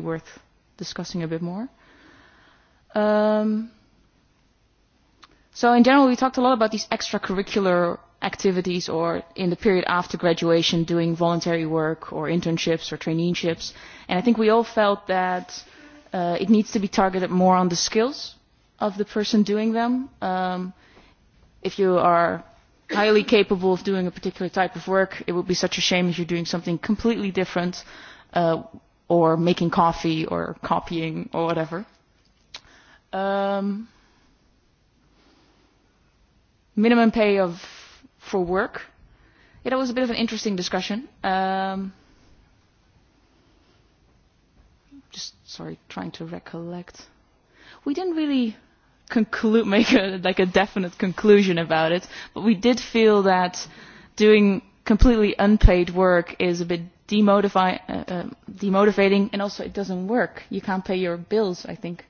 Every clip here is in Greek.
worth discussing a bit more. So in general, we talked a lot about these extracurricular activities or in the period after graduation doing voluntary work or internships or traineeships. And I think we all felt that it needs to be targeted more on the skills of the person doing them. If you are highly capable of doing a particular type of work, it would be such a shame if you're doing something completely different or making coffee or copying or whatever. Um, minimum pay of for work. It was a bit of an interesting discussion. Um, just sorry, trying to recollect. We didn't really conclude make a like a definite conclusion about it, but we did feel that doing completely unpaid work is a bit demotivating and also it doesn't work. You can't pay your bills, I think.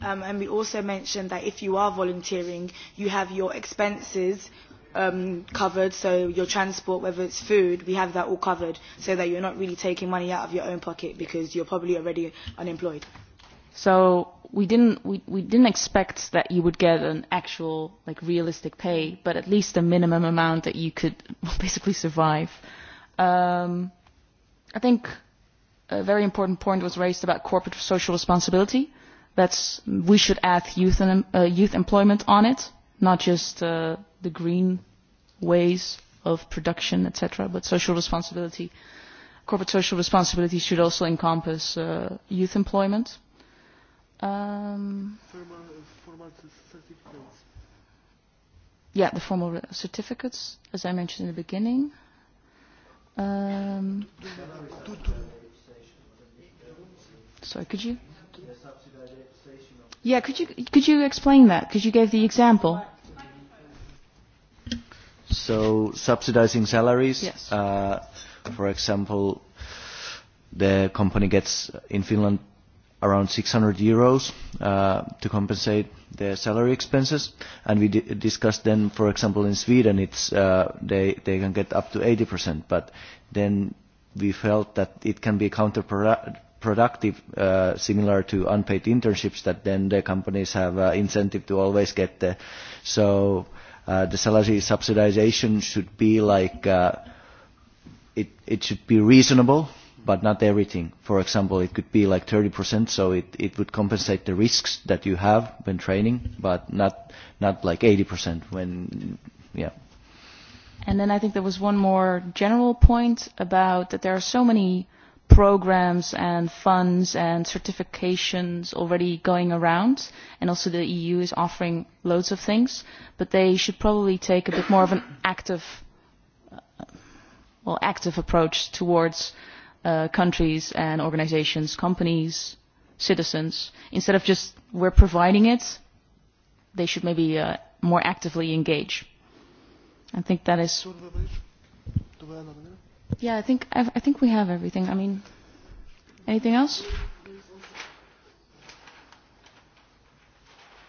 And we also mentioned that if you are volunteering, you have your expenses covered, so your transport, whether it's food, we have that all covered, so that you're not really taking money out of your own pocket because you're probably already unemployed. So we didn't we we didn't expect that you would get an actual like realistic pay, but at least a minimum amount that you could basically survive. I think a very important point was raised about corporate social responsibility. That's we should add youth youth employment on it, not just the green ways of production, etc., but social responsibility. Corporate social responsibility should also encompass youth employment. Yeah, the formal certificates, as I mentioned in the beginning. Um, sorry, could you? Yeah, could you could you explain that? Because you gave the example? So subsidizing salaries. Uh, for example, the company gets in Finland around 600 euros to compensate their salary expenses. And we discussed then, for example, in Sweden, it's they they can get up to 80%. But then we felt that it can be counterproductive, similar to unpaid internships, that then the companies have incentive to always get the. So the salary subsidization should be like it it should be reasonable but not everything. For example, it could be like 30%, so it, it would compensate the risks that you have when training, but not, not like 80% when, yeah. And then I think there was one more general point about that there are so many programs and funds and certifications already going around, and also the EU is offering loads of things, but they should probably take a bit more of an active, well, active approach towards countries and organizations, companies, citizens. Instead of just we're providing it, they should maybe more actively engage. I think that is. Yeah, I think I think we have everything. I mean, anything else?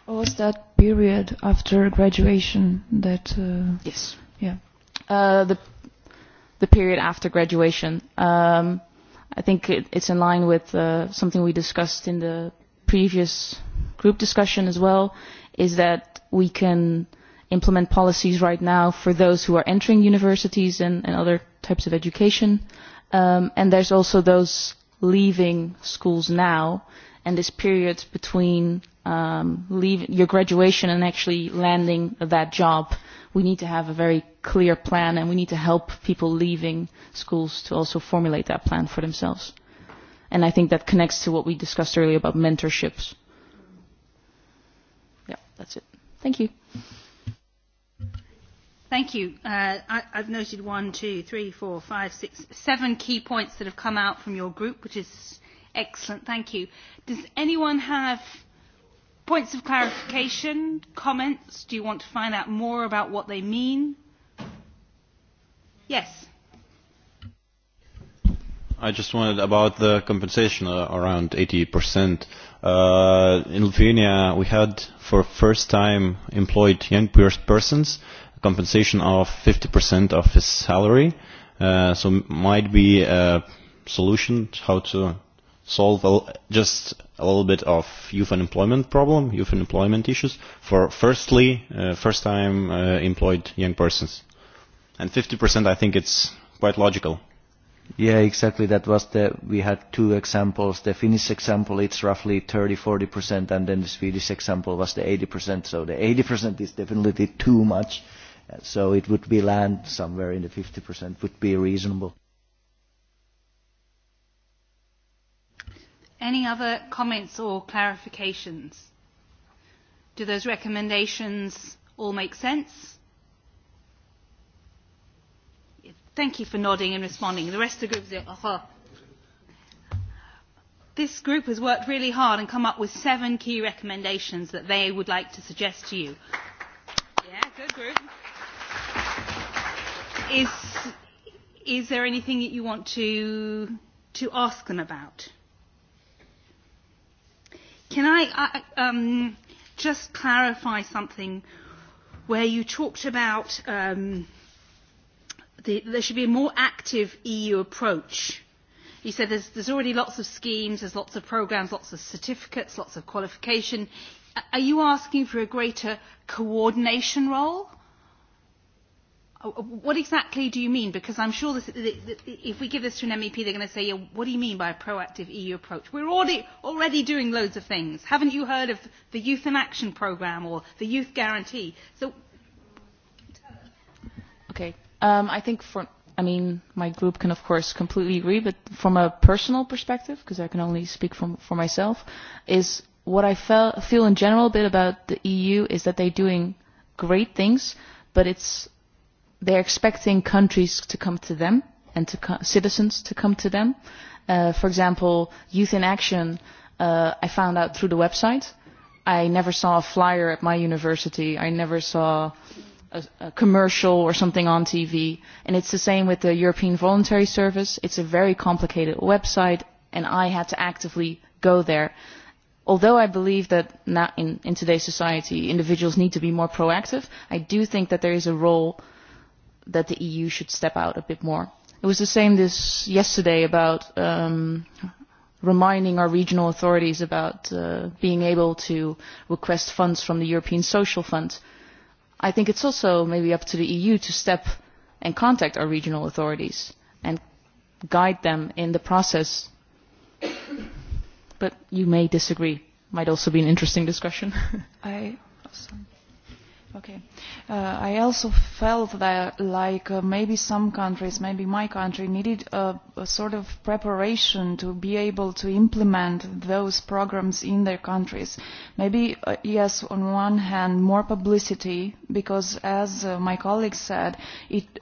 was that period after graduation that? Yes. Yeah. The the period after graduation. I think it's in line with something we discussed in the previous group discussion as well, is that we can implement policies right now for those who are entering universities and other types of education. And there's also those leaving schools now, and this period between leave your graduation and actually landing that job. We need to have a very clear plan and we need to help people leaving schools to also formulate that plan for themselves. And I think that connects to what we discussed earlier about mentorships. Yeah, that's it. Thank you. Thank you. I've noted one, two, three, four, five, six, seven key points that have come out from your group, which is excellent. Thank you. Does anyone have Points of clarification, comments? Do you want to find out more about what they mean? Yes. I just wanted about the compensation around 80%. In Lithuania, we had for first time employed young persons a compensation of 50% of his salary. So might be a solution how to solve just a little bit of youth unemployment problem, youth unemployment issues for firstly, first-time employed young persons. And 50%, I think it's quite logical. Yeah, exactly. That was the, we had two examples. The Finnish example, it's roughly 30-40%, and then the Swedish example was the 80%. So the 80% is definitely too much. So it would be land somewhere in the 50% would be reasonable. Any other comments or clarifications? Do those recommendations all make sense? Thank you for nodding and responding. The rest of the group is This group has worked really hard and come up with seven key recommendations that they would like to suggest to you. Yeah, good group. Is, is there anything that you want to, to ask them about? Can I just clarify something where you talked about there should be a more active EU approach? You said there's already lots of schemes, there's lots of programs, lots of certificates, lots of qualification. Are you asking for a greater coordination role? What exactly do you mean? Because I'm sure if we give this to an MEP, they're going to say, what do you mean by a proactive EU approach? We're already already doing loads of things. Haven't you heard of the Youth in Action Programme or the Youth Guarantee? So, okay, I think for, I mean, my group can of course completely agree, but from a personal perspective, because I can only speak for myself, is what I feel in general a bit about the EU is that they're doing great things, but it's They are expecting countries to come to them and citizens to come to them. For example, Youth in Action, I found out through the website. I never saw a flyer at my university. I never saw a commercial or something on TV. And it's the same with the European Voluntary Service. It's a very complicated website, and I had to actively go there. Although I believe that in today's society individuals need to be more proactive, I do think that there is a role that the EU should step out a bit more. It was the same this yesterday about reminding our regional authorities about being able to request funds from the European Social Fund. I think it's also maybe up to the EU to step and contact our regional authorities and guide them in the process. But you may disagree. Might also be an interesting discussion. I Okay. I also felt that like maybe some countries, maybe my country, needed a sort of preparation to be able to implement those programs in their countries. Maybe, yes, on one hand, more publicity, because as my colleague said, it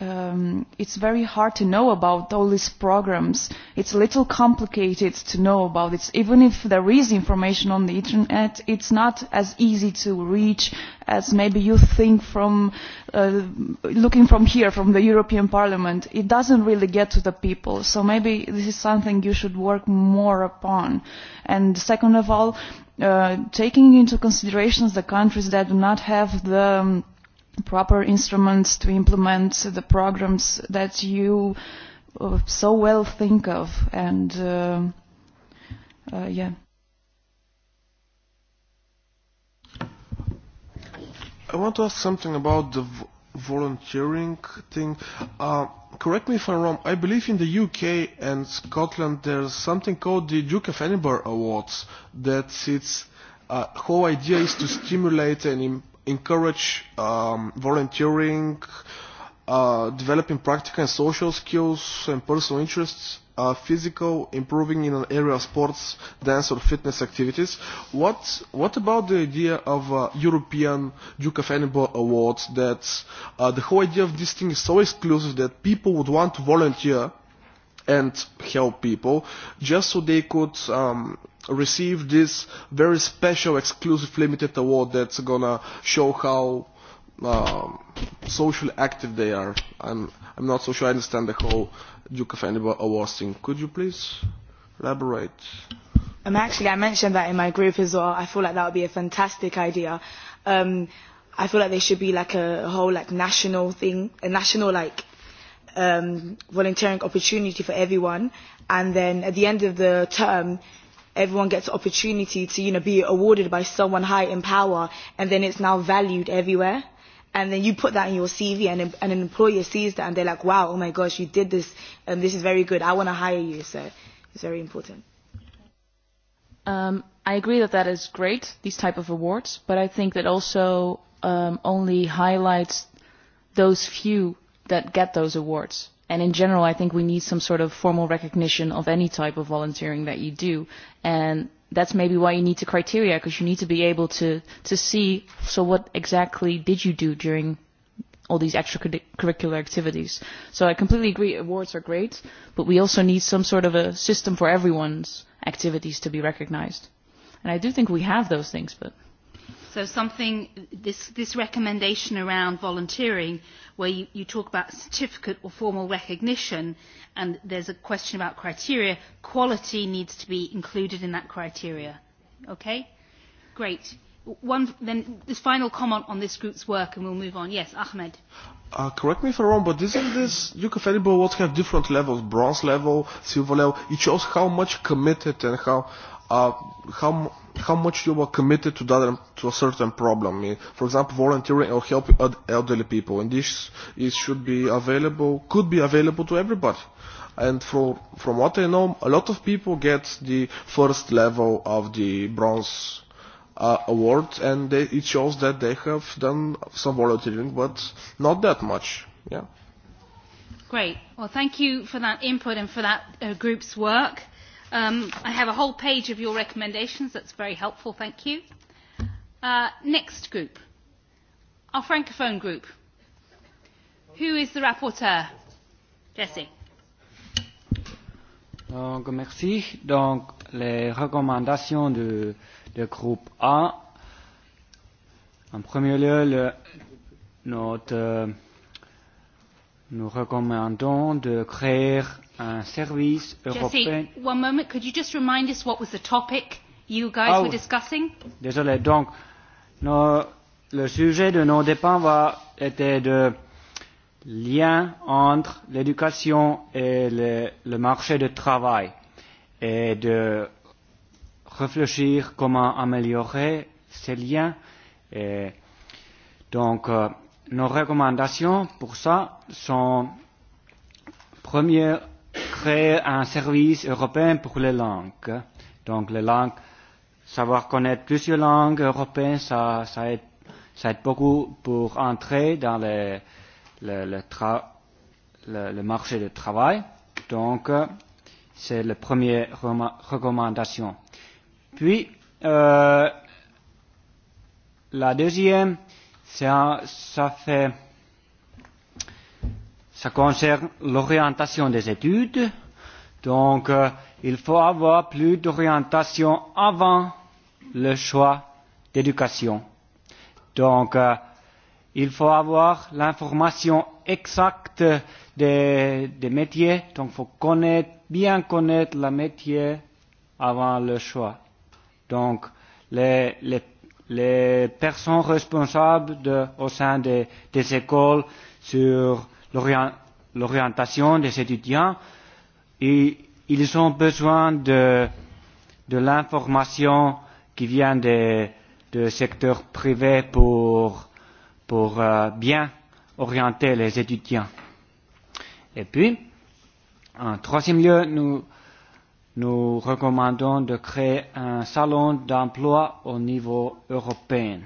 It's very hard to know about all these programs. It's a little complicated to know about it. Even if there is information on the internet, it's not as easy to reach as maybe you think from looking from here, from the European Parliament. It doesn't really get to the people. So maybe this is something you should work more upon. And second of all, taking into consideration the countries that do not have the proper instruments to implement the programs that you so well think of and yeah I want to ask something about the volunteering thing correct me if I'm wrong I believe in the UK and Scotland there's something called the Duke of Edinburgh Awards that it's whole idea is to stimulate and encourage volunteering, developing practical and social skills and personal interests, physical improving in an area of sports, dance or fitness activities. What what about the idea of European Duke of Edinburgh Awards? That the whole idea of this thing is so exclusive that people would want to volunteer and help people just so they could received this very special exclusive limited award that's going to show how socially active they are. I'm, I'm not so sure I understand the whole Duke of Edinburgh awards thing. Could you please elaborate? Um, actually, I mentioned that in my group as well. I feel like that would be a fantastic idea. Um, I feel like there should be like a whole like national thing, a national like um, volunteering opportunity for everyone. And then at the end of the term, everyone gets opportunity to you know be awarded by someone high in power and then it's now valued everywhere and then you put that in your cv and an employer sees that and they're like wow oh my gosh you did this and this is very good i want to hire you so it's very important um i agree that that is great these type of awards but i think that also um only highlights those few that get those awards and in general i think we need some sort of formal recognition of any type of volunteering that you do and that's maybe why you need the criteria because you need to be able to to see so what exactly did you do during all these extracurricular activities so i completely agree awards are great but we also need some sort of a system for everyone's activities to be recognized and i do think we have those things but So something, this, this recommendation around volunteering, where you, you talk about certificate or formal recognition, and there's a question about criteria, quality needs to be included in that criteria. Okay? Great. One, then this final comment on this group's work, and we'll move on. Yes, Ahmed. Uh, correct me if I'm wrong, but isn't this what awards have different levels, bronze level, silver level. It shows how much committed and how how how much you were committed to that to a certain problem for example volunteering or helping elderly people and this it should be available could be available to everybody and from from what i know a lot of people get the first level of the bronze award and it shows that they have done some volunteering but not that much yeah great well thank you for that input and for that group's work I have a whole page of your recommendations. That's very helpful. Thank you. Uh Next group. Our Francophone group. Who is the rapporteur? Jesse. Donc, merci. Donc, les recommandations du, du groupe A. En premier lieu, le, notre, nous recommandons de créer un service européen. one moment, could you just remind us what was the topic you guys were discussing? Désolé, donc, le sujet de nos dépens va, était de lien entre l'éducation et le, le marché de travail et de réfléchir comment améliorer ces liens. Et donc, nos recommandations pour ça sont première créer un service européen pour les langues. Donc les langues, savoir connaître plusieurs langues européennes, ça, ça, aide, ça aide beaucoup pour entrer dans le, tra, le, marché du travail. Donc c'est la première recommandation. Puis, euh, la deuxième, ça fait Ça concerne l'orientation des études. Donc, il faut avoir plus d'orientation avant le choix d'éducation. Donc, il faut avoir l'information exacte des métiers. Donc, il faut connaître, bien connaître le métier avant le choix. Donc, les personnes responsables au sein des écoles sur l'orientation des étudiants et ils ont besoin de l'information qui vient des secteurs privé pour bien orienter les étudiants. Et puis, en troisième lieu, nous, nous recommandons de créer un salon d'emploi au niveau européen.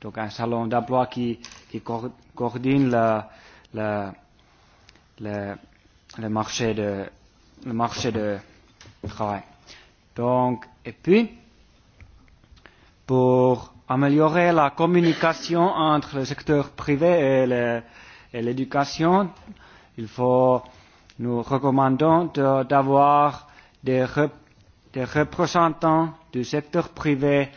Donc un salon d'emploi qui, qui coordonne la, le, le, le marché de le marché de travail. Donc, et puis, pour améliorer la communication entre le secteur privé et l'éducation, il faut, nous recommandons d'avoir des, des représentants du secteur privé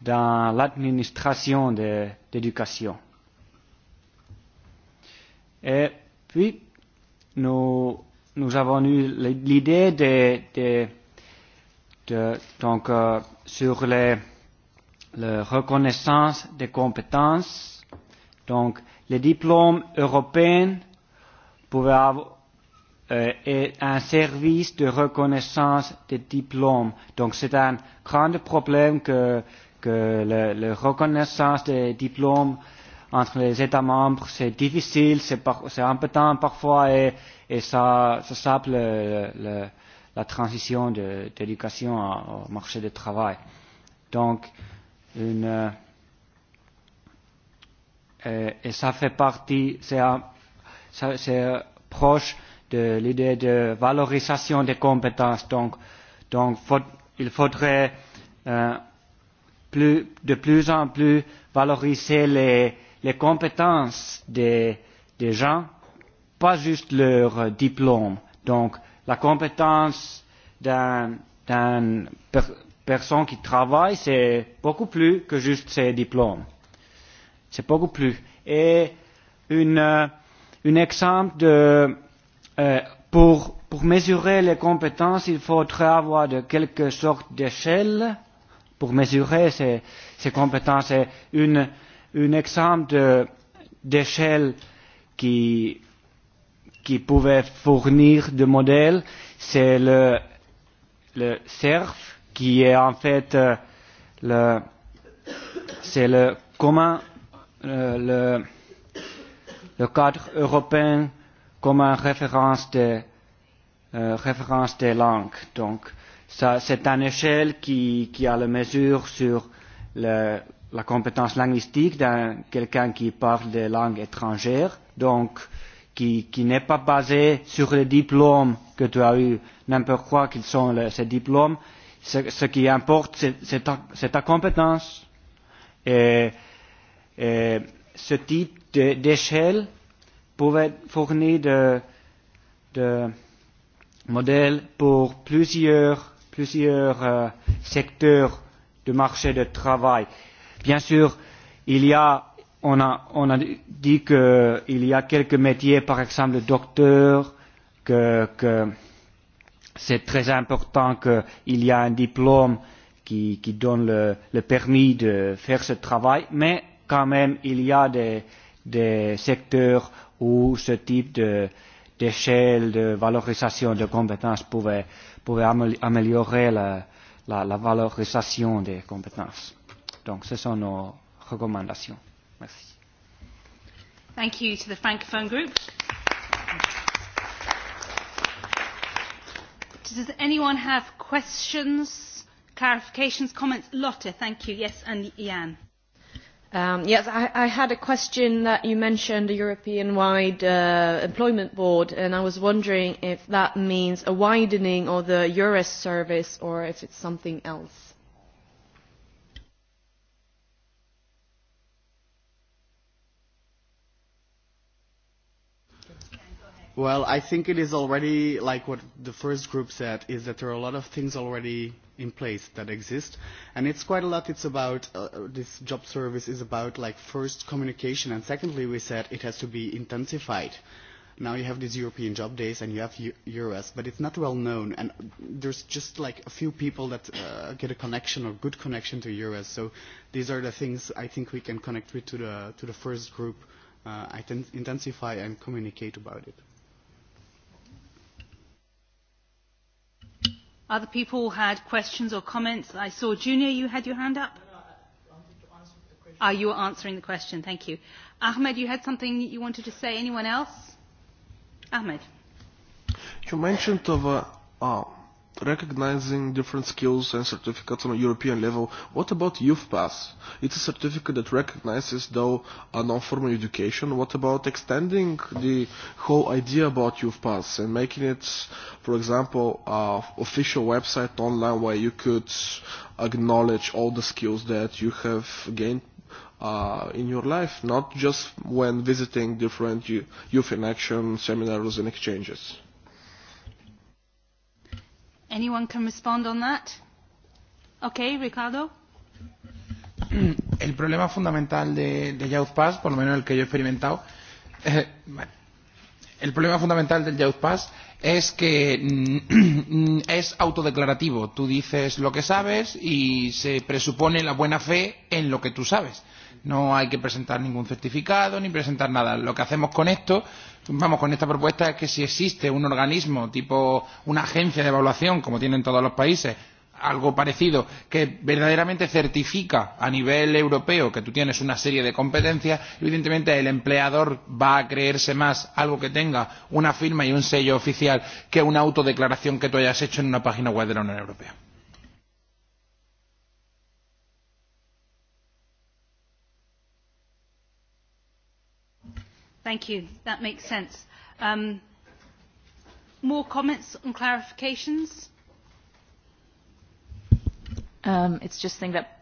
dans l'administration de l'éducation. Et puis, nous, nous avons eu l'idée de, de, de, donc, sur les, la reconnaissance des compétences. Donc, les diplômes européens pouvaient avoir euh, un service de reconnaissance des diplômes. Donc c'est un grand problème que, que la, reconnaissance des diplômes entre les États membres, c'est difficile, c'est impétent parfois et, ça, ça sape le, le, la transition de, au marché du travail. Donc, une, et ça fait partie, c'est proche de l'idée de valorisation des compétences. Donc, donc il faudrait de plus en plus valoriser les les compétences des gens, pas juste leur diplôme. Donc, la compétence d'une personne qui travaille, c'est beaucoup plus que juste ses diplômes. C'est beaucoup plus. Et un exemple de pour pour mesurer les compétences, il faudrait avoir de quelque sorte d'échelle pour mesurer ces compétences. Une un exemple d'échelle qui qui pouvait fournir de modèles, c'est le, le CERF, qui est en fait le, c'est le commun, le, cadre européen comme référence de, référence des langues. Donc, ça, c'est une échelle qui, qui a la mesure sur le, la compétence linguistique d'un quelqu'un qui parle des langues étrangères, donc qui, qui n'est pas basé sur les diplômes que tu as eu, n'importe quoi qu'ils sont ces diplômes. Ce, qui importe, c'est ta, compétence. Et, et ce type d'échelle pouvait fournir de, de modèles pour plusieurs, plusieurs secteurs du marché de travail. Bien sûr, il y a on a dit qu'il y a quelques métiers, par exemple le docteur, que c'est très important qu'il y ait un diplôme qui donne le permis de faire ce travail, mais quand même, il y a des secteurs où ce type d'échelle de valorisation de compétences pouvait améliorer la valorisation des compétences. Donc, ce sont nos recommandations. Merci. Thank you to the Francophone group. Does anyone have questions, clarifications, comments? Lotte, thank you. Yes, and Jan. Yes, I I had a question that you mentioned the European-wide employment board, and I was wondering if that means a widening of the EURES service or if it's something else. Well, I think it is already, like what the first group said, is that there are a lot of things already in place that exist. And it's quite a lot, it's about, this job service is about, like, first communication. And secondly, we said it has to be intensified. Now you have these European job days and you have US but it's not well known. And there's just, like, a few people that get a connection or good connection to US So these are the things I think we can connect with to the, to the first group. intensify and communicate about it. Other people had questions or comments. I saw Junior, you had your hand up. Are you answering the question? Thank you. Ahmed, you had something you wanted to say. Anyone else? Ahmed. You mentioned of recognizing different skills and certificates on a European level. What about Youth Pass? It's a certificate that recognizes, though, a non-formal education. What about extending the whole idea about Youth Pass and making it, for example, an official website online where you could acknowledge all the skills that you have gained in your life, not just when visiting different youth in action seminars and exchanges? Anyone can respond on that? Okay, Ricardo. El problema fundamental de, de Youth Pass, por lo menos el que yo he experimentado, eh, el problema fundamental del Youth Pass es que es autodeclarativo. Tú dices lo que sabes y se presupone la buena fe en lo que tú sabes No hay que presentar ningún certificado ni presentar nada. Lo que hacemos con esto, vamos, con esta propuesta es que si existe un organismo tipo una agencia de evaluación, como tienen todos los países, algo parecido, que verdaderamente certifica a nivel europeo que tú tienes una serie de competencias, evidentemente el empleador va a creerse más algo que tenga una firma y un sello oficial que una autodeclaración que tú hayas hecho en una página web de la Unión Europea. Thank you. That makes sense. More comments and clarifications? It's just thing that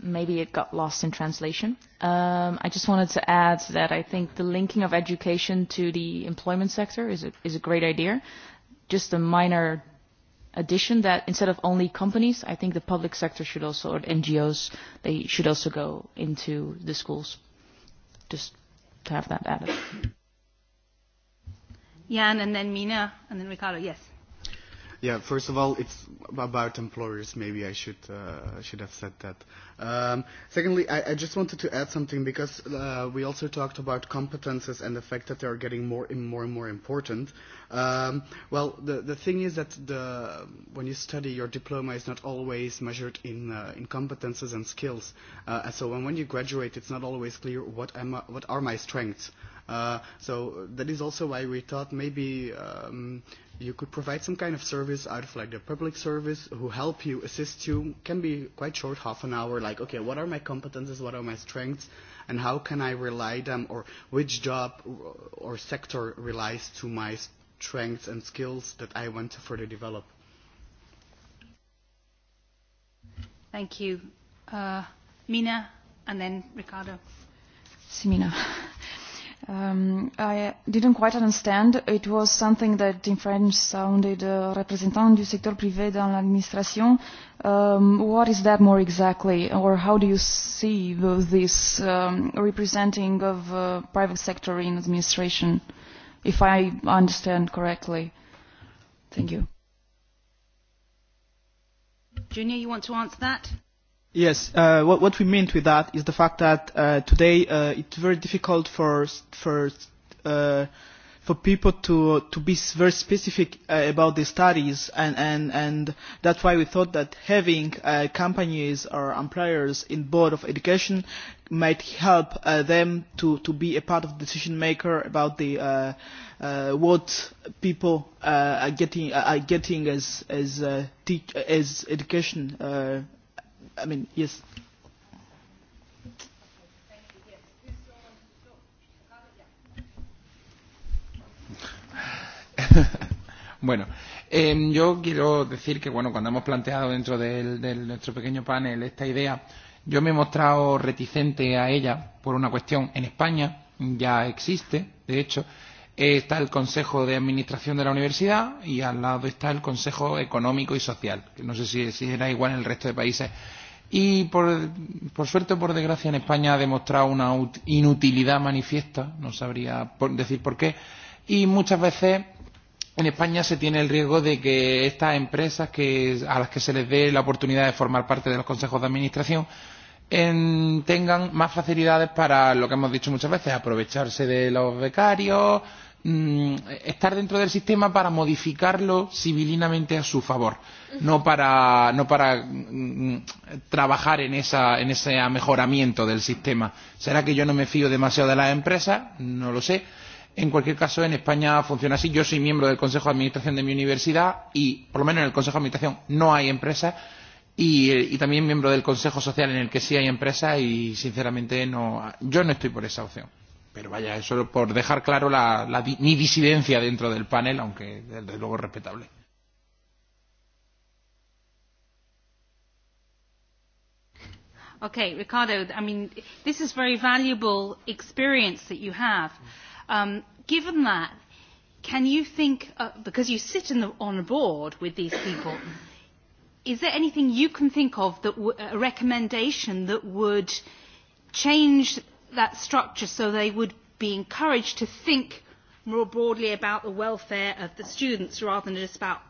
maybe it got lost in translation. I just wanted to add that I think the linking of education to the employment sector is a, is a great idea. Just a minor addition that instead of only companies, I think the public sector should also, or NGOs, they should also go into the schools. Just to have that added. Jan and then Mina and then Ricardo. Yes. Yeah, first of all, it's about employers. Maybe I should should have said that. Secondly, I just wanted to add something because we also talked about competences and the fact that they are getting more and more and more important. Well, the the thing is that the when you study, your diploma is not always measured in in competences and skills. So when you graduate, it's not always clear what am what are my strengths. So that is also why we thought maybe you could provide some kind of service out of like the public service who help you, assist you, can be quite short, half an hour, like, okay, what are my competences, what are my strengths, and how can I rely them, or which job or sector relies to my strengths and skills that I want to further develop. Thank you. Mina, and then Ricardo. Simina. I didn't quite understand. It was something that in French sounded "représentant du secteur privé dans l'administration." What is that more exactly, or how do you see this representing of private sector in administration, if I understand correctly? Thank you. Junior, you want to answer that? Yes, what we meant with that is the fact that today it's very difficult for for for people to to be very specific about the studies and and and that's why we thought that having companies or employers in board of education might help them to to be a part of the decision maker about the what people are getting are getting as as as education I mean, yes. Bueno, yo quiero decir que bueno, cuando hemos planteado dentro de nuestro pequeño panel esta idea, yo me he mostrado reticente a ella por una cuestión. En España ya existe, de hecho, está el Consejo de Administración de la Universidad y al lado está el Consejo Económico y Social, que no sé si, si era igual en el resto de países Y por, por suerte o por desgracia en España ha demostrado una inutilidad manifiesta, no sabría decir por qué, y muchas veces en España se tiene el riesgo de que estas empresas que, a las que se les dé la oportunidad de formar parte de los consejos de administración en, tengan más facilidades para lo que hemos dicho muchas veces, aprovecharse de los becarios, estar dentro del sistema para modificarlo civilinamente a su favor, no para, no para trabajar en, esa, en ese mejoramiento del sistema. ¿Será que yo no me fío demasiado de las empresas? No lo sé. En cualquier caso, en España funciona así. Yo soy miembro del Consejo de Administración de mi universidad y, por lo menos en el Consejo de Administración, no hay empresas. Y, y también miembro del Consejo Social en el que sí hay empresas y, sinceramente, no, yo no estoy por esa opción. Pero vaya, eso por dejar claro la, la, mi disidencia dentro del panel, aunque desde luego es respetable. Okay, Ricardo, I mean, this is very valuable experience that you have. Um, given that, can you think, uh, because you sit in the, on a board with these people, is there anything you can think of, that w a recommendation that would change that structure so they would be encouraged to think more broadly about the welfare of the students rather than just about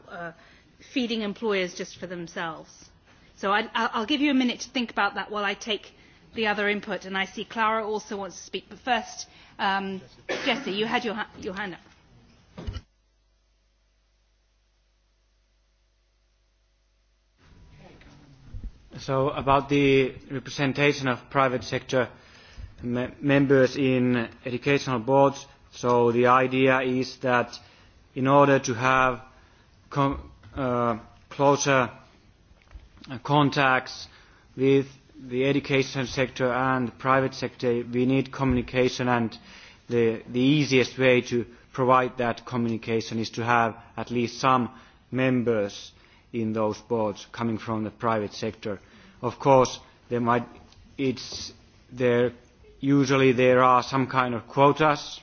feeding employers just for themselves. So I'll give you a minute to think about that while I take the other input. And I see Clara also wants to speak. But first, Jesse, you had your hand up. So about the representation of private sector members in educational boards. So the idea is that in order to have closer contacts with the education sector and the private sector, we need communication and the easiest way to provide that communication is to have at least some members in those boards coming from the private sector. Of course, there might it's there usually there are some kind of quotas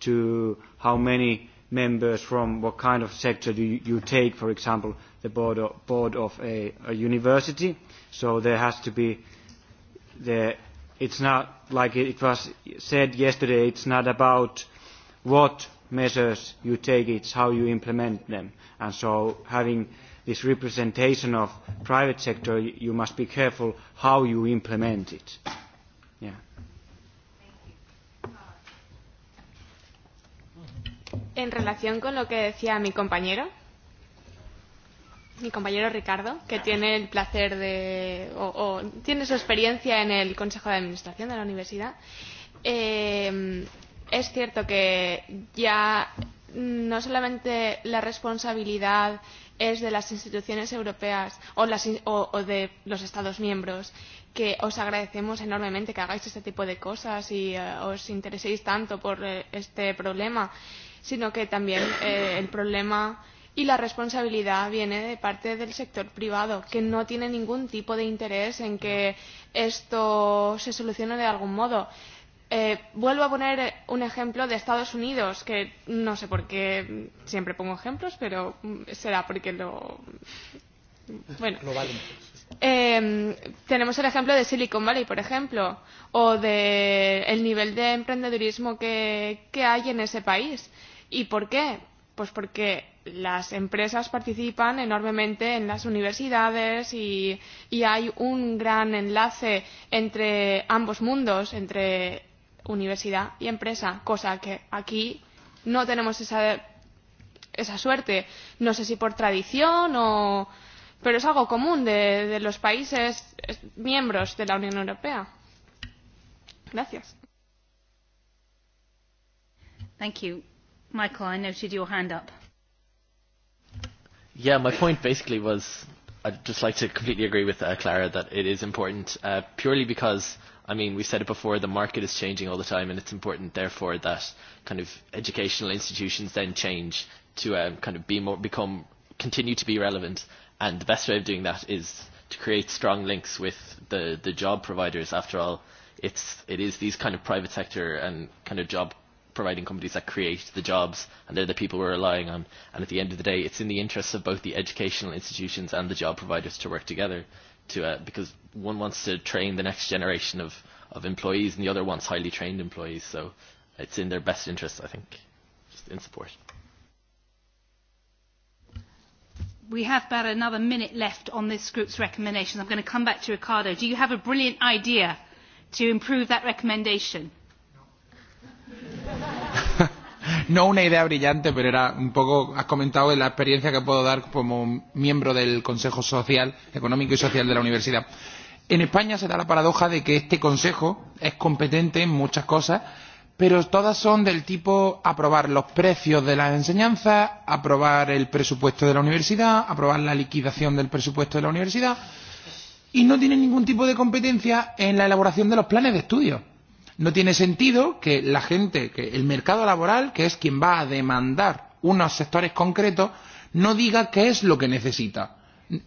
to how many members from what kind of sector do you take, for example, the board of a university. So there has to be, it's not, like it was said yesterday, it's not about what measures you take, it's how you implement them. And so having this representation of private sector, you must be careful how you implement it. Yeah. en relación con lo que decía mi compañero, mi compañero Ricardo, que tiene el placer de, o, tiene su experiencia en el Consejo de Administración de la Universidad, eh, es cierto que ya no solamente la responsabilidad es de las instituciones europeas o, de los Estados miembros, que os agradecemos enormemente que hagáis este tipo de cosas y os intereséis tanto por este problema, sino que también el problema y la responsabilidad viene de parte del sector privado, que no tiene ningún tipo de interés en que esto se solucione de algún modo. Vuelvo a poner un ejemplo de Estados Unidos, que no sé por qué siempre pongo ejemplos, pero será porque lo. Bueno. Tenemos el ejemplo de Silicon Valley, por ejemplo, o del nivel de emprendedurismo que hay en ese país ¿Y por qué? Pues porque las empresas participan enormemente en las universidades y hay un gran enlace entre ambos mundos, entre universidad y empresa, cosa que aquí no tenemos esa esa suerte. No sé si por tradición o... Pero es algo común de, de los países miembros de la Unión Europea. Gracias. Thank you. Michael, I noted your hand up. Yeah, my point basically was I'd just like to completely agree with Clara that it is important purely because, I mean, we said it before, the market is changing all the time and it's important, therefore, that kind of educational institutions then change to kind of be more, become, continue to be relevant. And the best way of doing that is to create strong links with the, the job providers. After all, it's, it is these kind of private sector and kind of job providing companies that create the jobs and they're the people we're relying on. And at the end of the day, it's in the interests of both the educational institutions and the job providers to work together to because one wants to train the next generation of of employees and the other wants highly trained employees. So it's in their best interest, I think, just in support. We have about another minute left on this group's recommendations. I'm going to come back to Ricardo. Do you have a brilliant idea to improve that recommendation? no una idea brillante, pero era un poco, has comentado la experiencia que puedo dar como miembro del Consejo Social, Económico y Social de la Universidad. En España se da la paradoja de que este Consejo es competente en muchas cosas, pero todas son del tipo aprobar los precios de las enseñanza, aprobar el presupuesto de la universidad, aprobar la liquidación del presupuesto de la universidad, y no tiene ningún tipo de competencia en la elaboración de los planes de estudio No tiene sentido que la gente, que el mercado laboral, que es quien va a demandar unos sectores concretos, no diga qué es lo que necesita.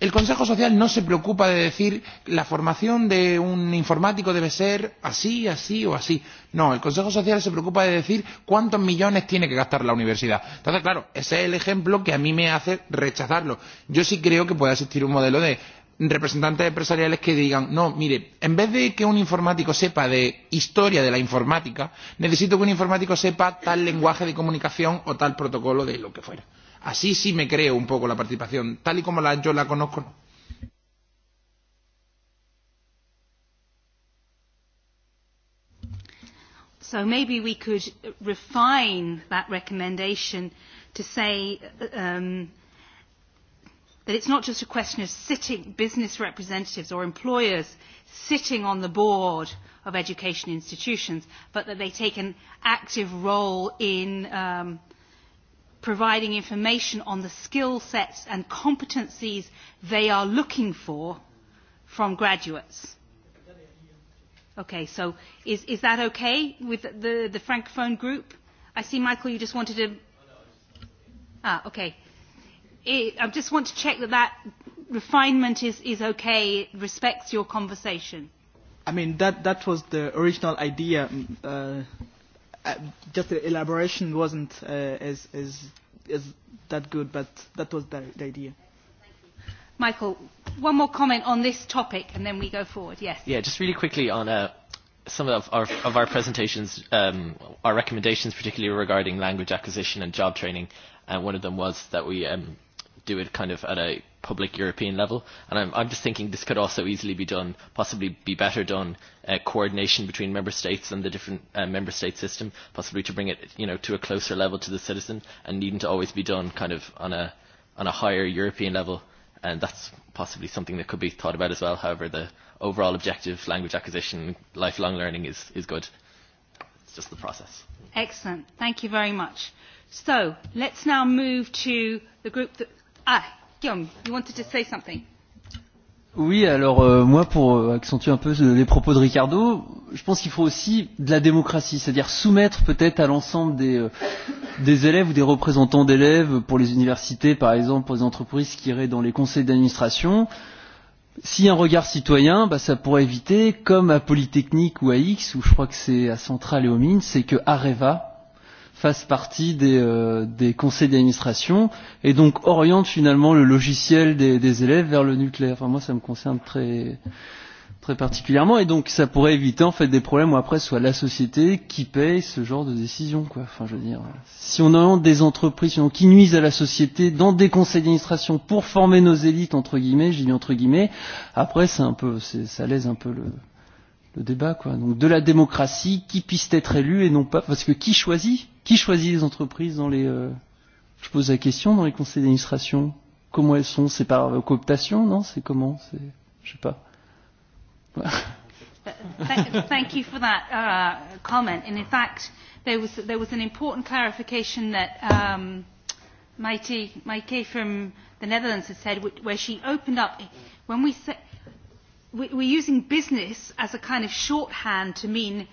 El Consejo Social no se preocupa de decir la formación de un informático debe ser así, así o así. No, el Consejo Social se preocupa de decir cuántos millones tiene que gastar la universidad. Entonces, claro, ese es el ejemplo que a mí me hace rechazarlo. Yo sí creo que puede existir un modelo de representantes empresariales que digan no mire en vez de que un informático sepa de historia de la informática necesito que un informático sepa tal lenguaje de comunicación o tal protocolo de lo que fuera así sí me creo un poco la participación tal y como la, yo la conozco so maybe we could refine that recommendation to say um that it's not just a question of sitting business representatives or employers sitting on the board of education institutions, but that they take an active role in providing information on the skill sets and competencies they are looking for from graduates. Okay, so is, is that okay with the, the Francophone group? I see, Michael, you just wanted to... Ah, okay. I just want to check that that refinement is is okay, respects your conversation. I mean that that was the original idea. Just the elaboration wasn't as as as that good, but that was the idea. Michael, one more comment on this topic and then we go forward. Yes. Yeah, just really quickly on some of our of our presentations, our recommendations, particularly regarding language acquisition and job training, and one of them was that we do it kind of at a public European level. And I'm, I'm just thinking this could also easily be done, possibly be better done, coordination between member states and the different member state system, possibly to bring it, you know, to a closer level to the citizen and needn't always be done kind of on a, on a higher European level. And that's possibly something that could be thought about as well. However, the overall objective, language acquisition, lifelong learning is, is good. It's just the process. Excellent. Thank you very much. So let's now move to the group that Ah, Guillaume, you wanted to say something. Oui, alors moi, pour accentuer un peu les propos de Ricardo, je pense qu'il faut aussi de la démocratie, c'est-à-dire soumettre peut-être à l'ensemble des, des élèves ou des représentants d'élèves pour les universités, par exemple, pour les entreprises qui iraient dans les conseils d'administration. Si un regard citoyen, bah, ça pourrait éviter, comme à Polytechnique ou à X, où je crois que c'est à Centrale et aux Mines, c'est que Areva, fasse partie des, des conseils d'administration et donc oriente finalement le logiciel des, des élèves vers le nucléaire. Enfin, moi, ça me concerne très, très particulièrement et donc ça pourrait éviter en fait des problèmes où après soit la société qui paye ce genre de décision. Quoi. Enfin, je veux dire, si on oriente des entreprises qui nuisent à la société dans des conseils d'administration pour former nos élites, entre guillemets, j'ai dit entre guillemets, après c'est un peu, ça laisse un peu le, le débat. Quoi. Donc de la démocratie qui puisse être élu et non pas, parce que qui choisit Qui choisit les entreprises dans les. Je pose la question dans les conseils d'administration. Comment elles sont C'est par cooptation, non C'est comment C'est. Je sais pas. Thank you for that uh comment. And in fact, there was there was an important clarification that Maite Maite from the Netherlands has said, where she opened up when we we we're using business as a kind of shorthand to mean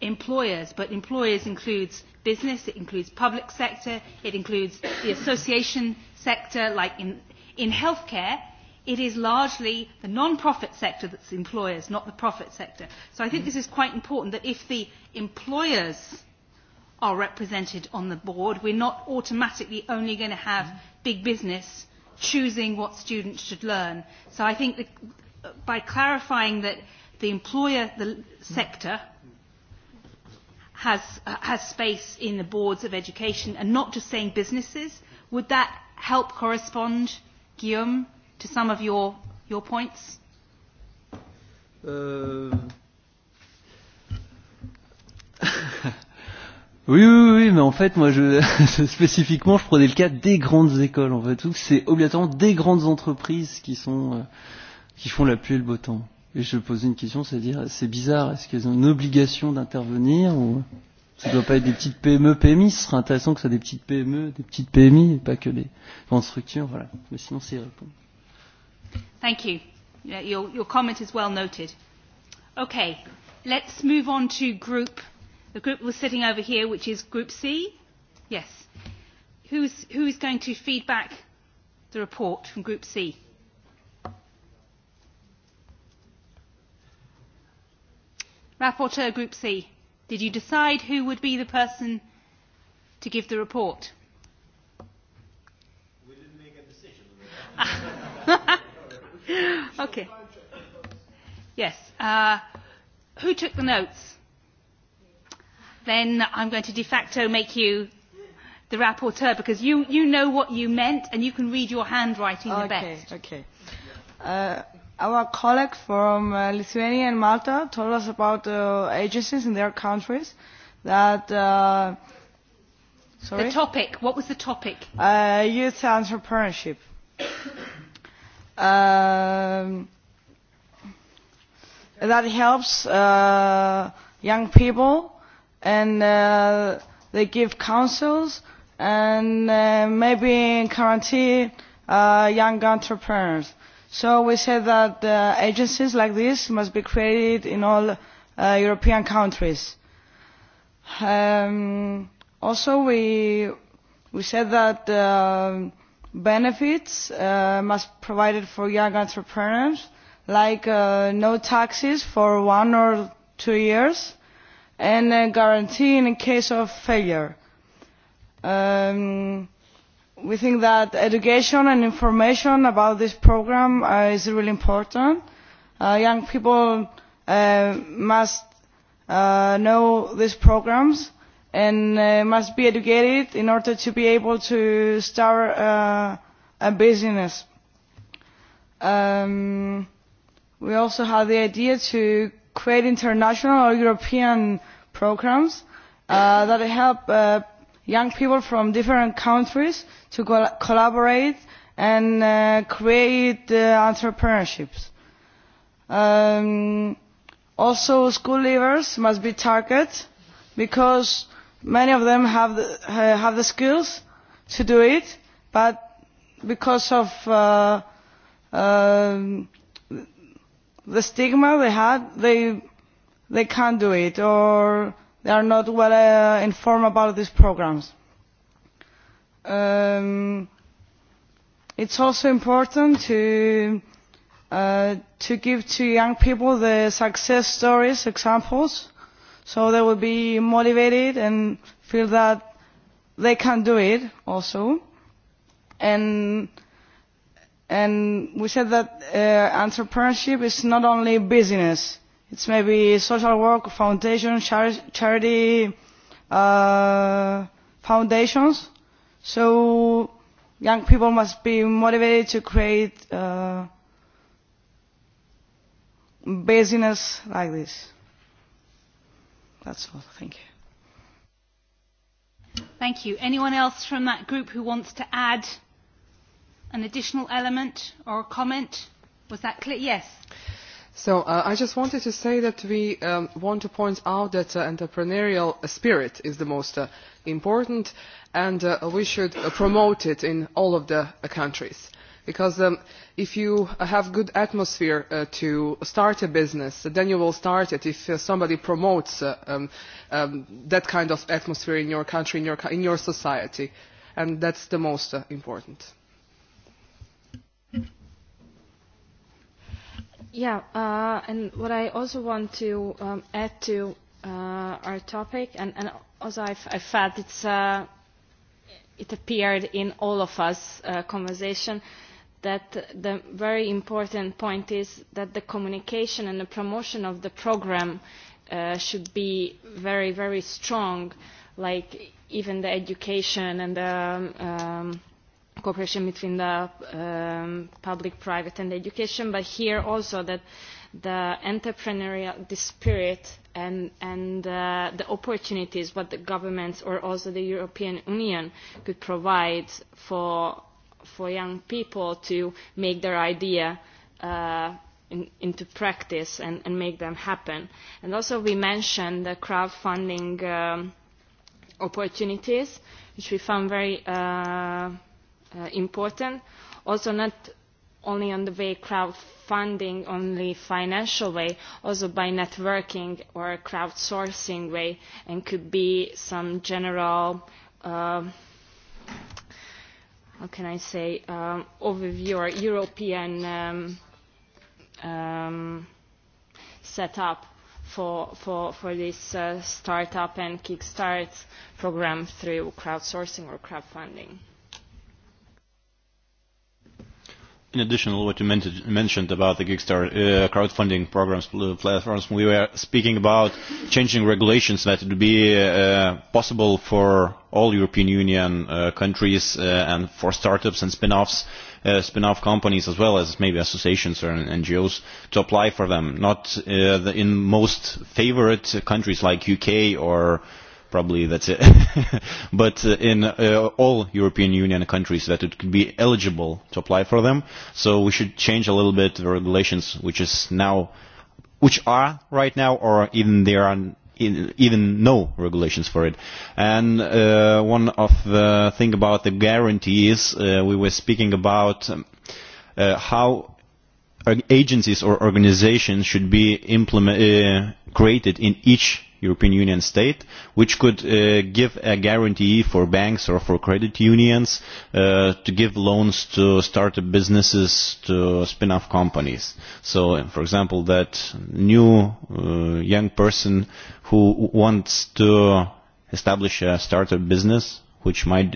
employers, but employers includes business, it includes public sector, it includes the association sector, like in in healthcare it is largely the non-profit sector that's employers, not the profit sector. So I think this is quite important that if the employers are represented on the board, we're not automatically only going to have big business choosing what students should learn. So I think by clarifying that the employer sector has has space in the boards of education and not just saying businesses. Would that help correspond, Guillaume, to some of your your points? Oui, oui, oui, mais en fait, moi, je, spécifiquement, je prenais le cas des grandes écoles, en fait. C'est obligatoirement des grandes entreprises qui, sont, qui font la pluie et le beau temps. Et je posais une question, c'est-à-dire, c'est bizarre, est-ce qu'ils ont une obligation d'intervenir ou ça doit pas être des petites PME, PMI, ce serait intéressant que ce soit des petites PME, des petites PMI et pas que des grandes structures, voilà. Mais sinon, c'est répondre. Thank you. Your, your comment is well noted. Okay, let's move on to group. The group was sitting over here, which is Group C. Yes. Who's, who is going to feedback the report from Group C? Rapporteur Group C, did you decide who would be the person to give the report? We didn't make a decision. Okay. Yes. Uh Who took the notes? Then I'm going to de facto make you the rapporteur because you you know what you meant and you can read your handwriting the best. Okay. Our colleague from Lithuania and Malta told us about agencies in their countries that. The topic. What was the topic? Youth entrepreneurship. That helps young people and they give counsels and maybe guarantee young entrepreneurs So we said that agencies like this must be created in all European countries. Also, we we said that benefits must be provided for young entrepreneurs, like no taxes for one or two years, and a guarantee in case of failure. Um we think that education and information about this programme is really important. young people must know these programmes and must be educated in order to be able to start a business. we also have the idea to create international or european programmes that help young people from different countries to collaborate and create entrepreneurships. Also, school leavers must be targeted because many of them have the skills to do it, but because of the stigma they had, they can't do it or they are not well informed about these programmes. It's also important to to give to young people the success stories, examples, so they will be motivated and feel that they can do it also. And we said that entrepreneurship is not only business It's maybe social work, foundation, charity uh foundations. So young people must be motivated to create business like this. That's all. Thank you. Thank you. Anyone else from that group who wants to add an additional element or comment? Was that clear? Yes. So I just wanted to say that we want to point out that entrepreneurial spirit is the most important and we should promote it in all of the countries. Because if you have good atmosphere to start a business, then you will start it. If somebody promotes that kind of atmosphere in your country, in your society, and that's the most important. Yeah, and what I also want to add to our topic, and also I felt it's it appeared in all of us conversation, that the very important point is that the communication and the promotion of the program should be very, very strong, like even the education and the cooperation between the public, private and education, but here also that the entrepreneurial spirit and the opportunities what the governments or also the European Union could provide for for young people to make their idea into practice and and make them happen. And also we mentioned the crowdfunding opportunities, which we found very important, also not only on the way crowdfunding, only financial way, also by networking or crowdsourcing way, and could be some general, how can I say, overview or European setup for for for this startup and kickstart program through crowdsourcing or crowdfunding. In addition to what you mentioned about the Kickstarter crowdfunding programs platforms, we were speaking about changing regulations that would be possible for all European Union countries and for startups and spin-offs, spin-off companies as well as maybe associations or NGOs to apply for them. Not in most favorite countries like UK or probably that's it. But in all European Union countries that it could be eligible to apply for them. So we should change a little bit the regulations, which is now, which are right now, or even there are even no regulations for it. And one of the thing about the guarantees, we were speaking about how agencies or organizations should be created in each European Union state, which could give a guarantee for banks or for credit unions to give loans to startup businesses, to spin-off companies. So, for example, that new young person who wants to establish a startup business, which might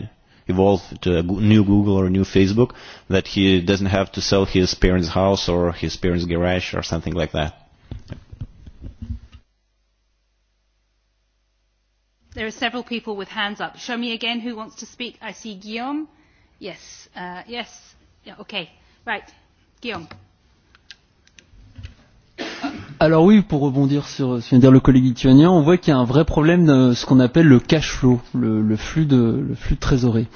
evolve to a new Google or a new Facebook, that he doesn't have to sell his parents' house or his parents' garage or something like that. There are several people with hands up. Show me again who wants to speak. I see Guillaume. Yes. Yes. Okay. Right. Guillaume. Alors oui, pour rebondir sur ce vient dire le collègue lituanien, on voit qu'il y a un vrai problème de ce qu'on appelle le cash flow, le flux de trésorerie.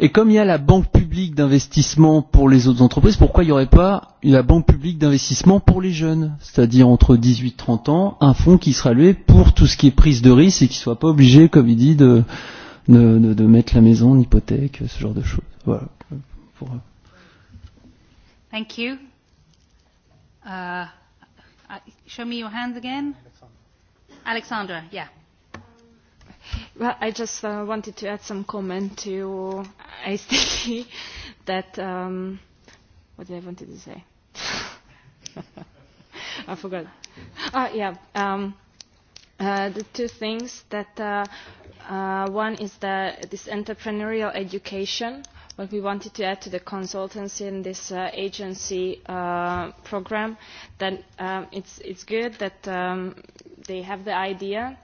Et comme il y a la banque publique d'investissement pour les autres entreprises, pourquoi il n'y aurait pas la banque publique d'investissement pour les jeunes, c'est-à-dire entre 18 et 30 ans, un fonds qui sera loué pour tout ce qui est prise de risque et qui ne soit pas obligé, comme il dit, de, de, de, mettre la maison en hypothèque, ce genre de choses. Voilà. Pour... Thank you. Uh, show me your hands again. Alexandra, yeah. Well, I just wanted to add some comment to ICT that, um, what did I want to say? I forgot. Uh yeah. Um, the two things that one is that this entrepreneurial education what we wanted to add to the consultancy in this agency program that it's it's good that they have the idea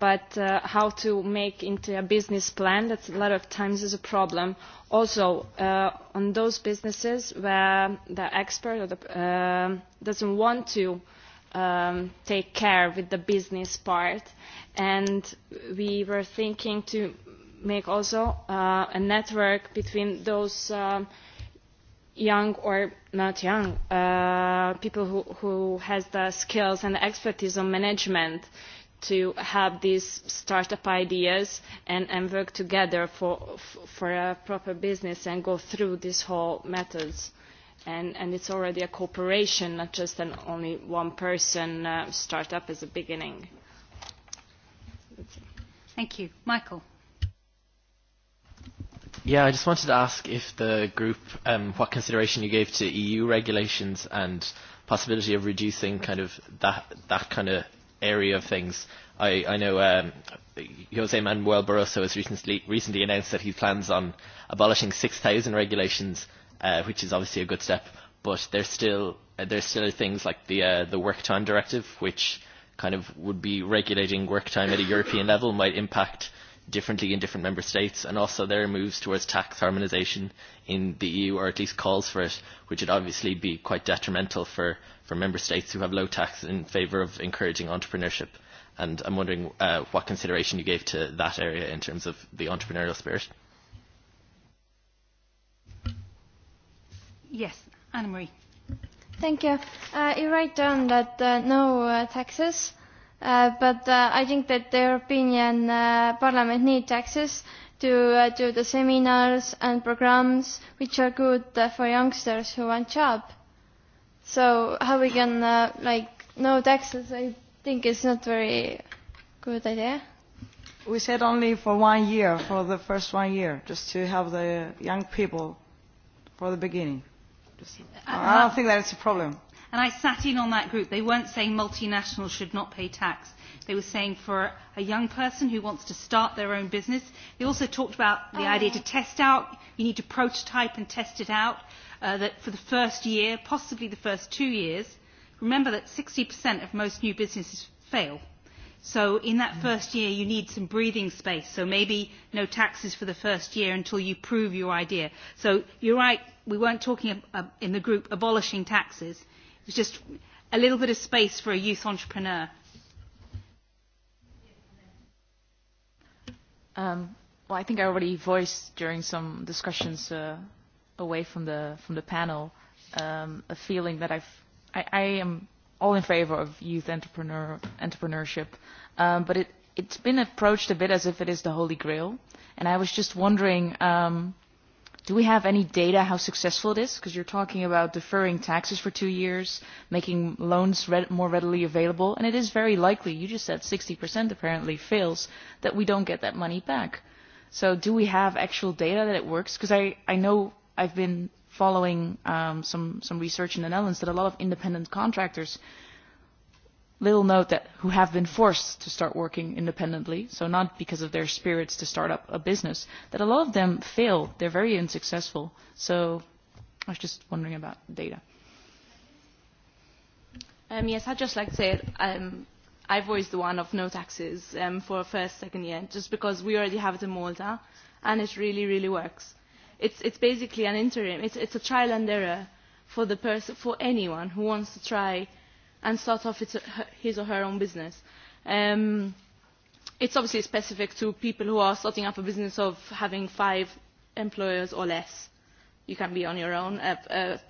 but how to make into a business plan that a lot of times is a problem. Also on those businesses where the expert doesn't want to take care with the business part and we were thinking to make also a network between those young or not young people who has the skills and expertise on management to have these startup ideas and work together for a proper business and go through these whole methods. And it's already a cooperation, not just an only one person startup as a beginning. Thank you. Michael. Yeah, I just wanted to ask if the group, what consideration you gave to EU regulations and possibility of reducing kind of that kind of area of things. I, I know Jose Manuel Barroso has recently, recently announced that he plans on abolishing 6,000 regulations, which is obviously a good step, but there's still, there's still things like the, the work time directive, which kind of would be regulating work time at a European level might impact differently in different member states and also their moves towards tax harmonisation in the EU or at least calls for it which would obviously be quite detrimental for, for member states who have low tax in favour of encouraging entrepreneurship and I'm wondering uh, what consideration you gave to that area in terms of the entrepreneurial spirit. Yes, Anna-Marie. Thank you. Uh, you write down that uh, no uh, taxes But I think that the European Parliament needs taxes to to the seminars and programs which are good for youngsters who want job. So how we can like no taxes I think is not very good idea. We said only for one year, for the first one year, just to help the young people for the beginning. I don't think that it's a problem. And I sat in on that group. They weren't saying multinationals should not pay tax. They were saying for a young person who wants to start their own business. They also talked about the idea to test out. You need to prototype and test it out that for the first year, possibly the first two years. Remember that 60% of most new businesses fail. So in that first year, you need some breathing space. So maybe no taxes for the first year until you prove your idea. So you're right, we weren't talking in the group abolishing taxes was just a little bit of space for a youth entrepreneur. Um, well, I think I already voiced during some discussions uh, away from the from the panel um, a feeling that I've, I, I am all in favor of youth entrepreneur entrepreneurship, um, but it it's been approached a bit as if it is the holy grail, and I was just wondering. Um, Do we have any data how successful it is? Because you're talking about deferring taxes for two years, making loans more readily available, and it is very likely, you just said 60% apparently fails, that we don't get that money back. So do we have actual data that it works? Because I, I know I've been following um, some, some research in the Netherlands that a lot of independent contractors little note that who have been forced to start working independently, so not because of their spirits to start up a business, that a lot of them fail. They're very unsuccessful. So I was just wondering about data. Um, yes, I'd just like to say um, I voiced the one of no taxes um, for first, second year, just because we already have it in Malta, and it really, really works. It's, it's basically an interim. It's, it's a trial and error for, the for anyone who wants to try – and start off his or her own business. It's obviously specific to people who are starting up a business of having five employers or less. You can be on your own,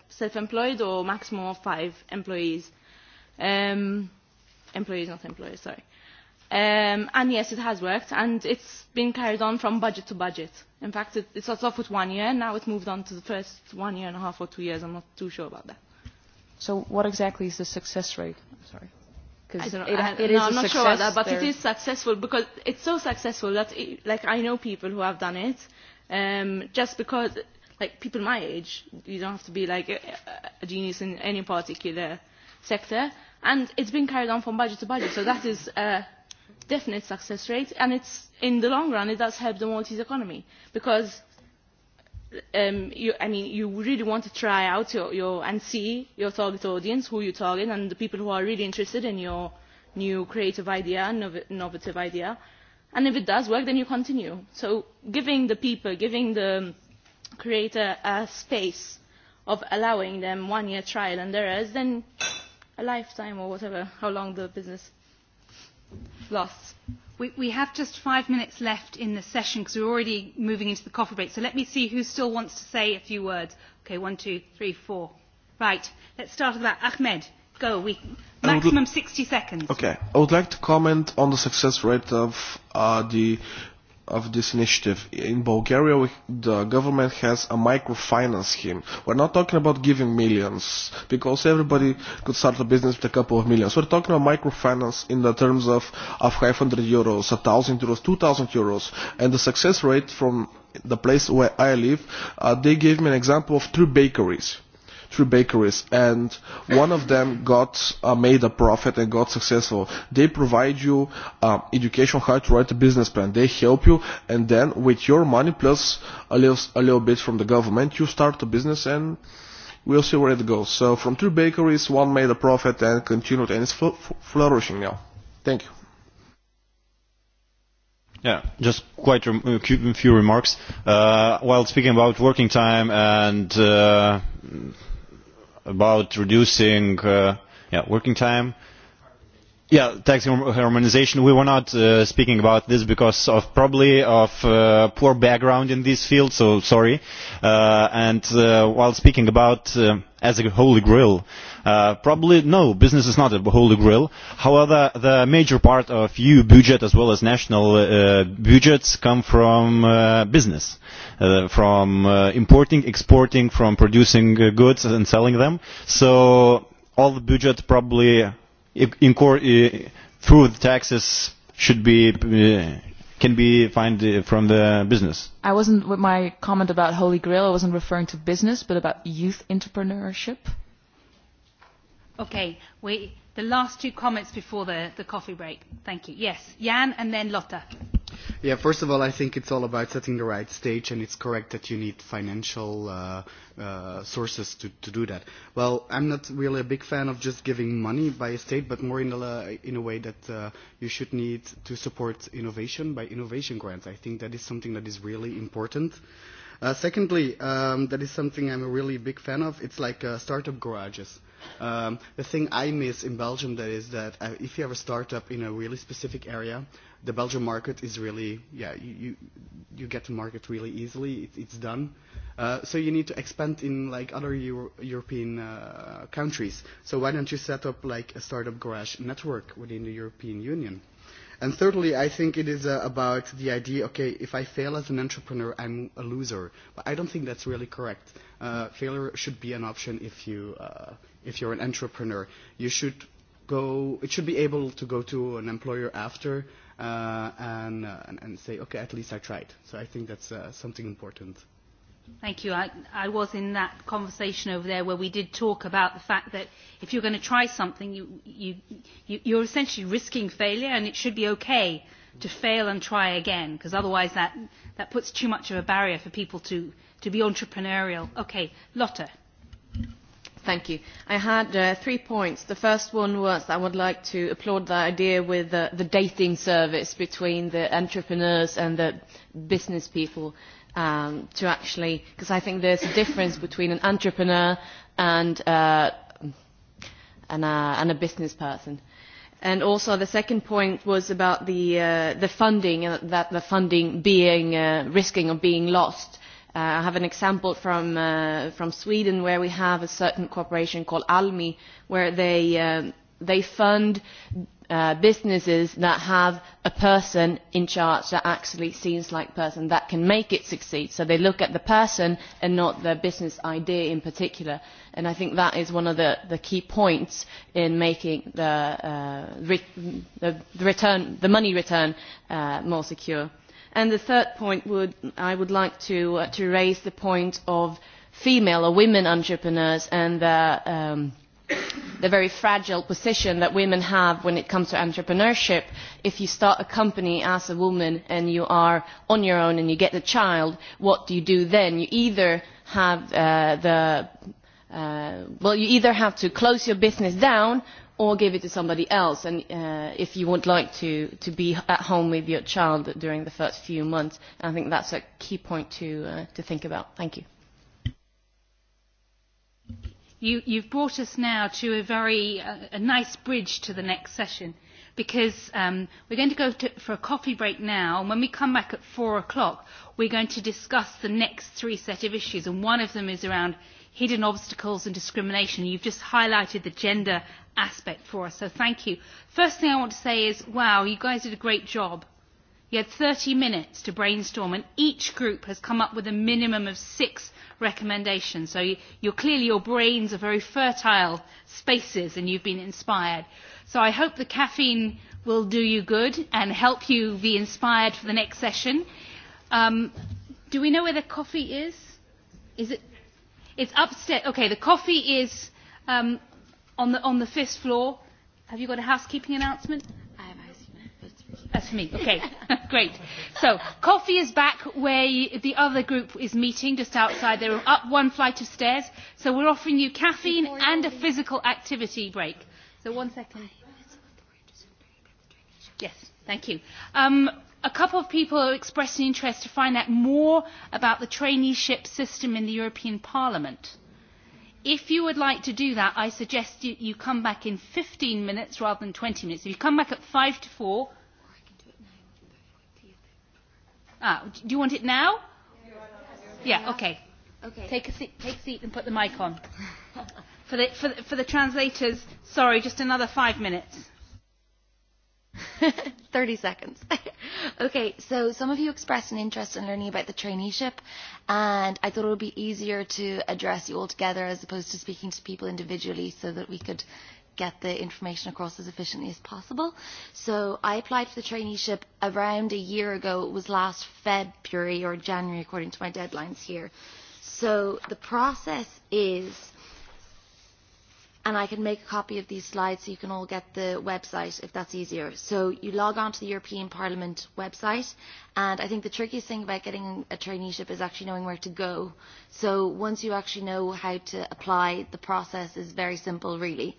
self-employed or maximum of five employees. Employees, not employers, sorry. And yes, it has worked, and it's been carried on from budget to budget. In fact, it starts off with one year, and now it's moved on to the first one year and a half or two years. I'm not too sure about that So what exactly is the success rate? I'm sorry. Because it, it no, I'm not sure about that, but it is successful because it's so successful that, like, I know people who have done it, um, just because, like, people my age, you don't have to be like a, a genius in any particular sector, and it's been carried on from budget to budget, so that is a definite success rate, and it's in the long run it does help the Maltese economy because I mean, you really want to try out your and see your target audience, who you target and the people who are really interested in your new creative idea, innovative idea. And if it does work, then you continue. So giving the people, giving the creator a space of allowing them one year trial and there errors, then a lifetime or whatever, how long the business lasts. We have just five minutes left in the session because we're already moving into the coffee break. So let me see who still wants to say a few words. Okay, one, two, three, four. Right. Let's start with that. Ahmed, go. We, maximum 60 seconds. Okay. I would like to comment on the success rate of the of this initiative. In Bulgaria, the government has a microfinance scheme. We're not talking about giving millions, because everybody could start a business with a couple of millions. We're talking about microfinance in the terms of 500 euros, 1,000 euros, 2,000 euros. And the success rate from the place where I live, they gave me an example of three bakeries three bakeries and one of them got made a profit and got successful. They provide you education how to write a business plan. They help you and then with your money plus a little bit from the government you start a business and we'll see where it goes. So from two bakeries one made a profit and continued and it's flourishing now. Thank you. Yeah, just quite a few remarks. While speaking about working time and about reducing working time. Yeah, tax harmonization. We were not speaking about this because of probably of poor background in this field, so sorry. And while speaking about as a holy grail, probably no, business is not a holy grail. However, the major part of EU budget as well as national budgets come from business from importing, exporting, from producing goods and selling them. So all the budget probably through the taxes should be can be fined from the business. I wasn't with my comment about Holy Grail. I wasn't referring to business, but about youth entrepreneurship. Okay, we the last two comments before the, the coffee break. Thank you. Yes, Jan and then Lotta. Yeah, first of all, I think it's all about setting the right stage, and it's correct that you need financial uh, uh, sources to, to do that. Well, I'm not really a big fan of just giving money by a state, but more in, in a way that uh, you should need to support innovation by innovation grants. I think that is something that is really important. Secondly, that is something I'm a really big fan of. It's like startup garages. The thing I miss in Belgium that is that if you have a startup in a really specific area, the Belgian market is really, yeah, you you get to market really easily. It's done. So you need to expand in like other European countries. So why don't you set up like a startup garage network within the European Union? And thirdly, I think it is about the idea, okay, if I fail as an entrepreneur, I'm a loser. But I don't think that's really correct. Failure should be an option if you if you're an entrepreneur. You should go. It should be able to go to an employer after and and say, okay, at least I tried. So I think that's something important. Thank you. I was in that conversation over there where we did talk about the fact that if you're going to try something, you you're essentially risking failure, and it should be okay to fail and try again, because otherwise that that puts too much of a barrier for people to to be entrepreneurial. Okay, Lotte. Thank you. I had three points. The first one was I would like to applaud the idea with the dating service between the entrepreneurs and the business people um, to actually, because I think there's a difference between an entrepreneur and, uh, and, a, and a business person. And also the second point was about the, uh, the funding, that the funding being, uh, risking of being lost. I have an example from from Sweden where we have a certain corporation called Almi where they they fund businesses that have a person in charge that actually seems like a person that can make it succeed. So they look at the person and not the business idea in particular. And I think that is one of the, key points in making the, the, money return more secure. And the third point would, I would like to, to raise the point of female or women entrepreneurs and their the very fragile position that women have when it comes to entrepreneurship. If you start a company as a woman and you are on your own and you get a child, what do you do then? You either have the well, you either have to close your business down or give it to somebody else. And if you would like to to be at home with your child during the first few months, I think that's a key point to to think about. Thank you you You've brought us now to a very nice bridge to the next session, because we're going to go for a coffee break now, and when we come back at four o'clock, we're going to discuss the next three set of issues, and one of them is around hidden obstacles and discrimination. You've just highlighted the gender aspect for us, so thank you. First thing I want to say is, wow, you guys did a great job. You had 30 minutes to brainstorm, and each group has come up with a minimum of six Recommendation. So you're clearly your brains are very fertile spaces and you've been inspired. So I hope the caffeine will do you good and help you be inspired for the next session. Do we know where the coffee is? Is it? It's upstairs. Okay, the coffee is on the on the fifth floor. Have you got a housekeeping announcement? That's me. Okay, great. So, coffee is back where the other group is meeting, just outside They're up one flight of stairs. So we're offering you caffeine and a physical activity break. So one second. Yes, thank you. Um, a couple of people are expressing interest to find out more about the traineeship system in the European Parliament. If you would like to do that, I suggest you, you come back in 15 minutes rather than 20 minutes. If you come back at 5 to 4, Ah, do you want it now? Yeah, okay. Okay. Take a seat, take a seat and put the mic on. for, the, for, the, for the translators, sorry, just another five minutes. 30 seconds. okay, so some of you expressed an interest in learning about the traineeship, and I thought it would be easier to address you all together as opposed to speaking to people individually so that we could get the information across as efficiently as possible. So I applied for the traineeship around a year ago. It was last February or January, according to my deadlines here. So the process is, and I can make a copy of these slides so you can all get the website if that's easier. So you log on to the European Parliament website, and I think the trickiest thing about getting a traineeship is actually knowing where to go. So once you actually know how to apply, the process is very simple, really.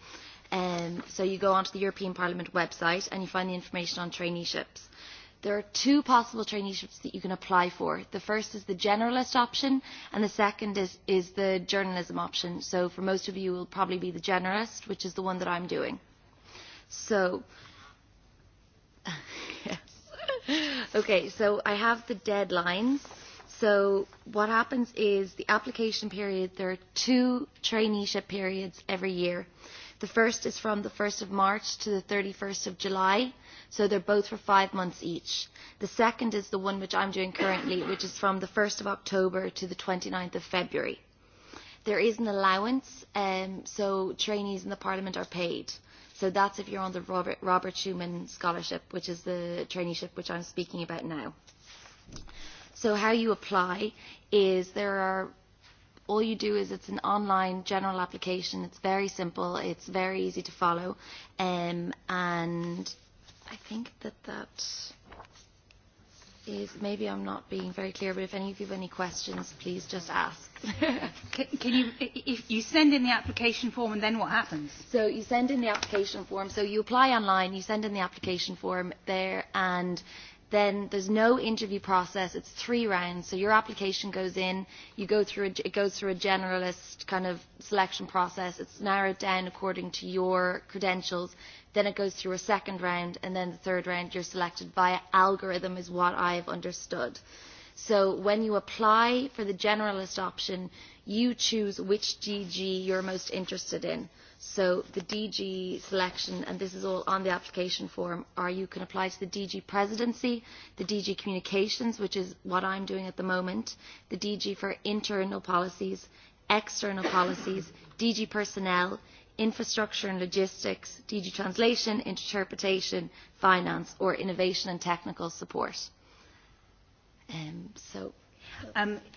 So you go onto the European Parliament website and you find the information on traineeships. There are two possible traineeships that you can apply for. The first is the generalist option and the second is the journalism option. So for most of you, it will probably be the generalist, which is the one that I'm doing. So, Okay, so I have the deadlines. So what happens is the application period, there are two traineeship periods every year. The first is from the 1st of March to the 31st of July, so they're both for five months each. The second is the one which I'm doing currently, which is from the 1st of October to the 29th of February. There is an allowance, so trainees in the Parliament are paid. So that's if you're on the Robert, Schumann Scholarship, which is the traineeship which I'm speaking about now. So how you apply is there are all you do is it's an online general application. It's very simple. It's very easy to follow. Um, and I think that that is, maybe I'm not being very clear, but if any of you have any questions, please just ask. Can you, if you send in the application form and then what happens? So you send in the application form. So you apply online, you send in the application form there and then there's no interview process. It's three rounds. So your application goes in, it goes through a generalist kind of selection process. It's narrowed down according to your credentials. Then it goes through a second round, and then the third round you're selected via algorithm is what I've understood. So when you apply for the generalist option, you choose which DG you're most interested in. So the DG selection, and this is all on the application form, are you can apply to the DG Presidency, the DG Communications, which is what I'm doing at the moment, the DG for internal policies, external policies, DG Personnel, Infrastructure and Logistics, DG Translation, Interpretation, Finance, or Innovation and Technical Support. So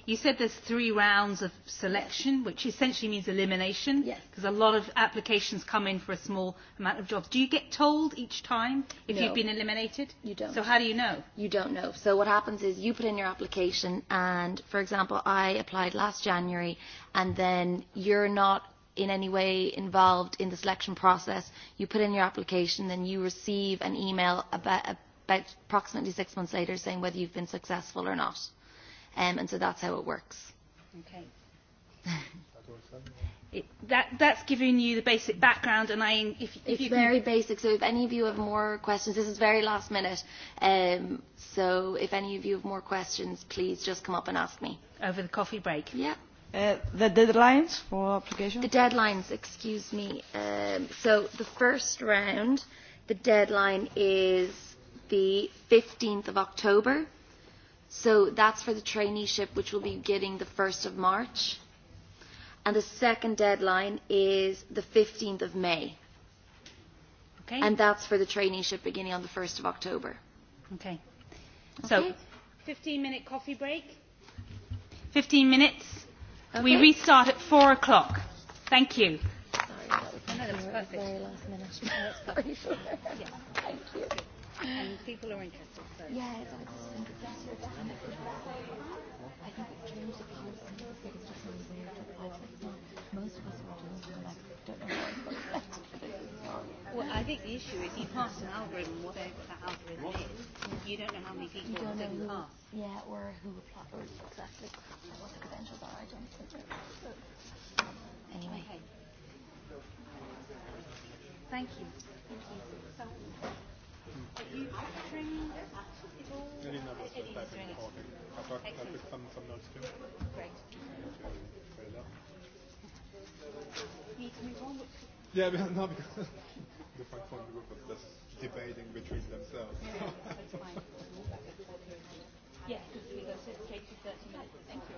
You said there's three rounds of selection, which essentially means elimination, because a lot of applications come in for a small amount of jobs. Do you get told each time if you've been eliminated? You don't. So how do you know? You don't know. So what happens is you put in your application, and for example, I applied last January, and then you're not in any way involved in the selection process. You put in your application, then you receive an email about approximately six months later saying whether you've been successful or not and so that's how it works. That that's giving you the basic background, and I if if you very basic. So if any of you have more questions, this is very last minute. Um, so if any of you have more questions, please just come up and ask me over the coffee break. Yeah. The deadlines for application. The deadlines, excuse me. Um, so the first round, the deadline is the 15th of October So that's for the traineeship, which will be getting the 1st of March. And the second deadline is the 15th of May. Okay. And that's for the traineeship beginning on the 1st of October. Okay. So, 15-minute coffee break. 15 minutes. We restart at 4 o'clock. Thank you. Thank you. And people are interested. So. Yeah, I just it's I think in terms of policy. It just really weird. Most of us were just like, don't know Well, I think the issue is you pass an algorithm, whatever that algorithm is, you don't know how many people didn't pass. Yeah, or who applied, or exactly what the credentials are. I don't think so. Anyway. Thank you. Thank you. Yeah, but no, because the point group of just debating between themselves. Yes, we 30 minutes. Thank you.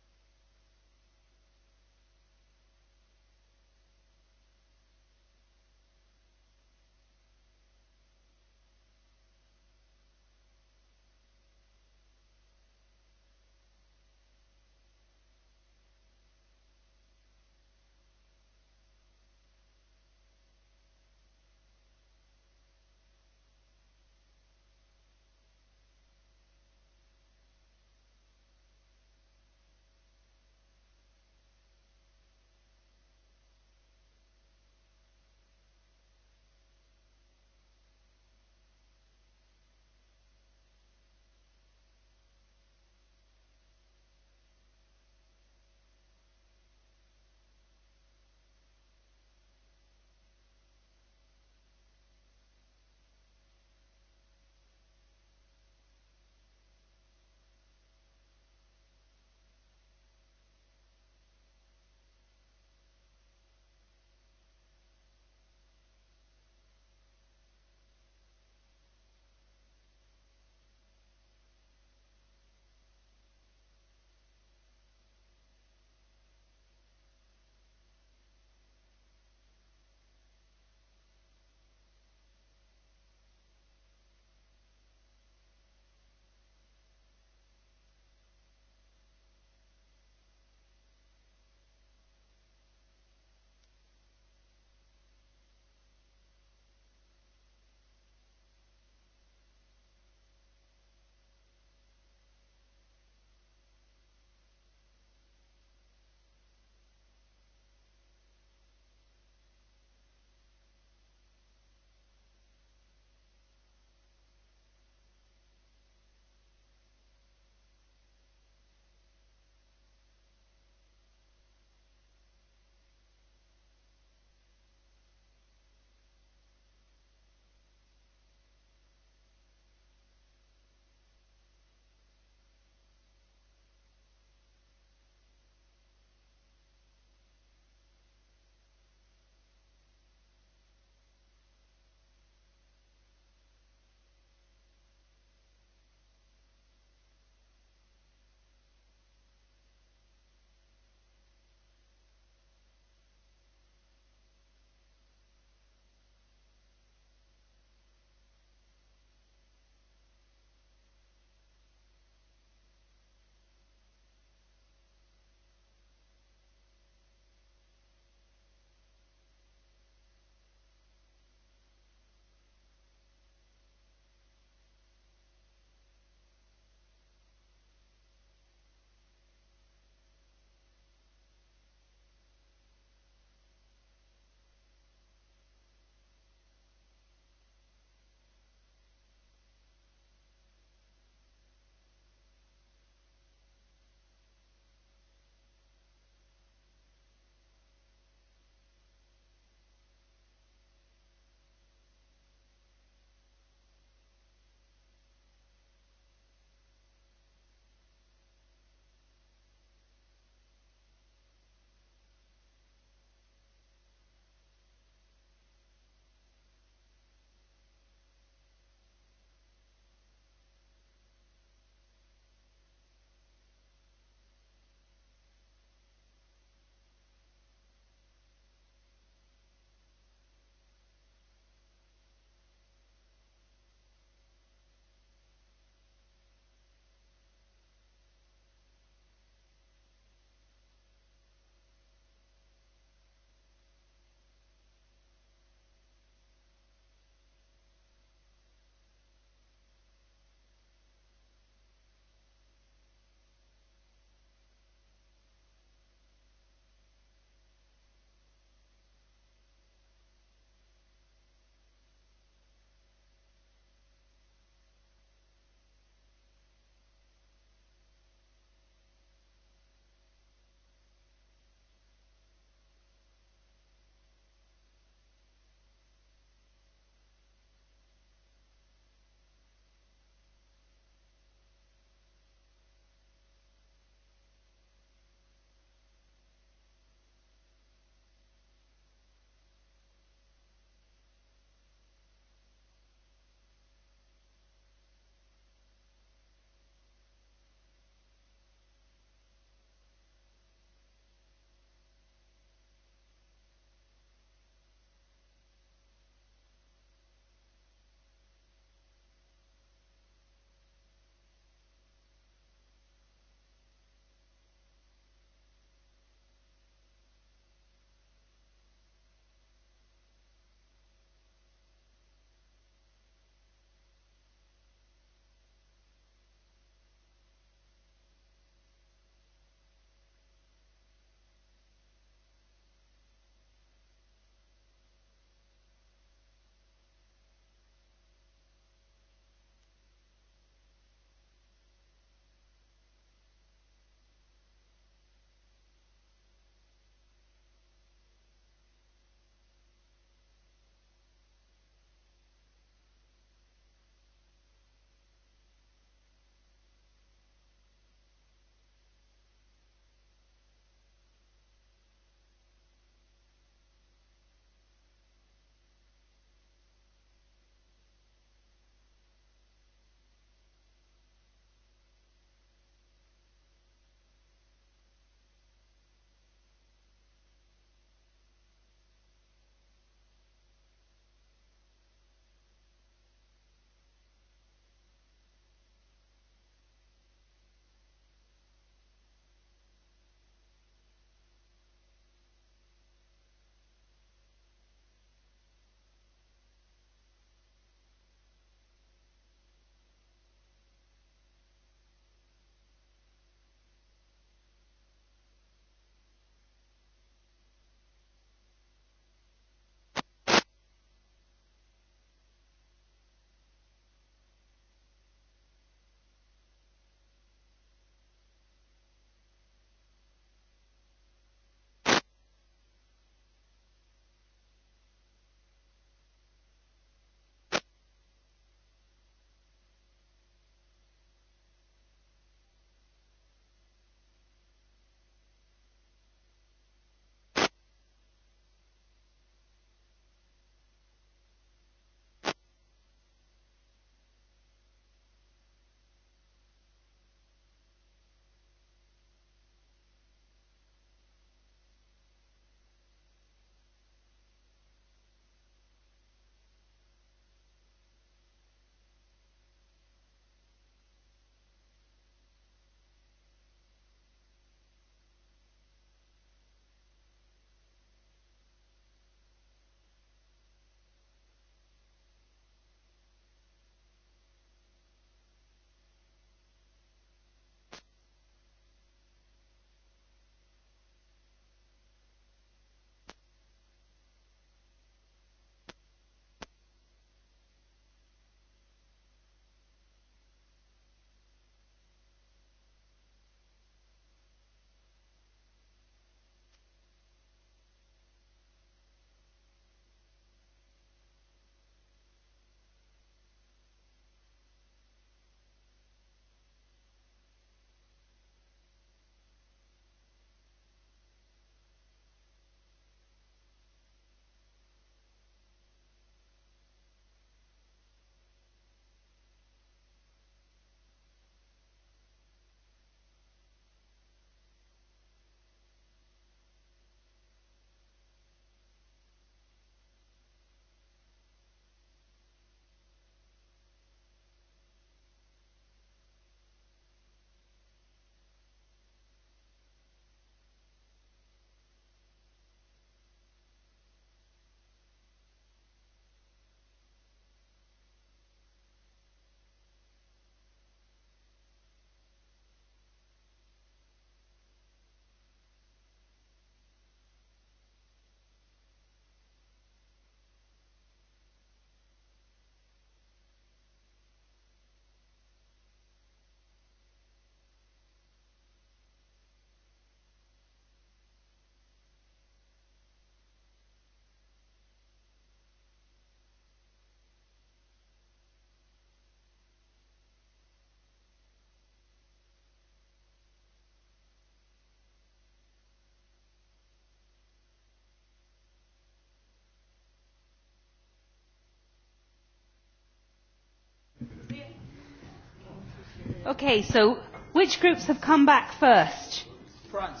Okay, so which groups have come back first? France.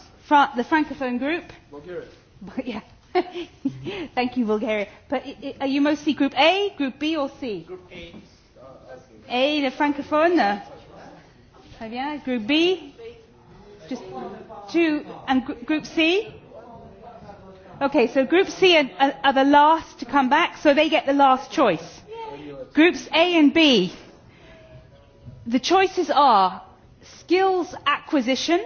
the Francophone group? Bulgaria. yeah. Thank you, Bulgaria. But are you mostly Group A, Group B or C? Group A. A, the Francophone. Have you? Group B? Just two. And Group C? Okay, so Group C are the last to come back, so they get the last choice. Groups A and B the choices are skills acquisition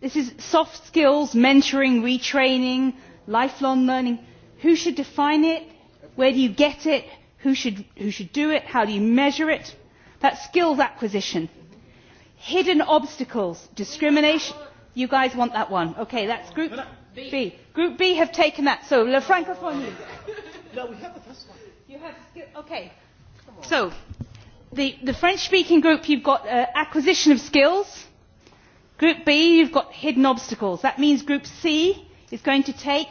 this is soft skills mentoring retraining lifelong learning who should define it where do you get it who should who should do it how do you measure it that's skills acquisition hidden obstacles discrimination you guys want that one okay that's group b group b have taken that so le francophone no we have the first one you have okay so the French speaking group you've got acquisition of skills. Group B you've got hidden obstacles. That means Group C is going to take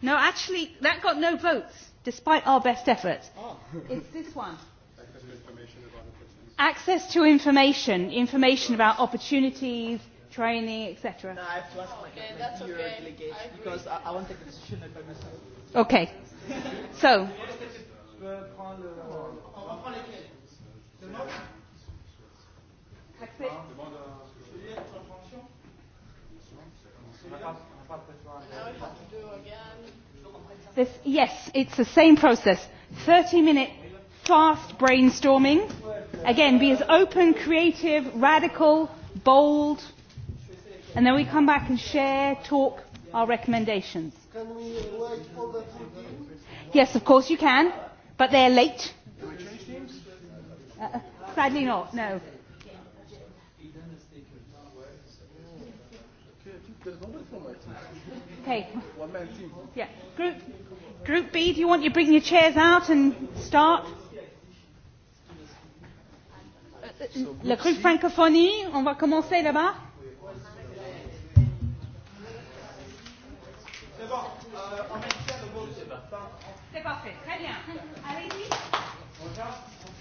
no actually that got no votes, despite our best efforts. It's this one. Access to information, information about opportunities, training, etc. No, I have to ask my that's okay. because I, I to take a decision by myself. Okay. so. Yes, it's the same process. 30-minute fast brainstorming. Again, be as open, creative, radical, bold. And then we come back and share, talk our recommendations. Yes, of course you can, but they're late. Sadly not, no. Okay. One man team. Yeah. Group, group B, do you want you bring your chairs out and start? La groupe francophonie, on va commencer là-bas. C'est bon, on maintient le vote. C'est parfait, très bien. Allez-y. Bonjour.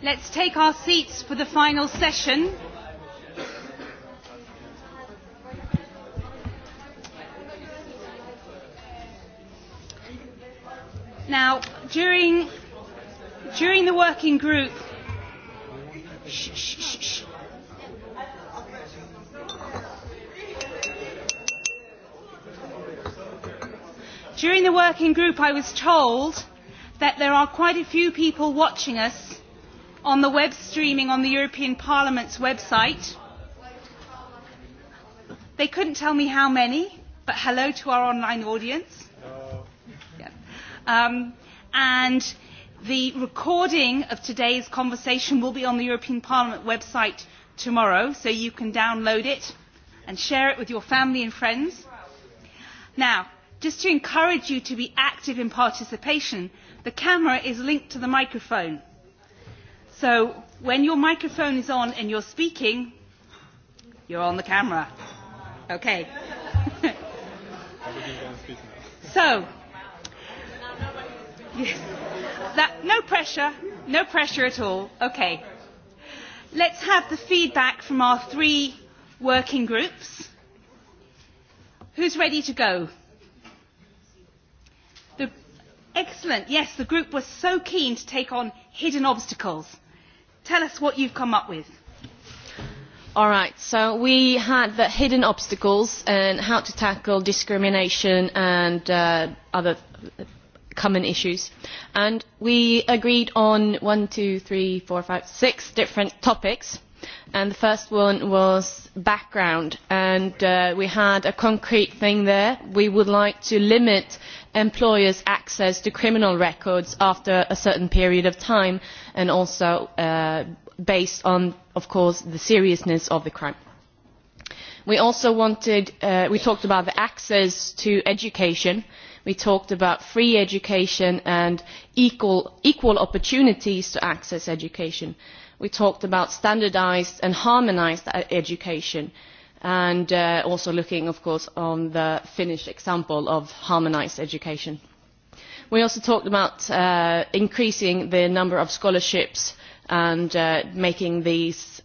Let's take our seats for the final session. Now, during, during the working group, during the working group I was told that there are quite a few people watching us on the web streaming on the European Parliament's website. They couldn't tell me how many, but hello to our online audience. And the recording of today's conversation will be on the European Parliament website tomorrow, so you can download it and share it with your family and friends. Now, just to encourage you to be active in participation, the camera is linked to the microphone So when your microphone is on and you're speaking, you're on the camera. Okay. so, no pressure, no pressure at all. Okay. Let's have the feedback from our three working groups. Who's ready to go? Excellent. Yes, the group was so keen to take on hidden obstacles tell us what you've come up with. All right, so we had the hidden obstacles and how to tackle discrimination and other common issues. And we agreed on one, two, three, four, five, six different topics. And the first one was background. And we had a concrete thing there. We would like to limit employers access to criminal records after a certain period of time and also based on of course the seriousness of the crime. we also talked about access to education we talked about free education and equal opportunities to access education we talked about standardised and harmonised education and and also looking, of course, on the Finnish example of harmonised education. We also talked about increasing the number of scholarships and making these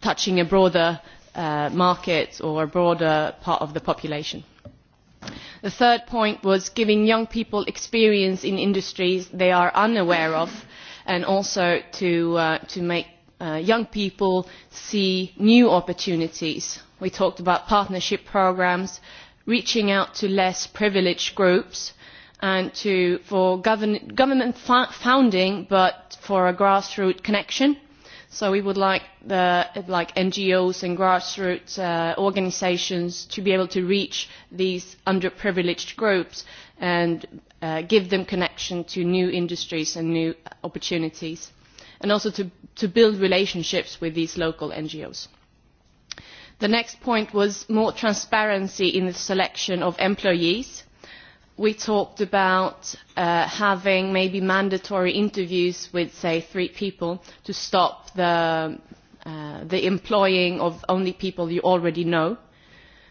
touching a broader market or a broader part of the population. The third point was giving young people experience in industries they are unaware of and also to make young people see new opportunities. We talked about partnership programmes, reaching out to less privileged groups and for government funding but for a grassroots connection. So we would like NGOs and grassroots organisations to be able to reach these underprivileged groups and give them connection to new industries and new opportunities and also to build relationships with these local ngos. the next point was more transparency in the selection of employees. we talked about having maybe mandatory interviews with say three people to stop the employing of only people you already know.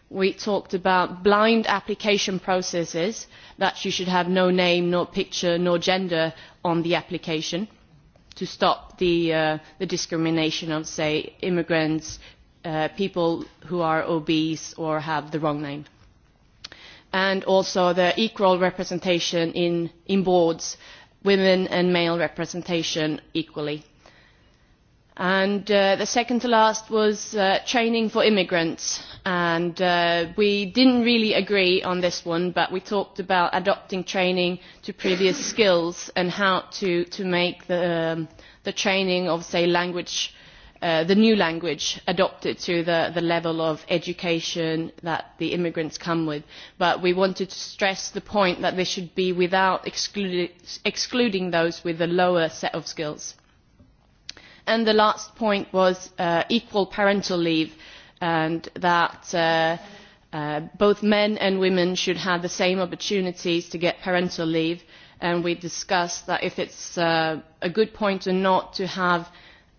We talked about blind application processes, that you should have no name, no picture, no gender on the application to stop the discrimination of, say, immigrants, people who are obese or have the wrong name. And also the equal representation in boards, women and male representation equally And the second to last was training for immigrants. And we didn't really agree on this one, but we talked about adopting training to previous skills and how to make the the training of, say, language, the new language adopted to the the level of education that the immigrants come with. But we wanted to stress the point that this should be without excluding those with a lower set of skills. And the last point was equal parental leave and that both men and women should have the same opportunities to get parental leave. And we discussed that if it's a good point or not to have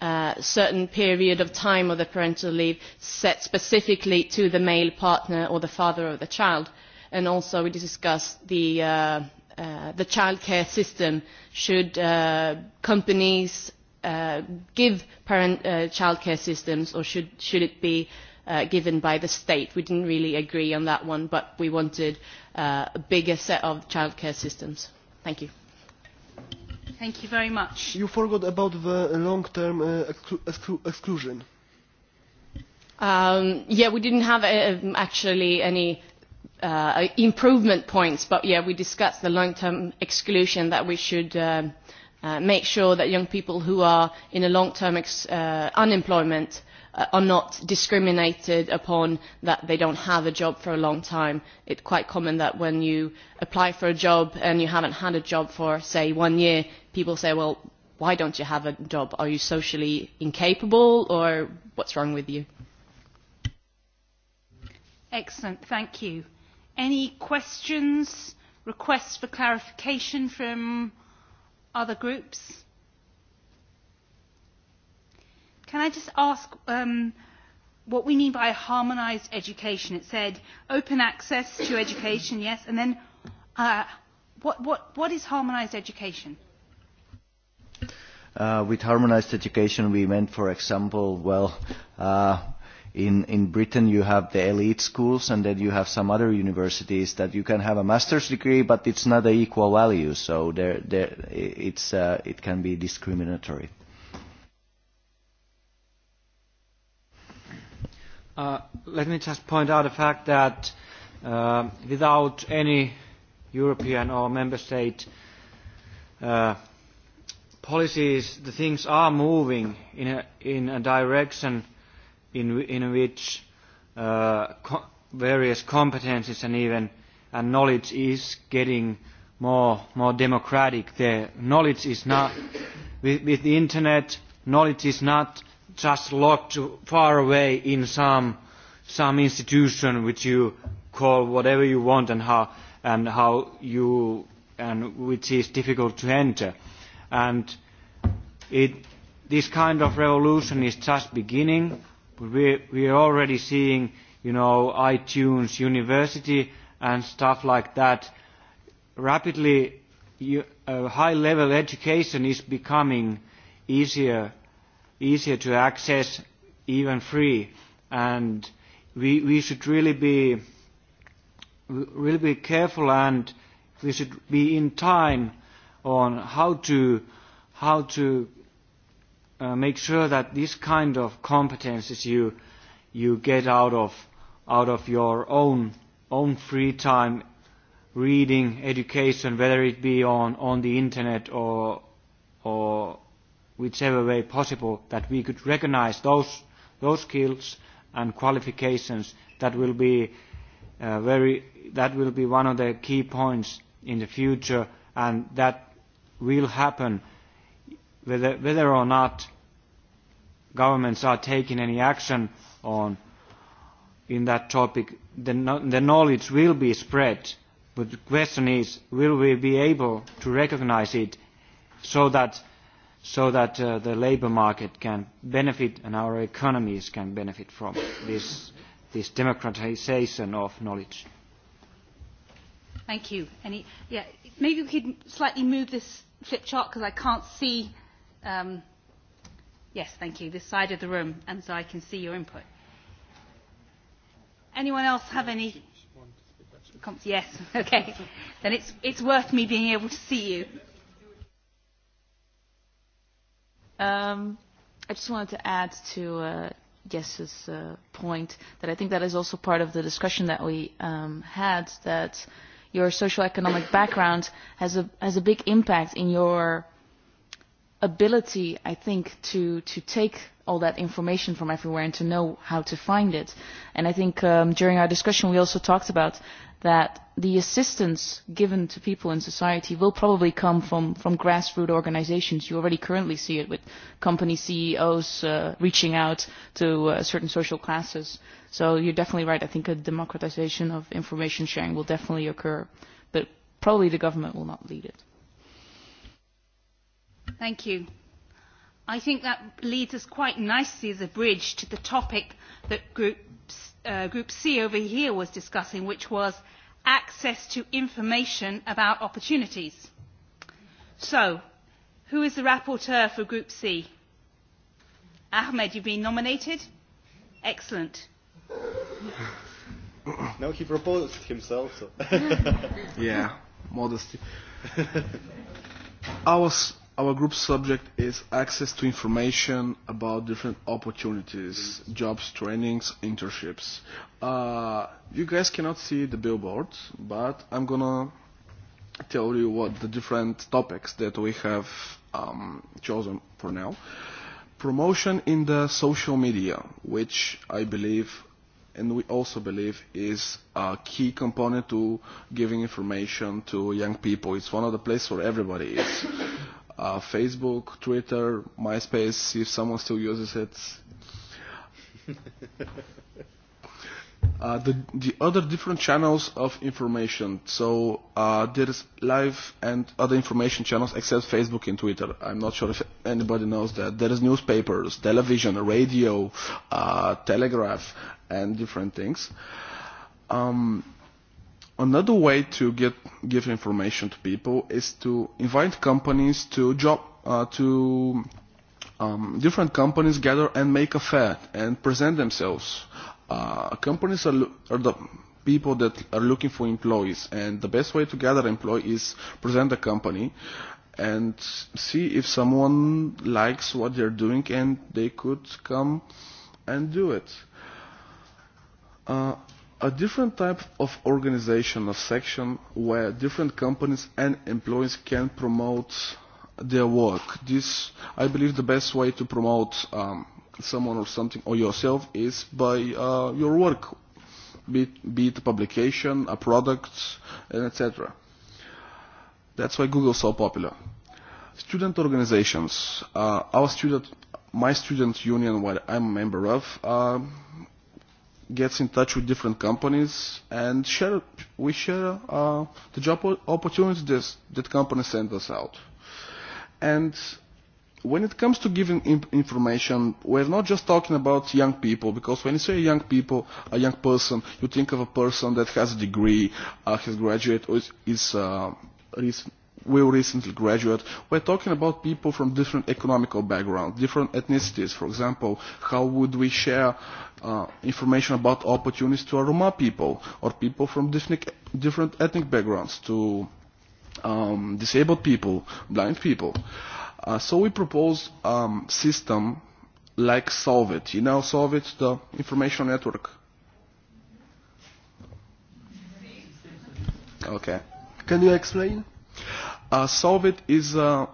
a certain period of time of the parental leave set specifically to the male partner or the father of the child. And also we discussed the childcare system. Should companies give parent childcare systems or should should it be given by the state. We didn't really agree on that one, but we wanted a bigger set of childcare systems. Thank you. Thank you very much. You forgot about the long-term exclusion. Yeah, we didn't have actually any improvement points, but yeah, we discussed the long-term exclusion that we should make sure that young people who are in a long-term unemployment are not discriminated upon that they don't have a job for a long time. It's quite common that when you apply for a job and you haven't had a job for, say, one year, people say, well, why don't you have a job? Are you socially incapable or what's wrong with you? Excellent, thank you. Any questions, requests for clarification from Other groups? Can I just ask what we mean by harmonised education? It said open access to education, yes, and then what is harmonised education? With harmonized education we meant, for example, well in in Britain you have the elite schools and then you have some other universities that you can have a master's degree but it's not an equal value so there there it's it can be discriminatory let me just point out the fact that without any European or member state policies the things are moving in a in a direction in which various competences and even and knowledge is getting more more democratic. The knowledge is not with the internet knowledge is not just locked far away in some some institution which you call whatever you want and how and how you and which is difficult to enter. And it this kind of revolution is just beginning we are already seeing, you know, iTunes University and stuff like that. Rapidly, high-level education is becoming easier easier to access, even free, and we we should really be really be careful and we should be in time on how to how to make sure that this kind of competences you you get out of out of your own own free time reading education whether it be on on the internet or or whichever way possible that we could recognize those those skills and qualifications that will be very that will be one of the key points in the future and that will happen whether or not governments are taking any action on in that topic, the knowledge will be spread. But the question is, will we be able to recognize it so that the labor market can benefit and our economies can benefit from this democratization of knowledge? Thank you. Maybe we could slightly move this flip chart because I can't see Yes, thank you. This side of the room, and so I can see your input. Anyone else have any? Yes, okay. Then it's it's worth me being able to see you. Um, I just wanted to add to Jess's point that I think that is also part of the discussion that we um, had that your socioeconomic background has a has a big impact in your ability, I think, to take all that information from everywhere and to know how to find it. And I think during our discussion we also talked about that the assistance given to people in society will probably come from from grassroots organisations. You already currently see it with company CEOs reaching out to certain social classes. So you're definitely right. I think a democratisation of information sharing will definitely occur, but probably the government will not lead it. Thank you. I think that leads us quite nicely as a bridge to the topic that Group C over here was discussing, which was access to information about opportunities. So, who is the rapporteur for Group C? Ahmed, you've been nominated? Excellent. No, he proposed himself. yeah, modesty. Our group's subject is access to information about different opportunities, jobs, trainings, internships. You guys cannot see the billboard, but I'm gonna tell you what the different topics that we have chosen for now. Promotion in the social media, which I believe and we also believe is a key component to giving information to young people. It's one of the places where everybody is Facebook, Twitter, MySpace, if someone still uses it. The the other different channels of information. So there is live and other information channels except Facebook and Twitter. I'm not sure if anybody knows that. There is newspapers, television, radio, telegraph, and different things. Um Another way to get give information to people is to invite companies to job to different companies gather and make a fair and present themselves. Companies are the people that are looking for employees and the best way to gather employees is present the company and see if someone likes what they're doing and they could come and do it a different type of organization of section where different companies and employees can promote their work. This, I believe, the best way to promote someone or something or yourself is by your work, be it a publication, a product, and etc. That's why Google is so popular. Student organizations. Our student, my student union, what I'm a member of gets in touch with different companies and share we share the job opportunities that companies send us out. And when it comes to giving information, we're not just talking about young people, because when you say young people, a young person, you think of a person that has a degree, has graduated, or is will recently graduate, we're talking about people from different economical backgrounds, different ethnicities. For example, how would we share information about opportunities to Roma people or people from different ethnic backgrounds, to disabled people, blind people. So we propose a system like Solvit. You know Solvit, the information network. Okay. Can you explain? Solvit is a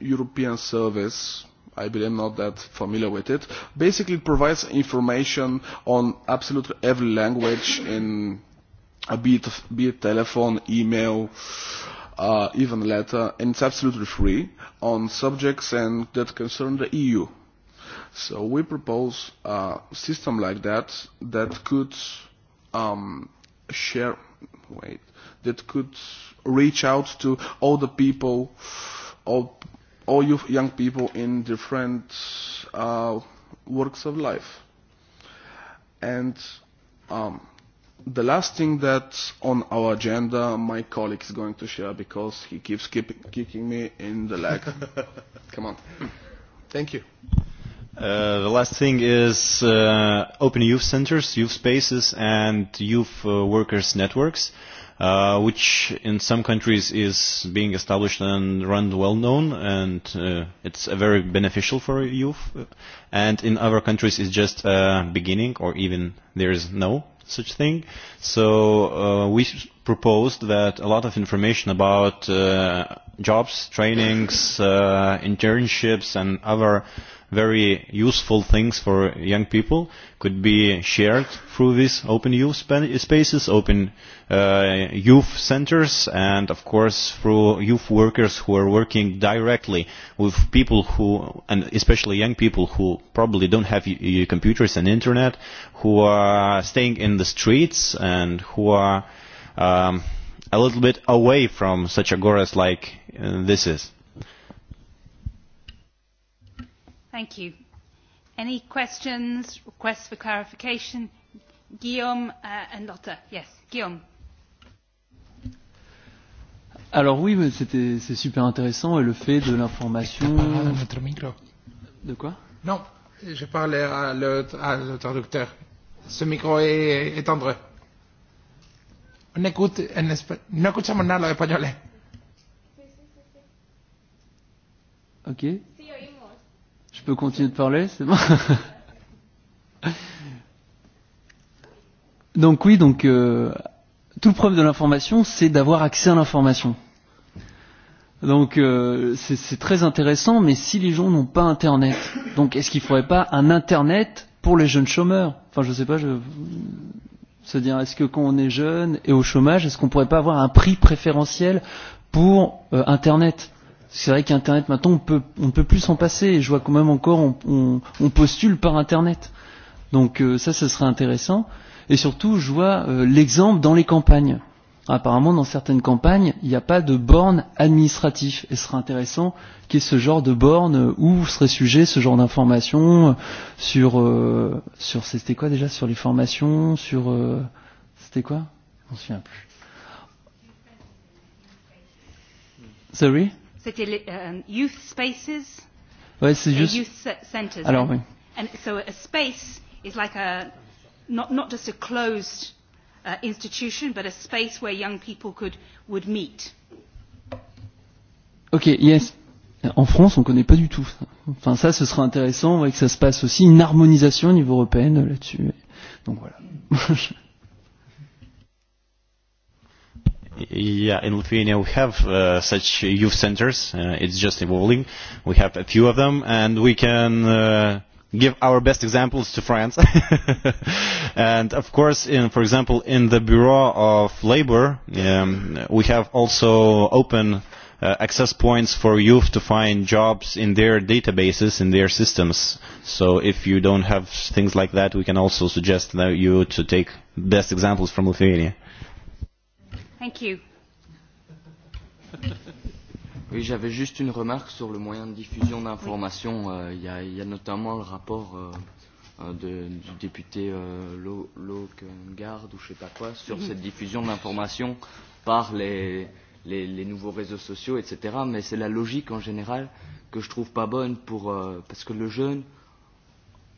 European service. I believe I'm not that familiar with it. Basically, it provides information on absolutely every language in a bit, be it telephone, email, uh, even letter, and it's absolutely free on subjects and that concern the EU. So we propose a system like that that could um, share, wait, that could reach out to all the people, all all you young people in different uh, works of life. And um, the last thing that's on our agenda my colleague is going to share because he keeps kicking me in the leg. Come on. Thank you. The last thing is open youth centers, youth spaces, and youth workers networks which in some countries is being established and run well known and it's very beneficial for youth and in other countries it's just a beginning or even there is no such thing so we proposed that a lot of information about jobs trainings internships and other very useful things for young people could be shared through these open youth spaces, open youth centers, and of course through youth workers who are working directly with people who, and especially young people who probably don't have computers and internet, who are staying in the streets and who are a little bit away from such agoras like this is. Thank you. Any questions, requests for clarification? Guillaume and Lotta. Yes, Guillaume. Alors oui, c'était c'est super intéressant et le fait de l'information. Notre micro. De quoi Non, je parlais à l'interlocuteur. à Ce micro est, est tendre. On écoute en no escuchamos nada en español. Ok. Je peux continuer de parler, c'est bon Donc oui, donc tout le problème de l'information, c'est d'avoir accès à l'information. Donc euh, c'est très intéressant, mais si les gens n'ont pas Internet, donc est-ce qu'il ne faudrait pas un Internet pour les jeunes chômeurs Enfin, je ne sais pas, je... se dire est-ce que quand on est jeune et au chômage, est-ce qu'on pourrait pas avoir un prix préférentiel pour euh, Internet C'est vrai qu'Internet, maintenant, on peut, ne on peut plus s'en passer. et Je vois quand même encore, on, on, on postule par Internet. Donc ça, ce serait intéressant. Et surtout, je vois l'exemple dans les campagnes. Apparemment, dans certaines campagnes, il n'y a pas de borne administratif. Et ce serait intéressant qu'il y ait ce genre de borne où serait sujet ce genre d'informations sur... sur C'était quoi déjà Sur les formations Sur... C'était quoi Je ne me souviens plus. Sorry C'était youth spaces. Ouais, c'est juste. Youth centers. Alors oui. And so a space is like a not not just a closed institution, but a space where young people could would meet. Ok, yes. En France, on ne connaît pas du tout ça. Enfin, ça, ce sera intéressant on voit que ça se passe aussi, une harmonisation au niveau européen là-dessus. Donc voilà. yeah, in Lithuania we have such youth centers. It's just evolving. We have a few of them, and we can give our best examples to France. And of course, for example, in the Bureau of Labor, we have also open access points for youth to find jobs in their databases, in their systems. So if you don't have things like that, we can also suggest that you to take best examples from Lithuania. Oui, j'avais juste une remarque sur le moyen de diffusion d'informations. Il y, a, y a notamment le rapport de, du député euh, Lokengard ou je ne sais pas quoi sur cette diffusion d'informations par les, les, les nouveaux réseaux sociaux, etc. Mais c'est la logique en général que je trouve pas bonne pour, parce que le jeune,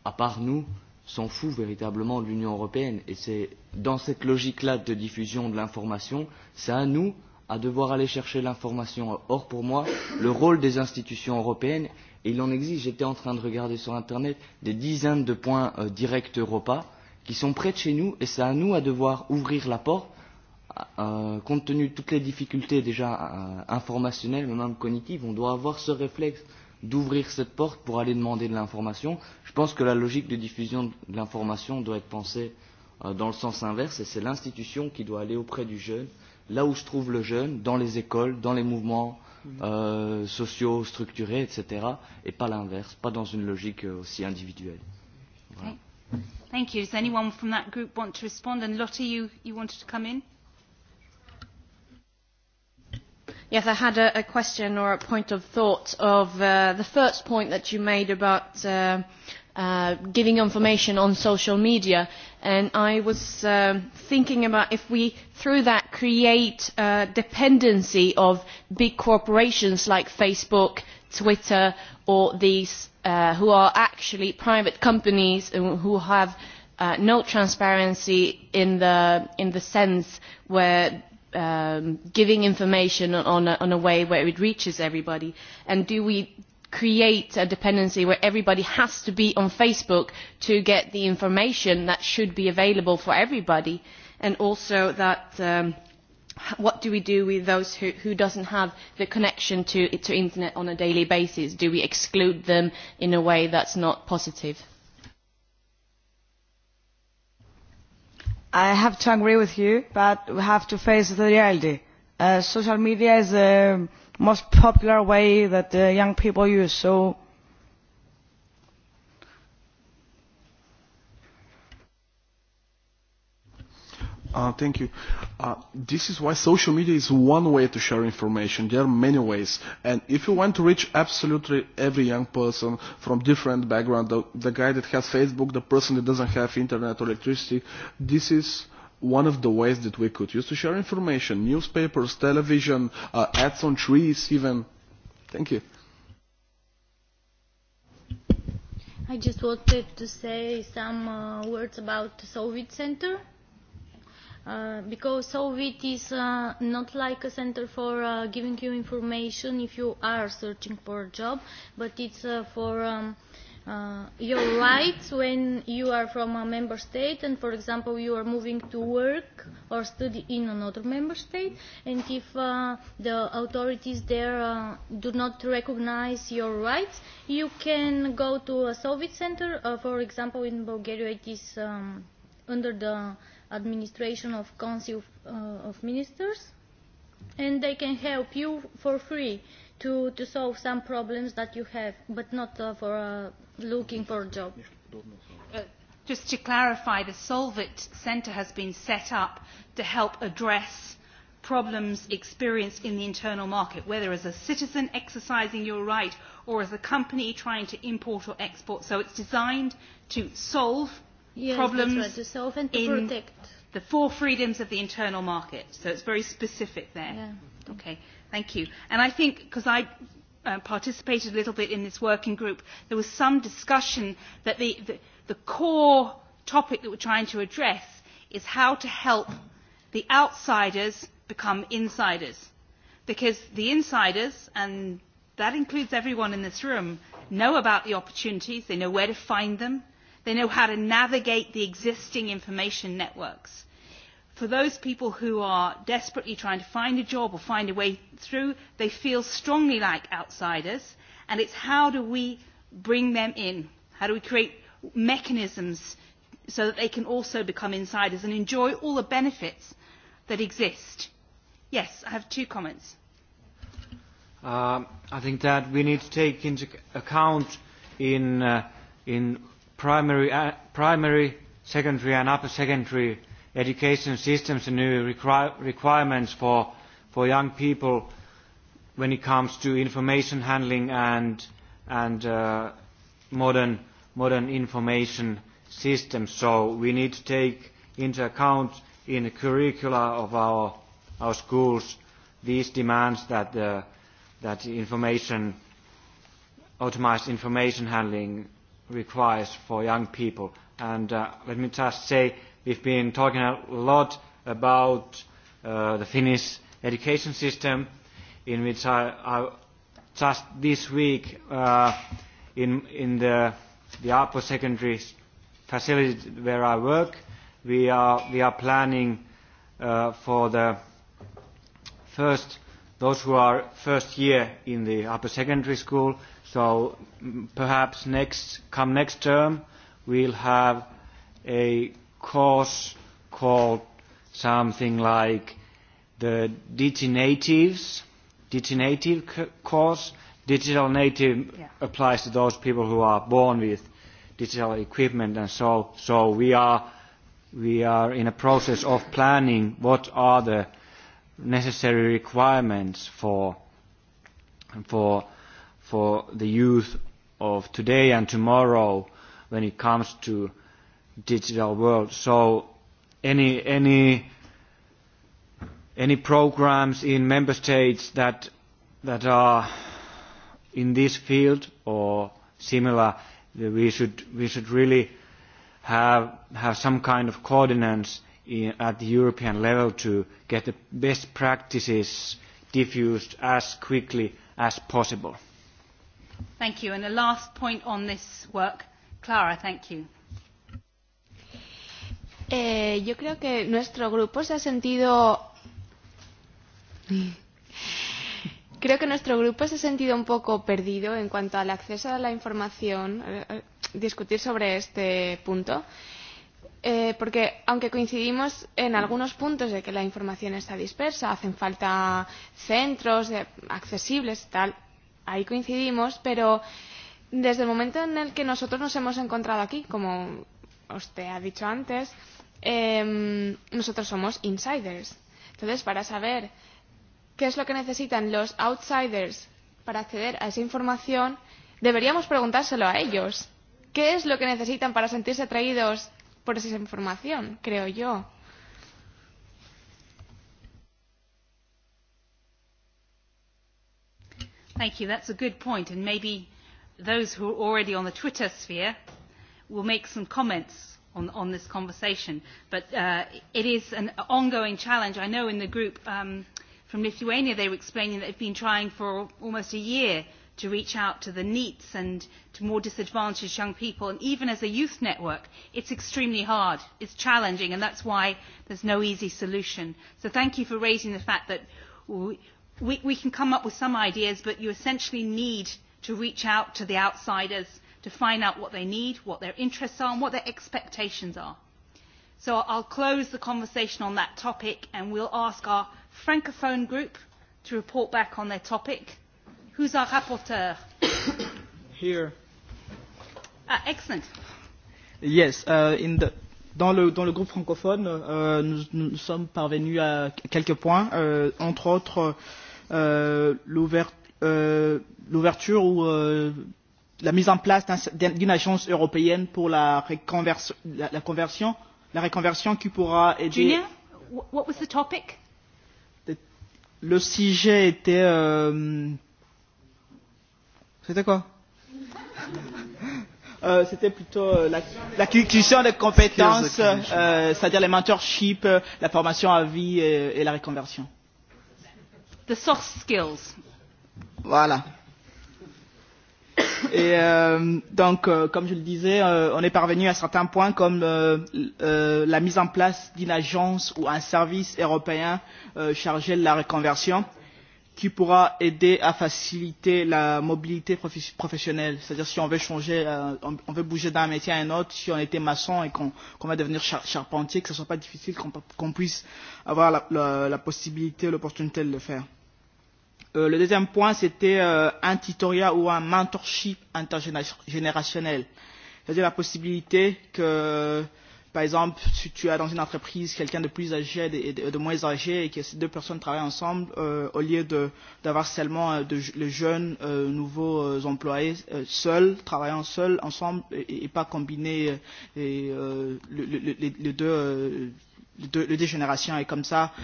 à part nous, s'en fout véritablement de l'Union européenne. Et c'est dans cette logique-là de diffusion de l'information, c'est à nous à devoir aller chercher l'information. Or, pour moi, le rôle des institutions européennes, et il en existe, j'étais en train de regarder sur Internet, des dizaines de points directs Europa qui sont près de chez nous, et c'est à nous à devoir ouvrir la porte, compte tenu de toutes les difficultés déjà informationnelles, mais même cognitives, on doit avoir ce réflexe d'ouvrir cette porte pour aller demander de l'information Je pense que la logique de diffusion de l'information doit être pensée dans le sens inverse et c'est l'institution qui doit aller auprès du jeune, là où se trouve le jeune, dans les écoles, dans les mouvements sociaux, structurés, etc. et pas l'inverse, pas dans une logique aussi individuelle. Does anyone from that group want to respond? And you, wanted to come in? Yes, I had a question or a point of thought of the first point that you made about giving information on social media and i was thinking about if we through that create a dependency of big corporations like facebook twitter or these who are actually private companies and who have no transparency in the in the sense where giving information on a way where it reaches everybody and do we create a dependency where everybody has to be on Facebook to get the information that should be available for everybody and also that what do we do with those who who doesn't have the connection to to internet on a daily basis do we exclude them in a way that's not positive I have to agree with you but we have to face the reality social media is a most popular way that young people use. So Thank you. This is why social media is one way to share information. There are many ways. And if you want to reach absolutely every young person from different background, the guy that has Facebook, the person that doesn't have internet or electricity, this is one of the ways that we could use to share information, newspapers, television, ads on trees even. Thank you. I just wanted to say some words about the Soviet Center. Because Soviet is not like a center for giving you information if you are searching for a job, but it's for your rights when you are from a member state and, for example, you are moving to work or study in another member state, and if the authorities there do not recognize your rights, you can go to a Soviet center. For example, in Bulgaria it is under the administration of Council of Ministers, and they can help you for free to solve some problems that you have, but not for a looking for a job. Just to clarify, the Solvit Centre has been set up to help address problems experienced in the internal market, whether as a citizen exercising your right or as a company trying to import or export. So it's designed to solve problems in the four freedoms of the internal market. So it's very specific there. Okay, thank you. And I think, because I participated a little bit in this working group, there was some discussion that the core topic that we we're trying to address is how to help the outsiders become insiders. Because the insiders, and that includes everyone in this room, know about the opportunities, they know where to find them, they know how to navigate the existing information networks for those people who are desperately trying to find a job or find a way through, they feel strongly like outsiders, and it's how do we bring them in? How do we create mechanisms so that they can also become insiders and enjoy all the benefits that exist? Yes, I have two comments. I think that we need to take into account in primary, secondary and upper secondary education systems and new requirements for for young people when it comes to information handling and and modern modern information systems so we need to take into account in the curricula of our our schools these demands that that information automated information handling requires for young people and let me just say We've been talking a lot about the Finnish education system, in which I just this week in in the upper secondary facility where I work, we are we are planning for the first those who are first year in the upper secondary school. So perhaps next come next term we'll have a course called something like the diginatives, diginative course. Digital native applies to those people who are born with digital equipment and so so we are we are in a process of planning what are the necessary requirements for for for the youth of today and tomorrow when it comes to digital world. So any any any programs in member states that that are in this field or similar, we should we should really have have some kind of coordinates at the European level to get the best practices diffused as quickly as possible. Thank you. And the last point on this work, Clara. Thank you. Eh, yo creo que nuestro grupo se ha sentido. Creo que nuestro grupo se ha sentido un poco perdido en cuanto al acceso a la información, discutir sobre este punto, porque aunque coincidimos en algunos puntos de que la información está dispersa, hacen falta centros accesibles y tal, ahí coincidimos, pero desde el momento en el que nosotros nos hemos encontrado aquí, como usted ha dicho antes, nosotros somos insiders. Entonces, para saber qué es lo que necesitan los outsiders para acceder a esa información, deberíamos preguntárselo a ellos. ¿Qué es lo que necesitan para sentirse atraídos por esa información? Creo yo. Thank you. That's a good point. And maybe those who are already on the Twitter sphere will make some comments on this conversation. But it is an ongoing challenge. I know in the group from Lithuania they were explaining that they've been trying for almost a year to reach out to the NEETs and to more disadvantaged young people. And even as a youth network, it's extremely hard. It's challenging, and that's why there's no easy solution. So thank you for raising the fact that we can come up with some ideas, but you essentially need to reach out to the outsiders to find out what they need, what their interests are and what their expectations are. So I'll close the conversation on that topic and we'll ask our francophone group to report back on their topic. Who's our rapporteur? Here. Ah, excellent. Yes, in the dans le dans le groupe francophone nous nous sommes parvenus à quelques points euh, entre autres euh, l'ouverture ou euh, la mise en place d'une agence européenne pour la conversion la reconversion qui pourra aider what was the topic le sujet était c'était quoi c'était plutôt l'acquisition des compétences c'est-à-dire les mentorship la formation à vie et la reconversion the soft skills voilà Et donc, comme je le disais, on est parvenu à certains points comme la mise en place d'une agence ou un service européen chargé de la reconversion qui pourra aider à faciliter la mobilité professionnelle. C'est-à-dire si on veut changer, on veut bouger d'un métier à un autre, si on était maçon et qu'on va devenir charpentier, que ce ne soit pas difficile, qu'on puisse avoir la possibilité, l'opportunité de le faire. Le deuxième point, c'était un tutoriel ou un mentorship intergénérationnel. C'est-à-dire la possibilité que, par exemple, si tu as dans une entreprise quelqu'un de plus âgé et de moins âgé et que ces deux personnes travaillent ensemble, au lieu d'avoir seulement les jeunes nouveaux employés seuls, travaillant seuls ensemble et pas combiner les deux deux générations. Et comme ça,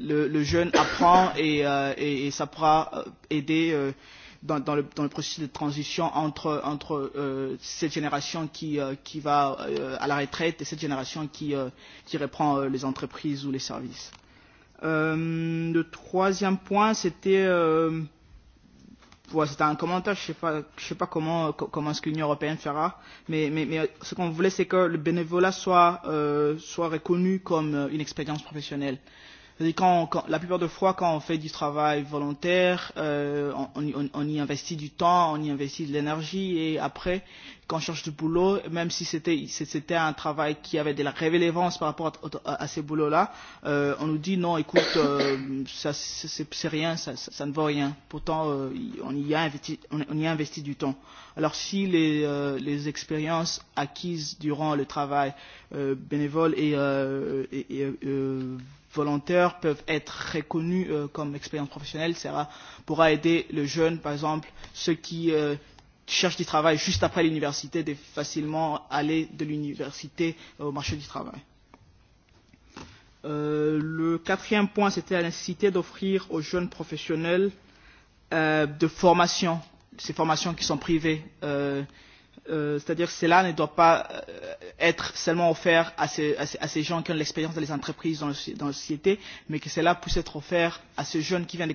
le jeune apprend et ça pourra aider dans le dans le processus de transition entre cette génération qui va à la retraite et cette génération qui reprend les entreprises ou les services. Le troisième point, c'était un commentaire, je ne sais pas comment est l'Union européenne fera, mais ce qu'on voulait, c'est que le bénévolat soit reconnu comme une expérience professionnelle Quand, quand, la plupart de fois, quand on fait du travail volontaire, euh, on, on, on y investit du temps, on y investit de l'énergie, et après, quand on cherche du boulot, même si c'était un travail qui avait de la révélévance par rapport à, ces boulots-là, euh, on nous dit non, écoute, ça c'est rien, ça, ça, ne vaut rien. Pourtant, on, y a investi, on, y a investi du temps. Alors si les, les expériences acquises durant le travail bénévole et, euh, et, et volontaires peuvent être reconnus comme expérience professionnelle ça pourra aider le jeune par exemple ceux qui cherchent du travail juste après l'université de facilement aller de l'université au marché du travail. le quatrième point c'était la nécessité d'offrir aux jeunes professionnels de formations ces formations qui sont privées c'est-à-dire que cela ne doit pas être seulement offert à ces gens qui ont l'expérience dans les entreprises, dans la société, mais que cela puisse être offert à ces jeunes qui viennent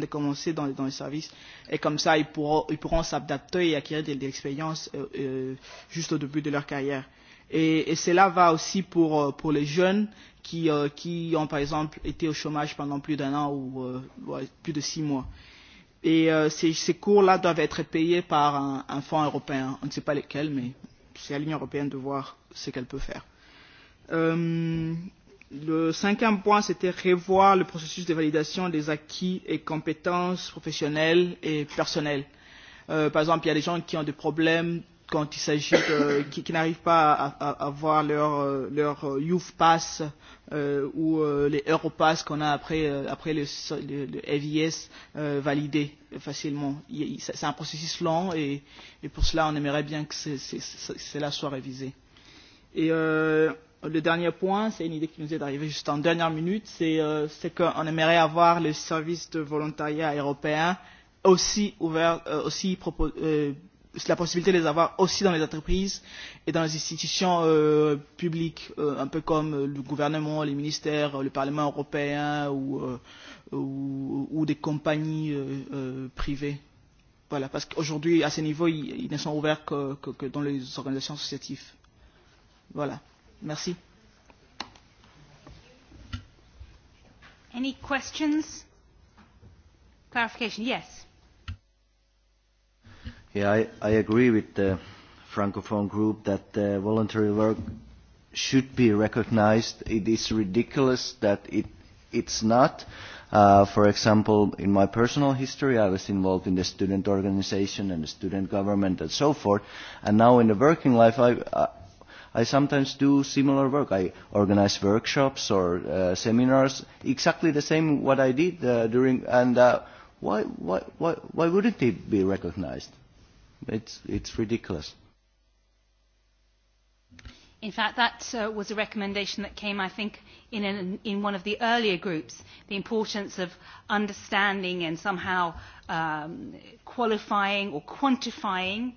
de commencer dans les services. Et comme ça, ils pourront s'adapter et acquérir de l'expérience juste au début de leur carrière. Et cela va aussi pour les jeunes qui ont, par exemple, été au chômage pendant plus d'un an ou plus de six mois Et ces cours-là doivent être payés par un fonds européen. On ne sait pas lesquels, mais c'est à l'Union européenne de voir ce qu'elle peut faire. Le cinquième point, c'était revoir le processus de validation des acquis et compétences professionnelles et personnelles. Par exemple, il y a des gens qui ont des problèmes quand il s'agit de qui, qui n'arrivent pas à, à, voir leur leur youth pass ou les europass qu'on a après après le, le, le validé facilement c'est un processus long et, et pour cela on aimerait bien que cela soit révisé et le dernier point, c'est une idée qui nous est arrivée juste en dernière minute, c'est euh, qu'on aimerait avoir le service de volontariat européen aussi ouvert, aussi la possibilité de les avoir aussi dans les entreprises et dans les institutions publiques, un peu comme le gouvernement, les ministères, le Parlement européen ou des compagnies privées. Voilà, parce qu'aujourd'hui, à ce niveau, ils ne sont ouverts que dans les organisations associatives. Voilà. Merci. Any questions? Clarification? Yes. Yeah, I agree with the Francophone group that voluntary work should be recognized. It is ridiculous that it it's not. For example, in my personal history, I was involved in the student organization and the student government and so forth. And now in the working life, I I sometimes do similar work. I organize workshops or seminars, exactly the same what I did during. And why why why why wouldn't it be recognized? It's it's ridiculous. In fact, that was a recommendation that came, I think, in in one of the earlier groups, the importance of understanding and somehow qualifying or quantifying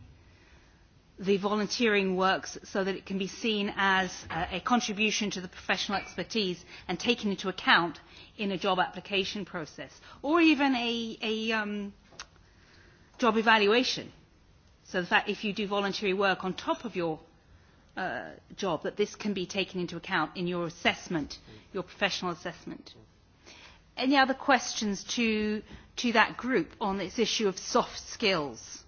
the volunteering works so that it can be seen as a contribution to the professional expertise and taken into account in a job application process or even a job evaluation So the fact if you do voluntary work on top of your job, that this can be taken into account in your assessment, your professional assessment. Any other questions to to that group on this issue of soft skills?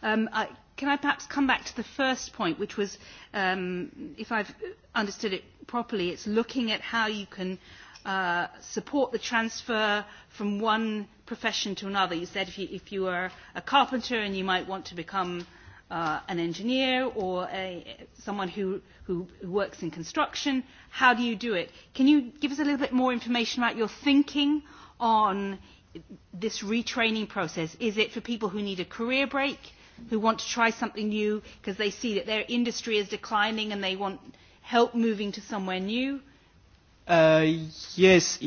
Can I perhaps come back to the first point, which was, if I've understood it properly, it's looking at how you can support the transfer from one profession to another. You said if you are a carpenter and you might want to become an engineer or someone who works in construction, how do you do it? Can you give us a little bit more information about your thinking on this retraining process? Is it for people who need a career break, who want to try something new because they see that their industry is declining and they want help moving to somewhere new? Yes,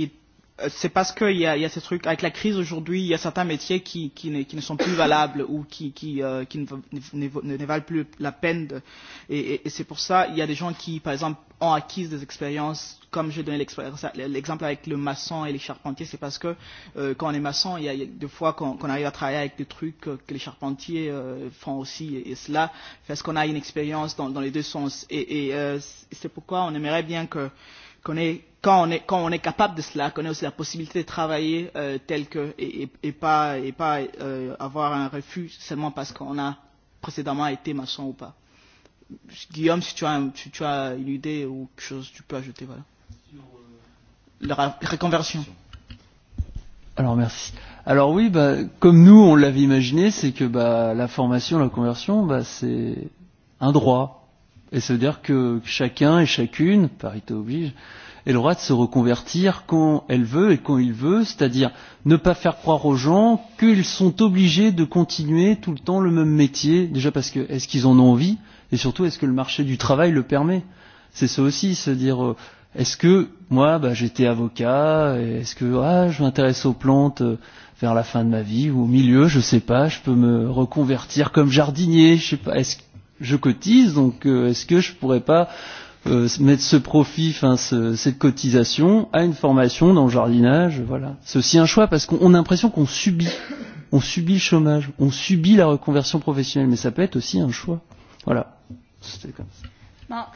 c'est parce qu'il y a, y a ces trucs avec la crise aujourd'hui, il y a certains métiers qui, qui, ne, qui ne sont plus valables ou qui, qui, qui ne, ne, valent plus la peine. et et, c'est pour ça, qu'il y a des gens qui, par exemple, ont acquis des expériences, comme j'ai donné l'exemple avec le maçon et les charpentiers, c'est parce que quand on est maçon, il y a des fois qu'on arrive à travailler avec des trucs que les charpentiers font aussi, et, cela, parce qu'on a une expérience dans, dans les deux sens. Et, et c'est pourquoi on aimerait bien que qu'on est quand on est quand on est capable de cela qu'on ait aussi la possibilité de travailler tel que et pas et pas avoir un refus seulement parce qu'on a précédemment été maçon ou pas Guillaume si tu as si tu as une idée ou quelque chose tu peux ajouter voilà la reconversion alors merci alors oui bah comme nous on l'avait imaginé c'est que bah la formation la conversion bah c'est un droit Et ça veut dire que chacun et chacune, parité oblige, ait le droit de se reconvertir quand elle veut et quand il veut, c'est-à-dire ne pas faire croire aux gens qu'ils sont obligés de continuer tout le temps le même métier, déjà parce que est-ce qu'ils en ont envie et surtout est-ce que le marché du travail le permet C'est ça aussi, se dire est-ce que moi bah, j'étais avocat, est-ce que ah, je m'intéresse aux plantes vers la fin de ma vie ou au milieu, je sais pas, je peux me reconvertir comme jardinier, je sais pas, je cotise, donc est-ce que je pourrais pas mettre ce profit, enfin cette cotisation, à une formation dans le jardinage, voilà. C'est aussi un choix parce qu'on a l'impression qu'on subit, on subit le chômage, on subit la reconversion professionnelle, mais ça peut être aussi un choix, voilà. C'était comme ça.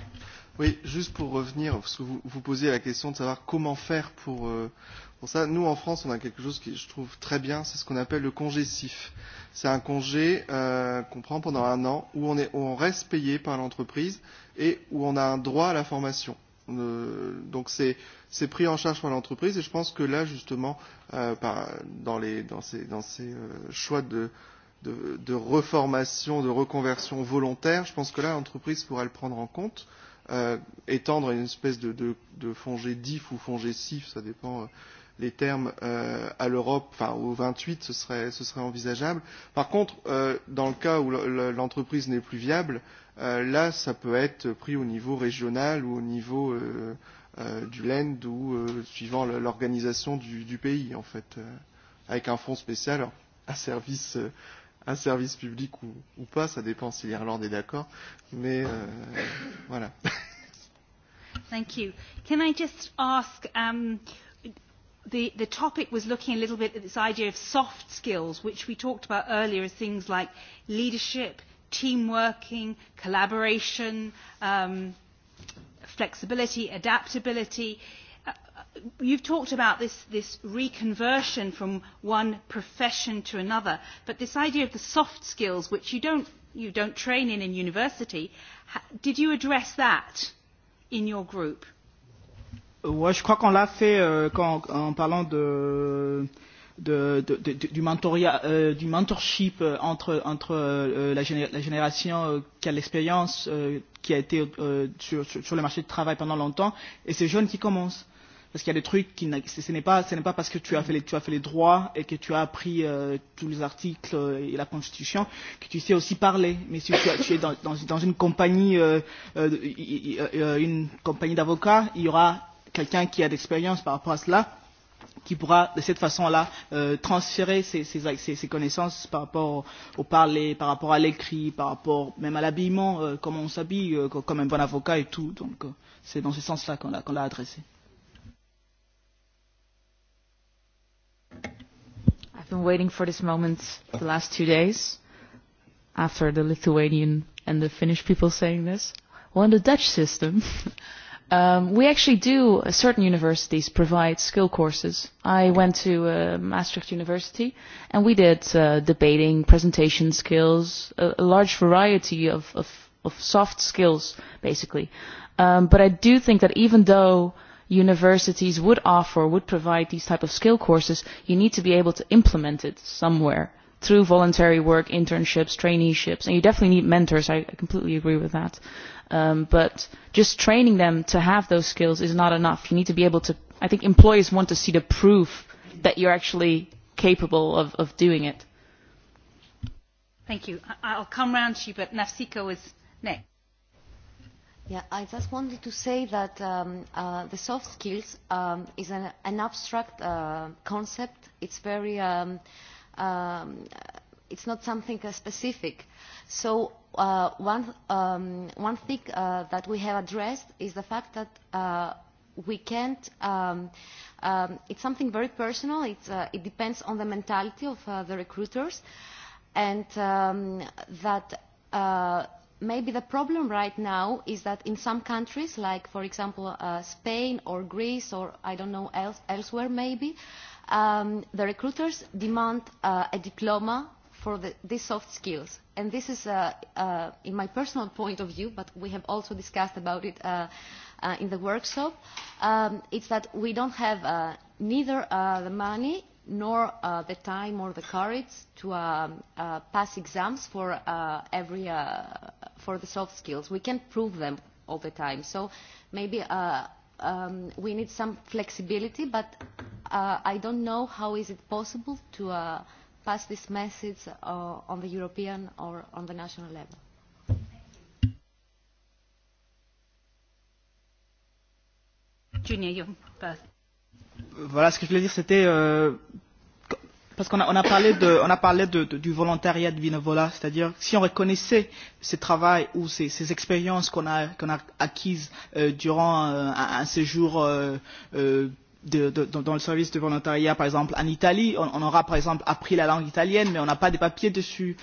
Oui, juste pour revenir, parce que vous, vous posez la question de savoir comment faire pour, pour ça. Nous, en France, on a quelque chose qui, je trouve, très bien, c'est ce qu'on appelle le congé CIF. C'est un congé qu'on prend pendant un an où on, est, on reste payé par l'entreprise et où on a un droit à la formation. donc c'est c'est pris en charge par l'entreprise et je pense que là justement dans les dans ces dans ces choix de de de reformation de reconversion volontaire je pense que là l'entreprise pourrait le prendre en compte étendre une espèce de de de fongé dif ou fongé sif ça dépend les termes à l'Europe, enfin au 28, ce serait, ce serait envisageable. Par contre, dans le cas où l'entreprise n'est plus viable, là, ça peut être pris au niveau régional ou au niveau du LEND ou suivant l'organisation du, du pays, en fait, avec un fonds spécial, un service un service public ou, ou pas, ça dépend si l'Irlande est d'accord, mais voilà. Thank you. Can I just ask, The topic was looking a little bit at this idea of soft skills, which we talked about earlier as things like leadership, teamwork, collaboration, flexibility, adaptability. You've talked about this reconversion from one profession to another, but this idea of the soft skills, which you don't train in in university, did you address that in your group? Ouais, je crois qu'on l'a fait quand, en parlant de, de, de, du, mentoria, euh, du mentorship entre, entre la, géné la génération qui a l'expérience, qui a été sur, sur, sur le marché du travail pendant longtemps, et ces jeunes qui commencent parce qu'il y a des trucs qui ce n'est pas ce n'est pas parce que tu as fait les tu as fait les droits et que tu as appris tous les articles et la constitution que tu sais aussi parler mais si tu, es dans, dans, dans une compagnie une compagnie d'avocats il y aura quelqu'un qui a d'expérience par rapport à cela qui pourra de cette façon-là transférer ses, ses, ses, connaissances par rapport au parler, par rapport à l'écrit, par rapport même à l'habillement, comment on s'habille, comme un bon avocat et tout. Donc c'est dans ce sens-là qu'on l'a, qu'on adressé. I've been waiting for this moment the last two days after the Lithuanian and the Finnish people saying this. Well, the Dutch system, We actually do, certain universities provide skill courses. I went to Maastricht University and we did debating, presentation skills, a large variety of soft skills, basically. But I do think that even though universities would offer, would provide these type of skill courses, you need to be able to implement it somewhere through voluntary work, internships, traineeships, and you definitely need mentors. I completely agree with that but just training them to have those skills is not enough. You need to be able to, I think employers want to see the proof that you're actually capable of, doing it. Thank you. I'll come round to you, but Nafsiko is next. Yeah, I just wanted to say that the soft skills is an, abstract concept. It's very, it's not something specific. So One thing that we have addressed is the fact that we can't. It's something very personal. It depends on the mentality of the recruiters, and that maybe the problem right now is that in some countries, like for example Spain or Greece or I don't know elsewhere maybe, the recruiters demand a diploma for these soft skills. And this is, in my personal point of view, but we have also discussed about it in the workshop, it's that we don't have neither the money nor the time or the courage to pass exams for every for the soft skills. We can't prove them all the time. So maybe we need some flexibility, but I don't know how is it possible to pass this message on the European or on the national level. Junior, Voilà, ce que je voulais dire, c'était parce qu'on a, on a parlé de, on a parlé de, du volontariat de Vinovola, c'est-à-dire si on reconnaissait ce travail ou ces, ces expériences qu'on a, qu'on a acquises durant un, séjour dans le service de volontariat, par exemple, en Italie. On aura, par exemple, appris la langue italienne, mais on n'a pas de papiers dessus.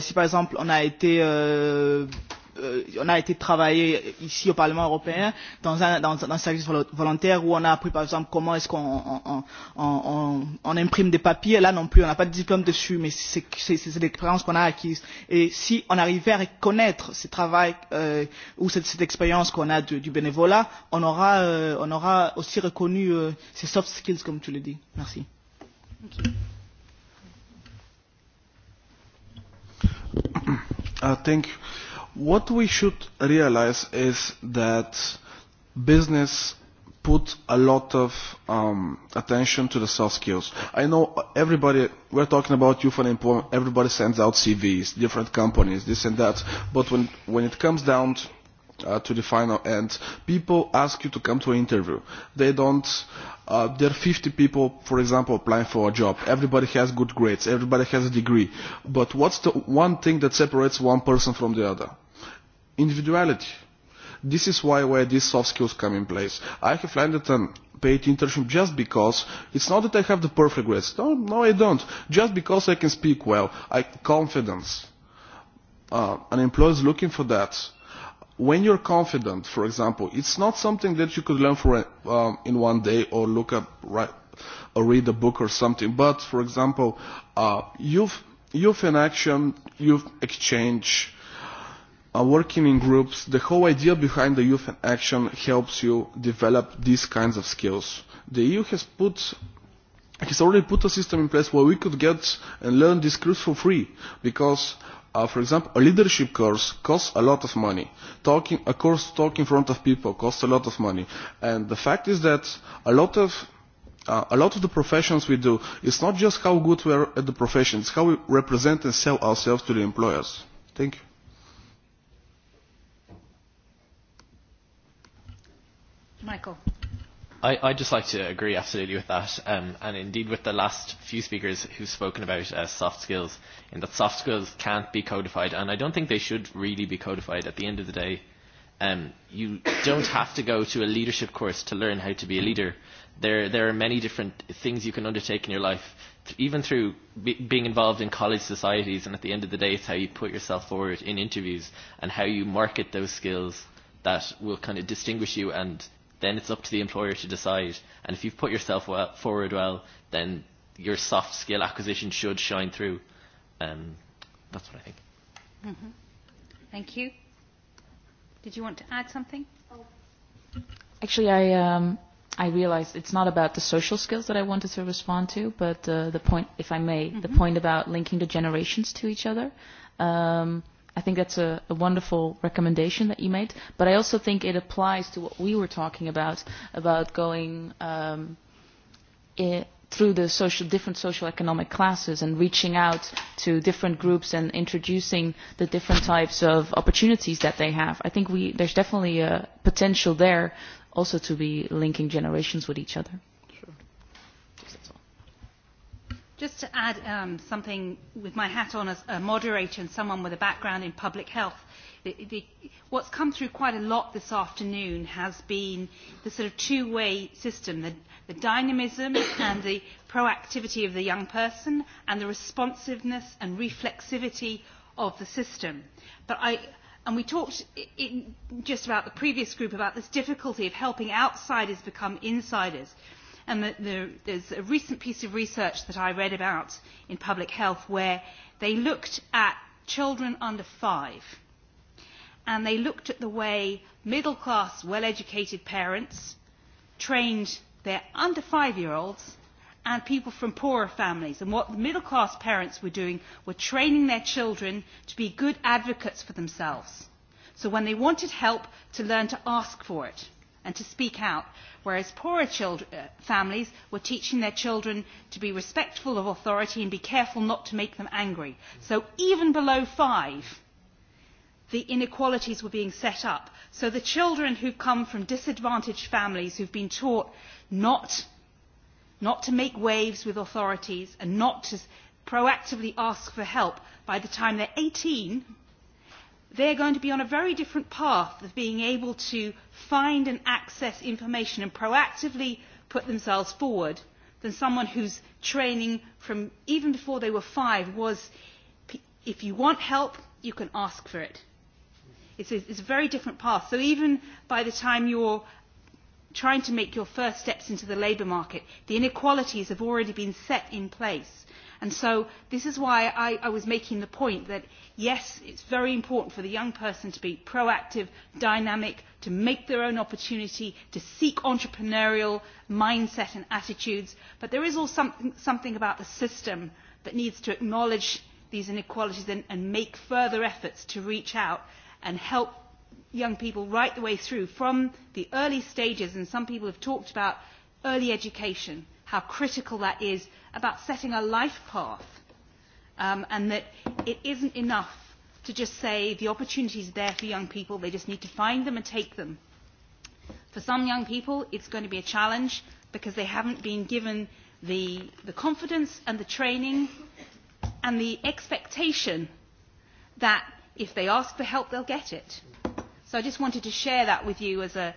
Si, par exemple, on a été on a été travaillé ici au Parlement européen dans un, dans, dans un service volontaire où on a appris par exemple comment est-ce qu'on on, on, on, imprime des papiers. Là non plus, on n'a pas de diplôme dessus, mais c'est l'expérience qu'on a acquise. Et si on arrivait à reconnaître ce travail ou cette, cette expérience qu'on a du, bénévolat, on aura, on aura aussi reconnu ces soft skills comme tu le dis. Merci. Okay. What we should realize is that business put a lot of attention to the soft skills. I know everybody, we're talking about youth unemployment, everybody sends out CVs, different companies, this and that, but when, when it comes down to the final end, people ask you to come to an interview. They don't, there are 50 people, for example, applying for a job. Everybody has good grades, everybody has a degree, but what's the one thing that separates one person from the other? individuality. This is why where these soft skills come in place. I have landed a paid internship just because it's not that I have the perfect grades. No, no, I don't. Just because I can speak well, I confidence. An employer is looking for that. When you're confident, for example, it's not something that you could learn for in one day or look up, or read a book or something. But, for example, you've you've an action, you've exchange working in groups, the whole idea behind the Youth in Action helps you develop these kinds of skills. The EU has put has already put a system in place where we could get and learn these skills for free because for example, a leadership course costs a lot of money. Talking, a course talk in front of people costs a lot of money. And the fact is that a lot of a lot of the professions we do, it's not just how good we are at the profession, it's how we represent and sell ourselves to the employers. Thank you. Michael. I, I'd just like to agree absolutely with that, and indeed with the last few speakers who've spoken about soft skills, in that soft skills can't be codified, and I don't think they should really be codified. At the end of the day, um, you don't have to go to a leadership course to learn how to be a leader. There, there are many different things you can undertake in your life, even through being involved in college societies, and at the end of the day, it's how you put yourself forward in interviews and how you market those skills that will kind of distinguish you and then it's up to the employer to decide. And if you've put yourself well, forward well, then your soft skill acquisition should shine through. Um, that's what I think. Mm-hmm. Thank you. Did you want to add something? Actually, I, um, I realized it's not about the social skills that I wanted to respond to, but uh, the point, if I may, the point about linking the generations to each other. Um, I think that's a wonderful recommendation that you made, but I also think it applies to what we were talking about, about going through the social different social economic classes and reaching out to different groups and introducing the different types of opportunities that they have. I think we there's definitely a potential there also to be linking generations with each other. Just to add something with my hat on as a moderator and someone with a background in public health, what's come through quite a lot this afternoon has been the sort of two-way system, the dynamism and the proactivity of the young person and the responsiveness and reflexivity of the system. But I and we talked just about the previous group about this difficulty of helping outsiders become insiders and there's a recent piece of research that I read about in public health where they looked at children under five and they looked at the way middle class, well educated parents trained their under five year olds and people from poorer families. And what middle class parents were doing were training their children to be good advocates for themselves. So when they wanted help, to learn to ask for it and to speak out, whereas poorer families were teaching their children to be respectful of authority and be careful not to make them angry. So even below five, the inequalities were being set up. So the children who come from disadvantaged families who've been taught not to make waves with authorities and not to proactively ask for help by the time they're 18 They are going to be on a very different path of being able to find and access information and proactively put themselves forward than someone whose training from even before they were five was if you want help, you can ask for it. It's a very different path. So even by the time you're trying to make your first steps into the labour market, the inequalities have already been set in place And so this is why I was making the point that, yes, it's very important for the young person to be proactive, dynamic, to make their own opportunity, to seek entrepreneurial mindset and attitudes. But there is also something about the system that needs to acknowledge these inequalities and make further efforts to reach out and help young people right the way through from the early stages. And some people have talked about early education, how critical that is about setting a life path and that it isn't enough to just say the opportunities are there for young people, they just need to find them and take them. For some young people, it's going to be a challenge because they haven't been given the confidence and the training and the expectation that if they ask for help, they'll get it. So I just wanted to share that with you as a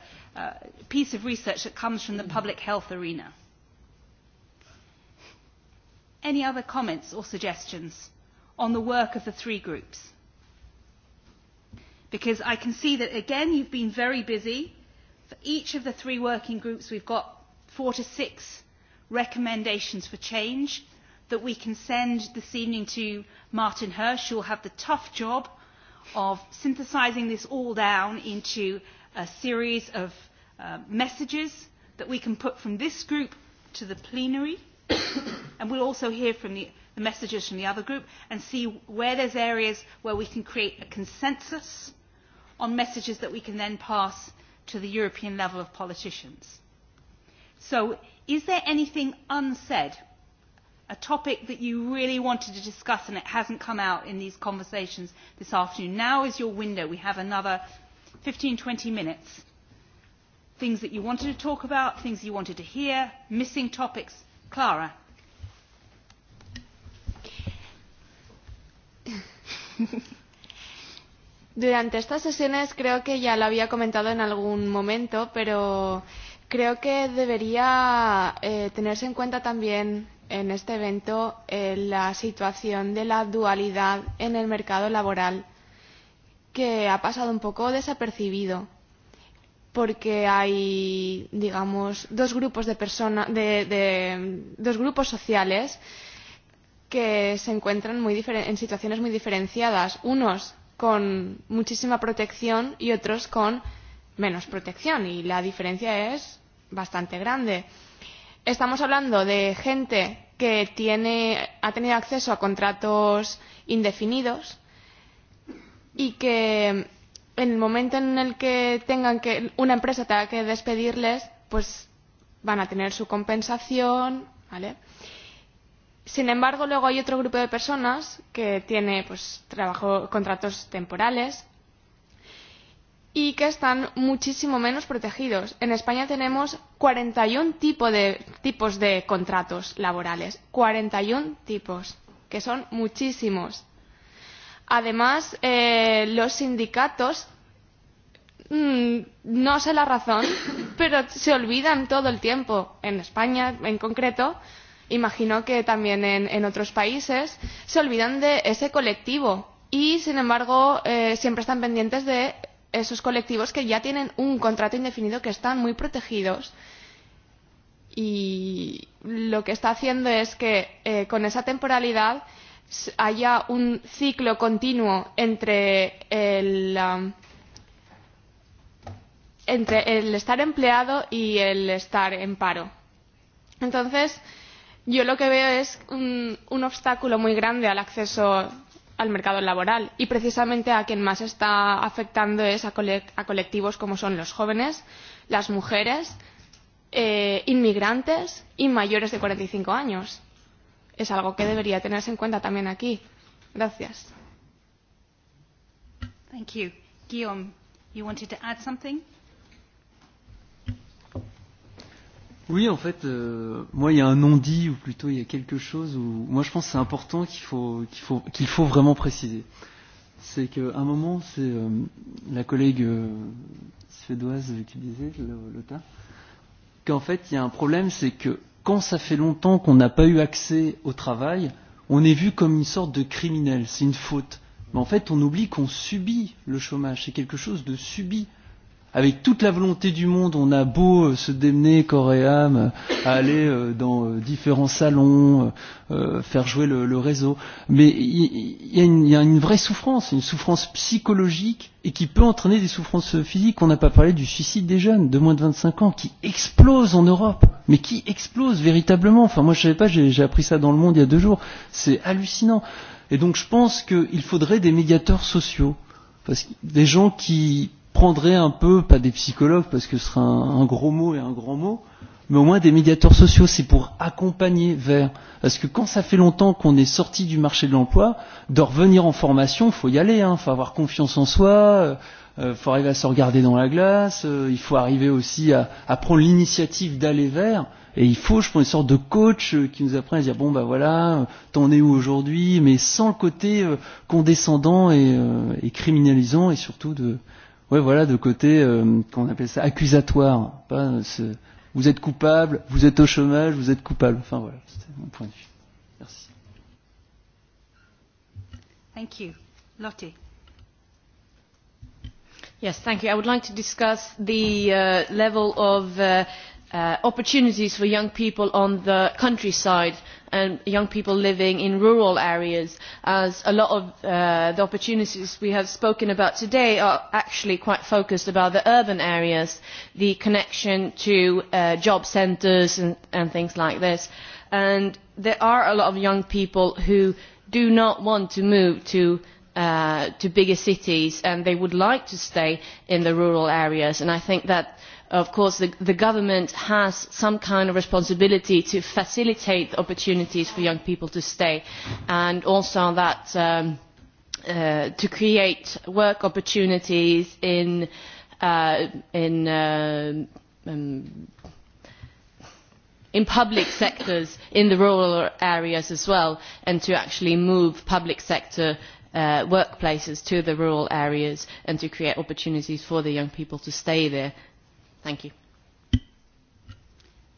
piece of research that comes from the public health arena any other comments or suggestions on the work of the three groups? Because I can see that, again, you've been very busy. For each of the three working groups, we've got four to six recommendations for change that we can send this evening to Martin Hirsch, who will have the tough job of synthesizing this all down into a series of messages that we can put from this group to the plenary and we'll also hear from the messages from the other group and see where there's areas where we can create a consensus on messages that we can then pass to the European level of politicians. So is there anything unsaid, a topic that you really wanted to discuss and it hasn't come out in these conversations this afternoon? Now is your window. We have another 15, 20 minutes. Things that you wanted to talk about, things you wanted to hear, missing topics Clara. Durante estas sesiones creo que ya lo había comentado en algún momento, pero creo que debería tenerse en cuenta también en este evento la situación de la dualidad en el mercado laboral, que ha pasado un poco desapercibido porque hay digamos dos grupos de personas de dos grupos sociales que se encuentran muy en situaciones muy diferenciadas unos con muchísima protección y otros con menos protección y la diferencia es bastante grande estamos hablando de gente que tiene ha tenido acceso a contratos indefinidos y que en el momento en el que tengan que una empresa tenga que despedirles pues van a tener su compensación vale sin embargo luego hay otro grupo de personas que tiene pues trabajo contratos temporales y que están muchísimo menos protegidos en españa tenemos 41 tipo de tipos de contratos laborales 41 tipos que son muchísimos Además, eh, los sindicatos no sé la razón, pero se olvidan todo el tiempo, en España en concreto, imagino que también en otros países, se olvidan de ese colectivo y, sin embargo, siempre están pendientes de esos colectivos que ya tienen un contrato indefinido, que están muy protegidos. Y lo que está haciendo es que, con esa temporalidad, haya un ciclo continuo entre el entre el estar empleado y el estar en paro. Entonces, yo lo que veo es un obstáculo muy grande al acceso al mercado laboral y precisamente a quien más está afectando es a colectivos como son los jóvenes, las mujeres, inmigrantes y mayores de 45 años es algo que debería tenerse en cuenta también aquí. Gracias. Thank you. Guillaume, you wanted to add something? Oui, en fait, moi, il y a un non-dit, ou plutôt, il y a quelque chose où, moi, je pense que c'est important qu'il faut, qu'il faut, qu'il faut vraiment préciser. C'est qu'à un moment, c'est la collègue suédoise qui disait, Lota, qu'en fait, il y a un problème, c'est que quand ça fait longtemps qu'on n'a pas eu accès au travail, on est vu comme une sorte de criminel, c'est une faute. Mais en fait, on oublie qu'on subit le chômage, c'est quelque chose de subi avec toute la volonté du monde, on a beau se démener corps et âme, à aller dans différents salons, faire jouer le réseau, mais il y a une vraie souffrance, une souffrance psychologique et qui peut entraîner des souffrances physiques. On n'a pas parlé du suicide des jeunes de moins de 25 ans qui explose en Europe, mais qui explose véritablement. Enfin, moi je savais pas, j'ai appris ça dans le monde il y a deux jours. C'est hallucinant. Et donc je pense qu'il faudrait des médiateurs sociaux, parce que des gens qui prendrait un peu, pas des psychologues, parce que ce sera un gros mot et un grand mot, mais au moins des médiateurs sociaux, c'est pour accompagner vers. Parce que quand ça fait longtemps qu'on est sorti du marché de l'emploi, de revenir en formation, il faut y aller, il faut avoir confiance en soi, il faut arriver à se regarder dans la glace, il faut arriver aussi à, prendre l'initiative d'aller vers. Et il faut, je prends une sorte de coach qui nous apprend à dire, bon, bah voilà, t'en es où aujourd'hui, mais sans le côté condescendant et, et criminalisant, et surtout de, Oui, voilà, de côté, qu'on appelle ça, accusatoire. Pas, vous êtes coupable, vous êtes au chômage, vous êtes coupable. Enfin, voilà, c'était mon point de vue. Merci. Thank you. Lottie. Yes, thank you. I would like to discuss the level of opportunities for young people on the countryside and young people living in rural areas as a lot of the opportunities we have spoken about today are actually quite focused about the urban areas the connection to job centres and things like this and there are a lot of young people who do not want to move to to bigger cities and they would like to stay in the rural areas and i think that of course the government has some kind of responsibility to facilitate opportunities for young people to stay and also that to create work opportunities in in public sectors in the rural areas as well and to actually move public sector workplaces to the rural areas and to create opportunities for the young people to stay there Thank you.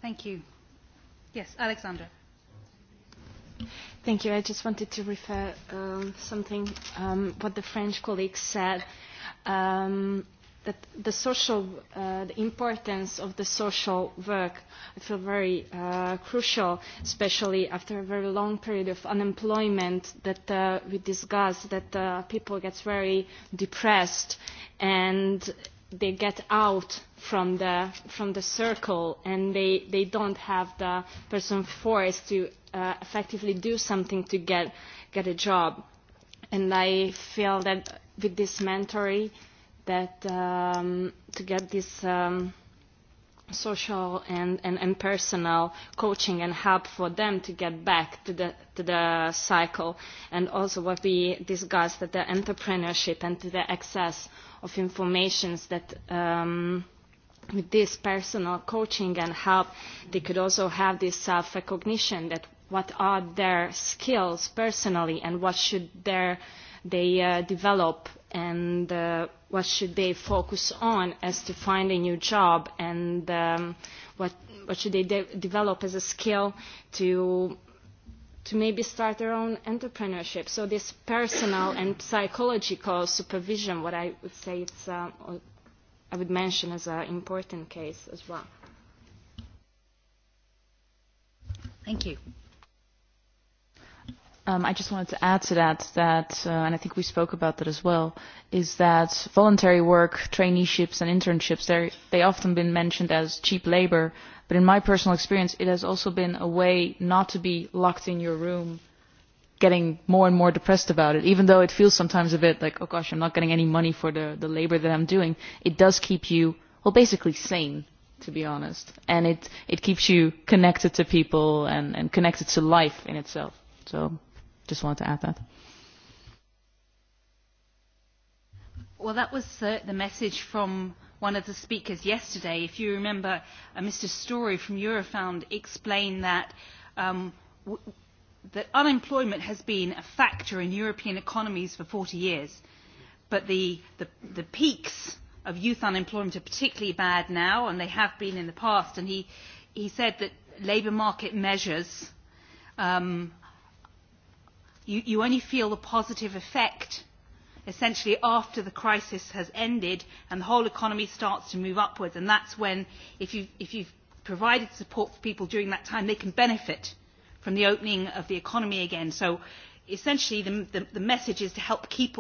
Thank you. Yes, Alexandra. Thank you. I just wanted to refer something what the French colleague said that the social the importance of the social work I feel very crucial, especially after a very long period of unemployment that we discussed that people get very depressed and they get out from the from the circle and they they don't have the person forced to effectively do something to get get a job and i feel that with this mentoring that to get this social and and personal coaching and help for them to get back to the to the cycle and also what we discussed that the entrepreneurship and to the access of information that with this personal coaching and help, they could also have this self-recognition that what are their skills personally and what should their, they develop and what should they focus on as to find a new job and what, what should they develop as a skill to to maybe start their own entrepreneurship. So this personal and psychological supervision, what I would say it's I would mention as an important case as well. Thank you. I just wanted to add to that, that and I think we spoke about that as well, is that voluntary work, traineeships and internships, they often been mentioned as cheap labor, but in my personal experience, it has also been a way not to be locked in your room getting more and more depressed about it even though it feels sometimes a bit like oh gosh i'm not getting any money for the the labor that i'm doing it does keep you well basically sane to be honest and it it keeps you connected to people and and connected to life in itself so just wanted to add that well that was the message from one of the speakers yesterday if you remember mr story from eurofound explained that um that unemployment has been a factor in European economies for 40 years, but the peaks of youth unemployment are particularly bad now, and they have been in the past. And he he said that labour market measures, you only feel the positive effect essentially after the crisis has ended and the whole economy starts to move upwards. And that's when, if you've provided support for people during that time, they can benefit from the opening of the economy again. So essentially the message is to help keep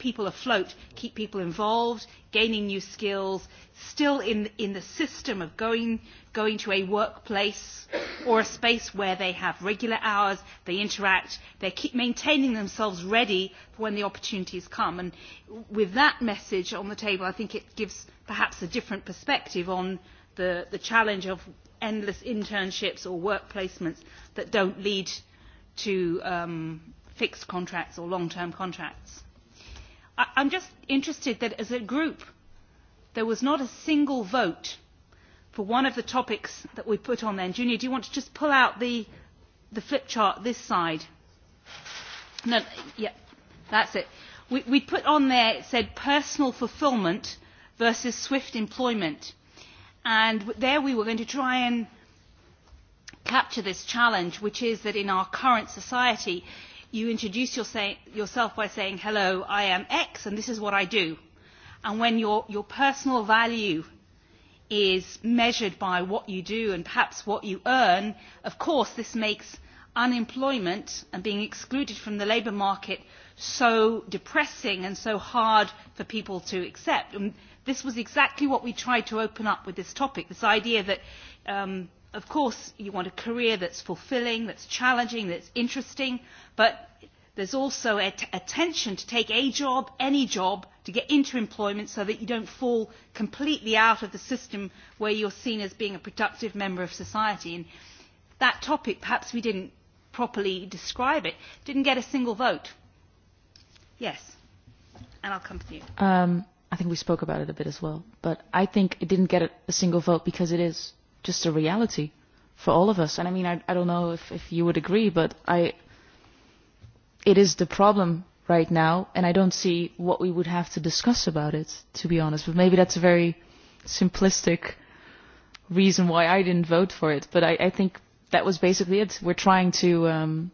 people afloat, keep people involved, gaining new skills, still in the system of going to a workplace or a space where they have regular hours, they interact, they keep maintaining themselves ready for when the opportunities come. And with that message on the table, I think it gives perhaps a different perspective on the challenge of endless internships or work placements that don't lead to fixed contracts or long-term contracts. I'm just interested that as a group there was not a single vote for one of the topics that we put on there. Junior, do you want to just pull out the flip chart this side? No, yeah, that's it. We put on there, it said personal fulfilment versus swift employment and there we were going to try and capture this challenge which is that in our current society you introduce yourself by saying hello i am x and this is what i do and when your your personal value is measured by what you do and perhaps what you earn of course this makes unemployment and being excluded from the labour market so depressing and so hard for people to accept This was exactly what we tried to open up with this topic, this idea that, of course, you want a career that's fulfilling, that's challenging, that's interesting, but there's also a tension to take a job, any job, to get into employment so that you don't fall completely out of the system where you're seen as being a productive member of society. And that topic, perhaps we didn't properly describe it, didn't get a single vote. Yes. And I'll come to you. I think we spoke about it a bit as well, but I think it didn't get a single vote because it is just a reality for all of us. And I mean, I, I don't know if, if you would agree, but I, it is the problem right now, and I don't see what we would have to discuss about it, to be honest. But maybe that's a very simplistic reason why I didn't vote for it. But I, I think that was basically it. We're trying to, um,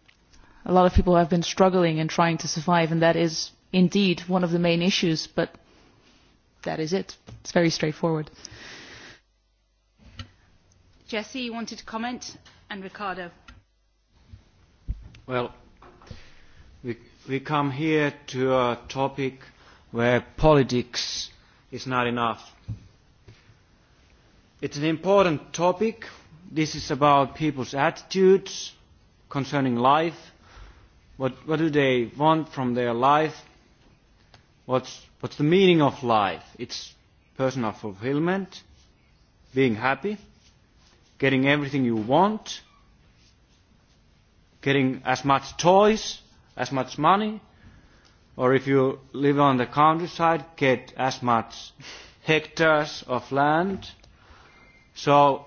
a lot of people have been struggling and trying to survive, and that is indeed one of the main issues, but that is it. It's very straightforward. Jesse, you wanted to comment, and Ricardo. Well, we, we come here to a topic where politics is not enough. It's an important topic. This is about people's attitudes concerning life. What, what do they want from their life? What's What's the meaning of life? It's personal fulfillment, being happy, getting everything you want, getting as much toys, as much money, or if you live on the countryside, get as much hectares of land. So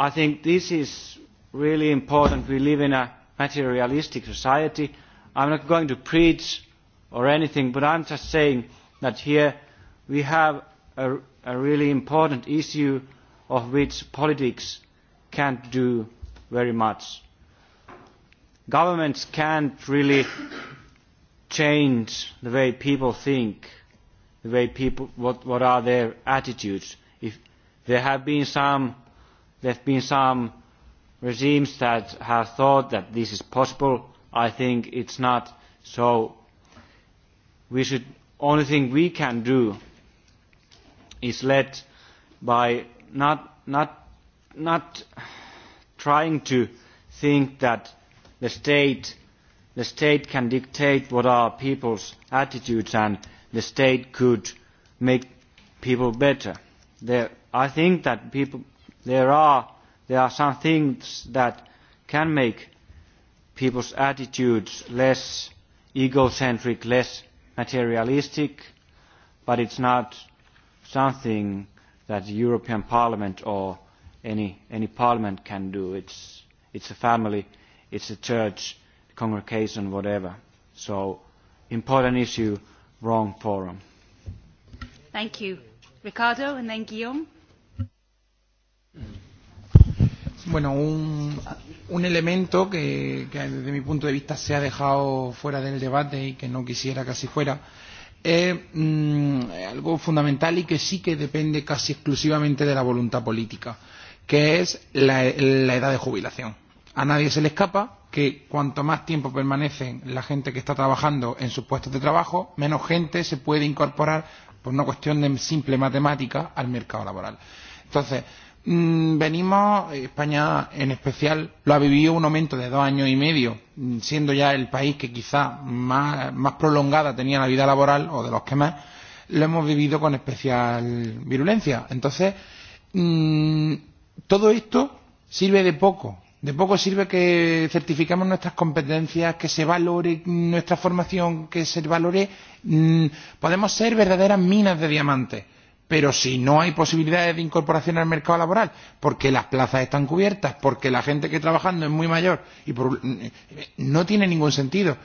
I think this is really important. We live in a materialistic society. I'm not going to preach or anything, but I'm just saying that here we have a really important issue of which politics can't do very much. Governments can't really change the way people think, the way people what are their attitudes. If there have been some there have been some regimes that have thought that this is possible, I think it's not so we should only thing we can do is let by not not not trying to think that the state the state can dictate what are people's attitudes and the state could make people better there i think that people there are there are some things that can make people's attitudes less egocentric less materialistic, but it's not something that the European Parliament or any any parliament can do. It's it's a family, it's a church, congregation, whatever. So important issue, wrong forum. Thank you. Ricardo and then Guillaume. Bueno, un, un elemento que, desde mi punto de vista se ha dejado fuera del debate y que no quisiera casi fuera es algo fundamental y que sí que depende casi exclusivamente de la voluntad política, que es la, la edad de jubilación. A nadie se le escapa que cuanto más tiempo permanece la gente que está trabajando en sus puestos de trabajo, menos gente se puede incorporar por una cuestión de simple matemática al mercado laboral. Entonces, venimos, España en especial, lo ha vivido un aumento de dos años y medio, siendo ya el país que quizá más, más prolongada tenía la vida laboral, o de los que más, lo hemos vivido con especial virulencia. Entonces, todo esto sirve de poco. De poco sirve que certificamos nuestras competencias, que se valore nuestra formación, que se valore. Podemos ser verdaderas minas de diamantes pero si no hay posibilidades de incorporación al mercado laboral porque las plazas están cubiertas porque la gente que está trabajando es muy mayor y no tiene ningún sentido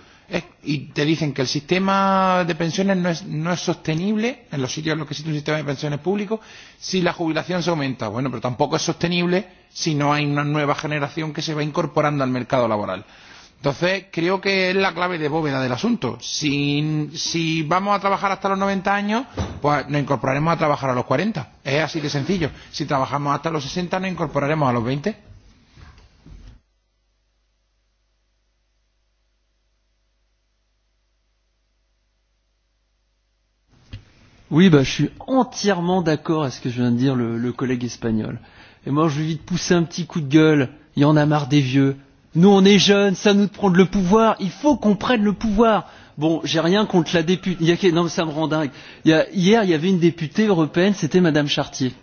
y te dicen que el sistema de pensiones no es, no es sostenible en los sitios en los que existe un sistema de pensiones público si la jubilación se aumenta bueno pero tampoco es sostenible si no hay una nueva generación que se va incorporando al mercado laboral Entonces, creo que es la clave de bóveda del asunto. Si, si vamos a trabajar hasta los 90 años, pues nos incorporaremos a trabajar a los 40. Es así de sencillo. Si trabajamos hasta los 60, nos incorporaremos a los 20. Oui, bah, je suis entièrement d'accord avec ce que je viens de dire le, collègue espagnol. Et moi, je vais vite pousser un petit coup de gueule. Il y en a marre des vieux nous on est jeunes, ça nous de prendre le pouvoir, il faut qu'on prenne le pouvoir. Bon, j'ai rien contre la députée, non ça me rend dingue. Hier il y avait une députée européenne, c'était Madame Chartier.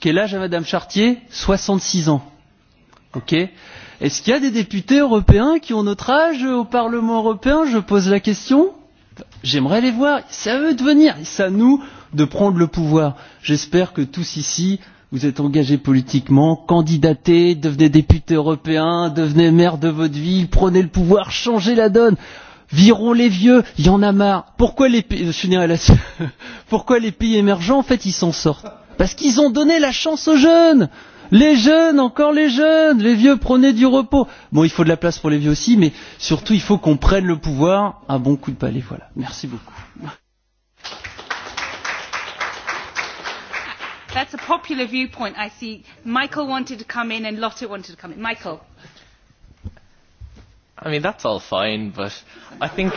Quel âge a Madame Chartier 66 ans. Ok Est-ce qu'il y a des députés européens qui ont notre âge au Parlement européen Je pose la question. J'aimerais les voir. ça veut devenir C'est à nous de prendre le pouvoir. J'espère que tous ici, vous êtes engagé politiquement, candidatez, devenez député européen, devenez maire de votre ville, prenez le pouvoir, changez la donne. Virons les vieux, il y en a marre. Pourquoi les pays, pourquoi les pays émergents, en fait, ils s'en sortent Parce qu'ils ont donné la chance aux jeunes. Les jeunes, encore les jeunes, les vieux, prenez du repos. Bon, il faut de la place pour les vieux aussi, mais surtout, il faut qu'on prenne le pouvoir à bon coup de palais. Voilà. Merci beaucoup. That's a popular viewpoint, I see. Michael wanted to come in and Lotte wanted to come in. Michael. I mean, that's all fine, but I think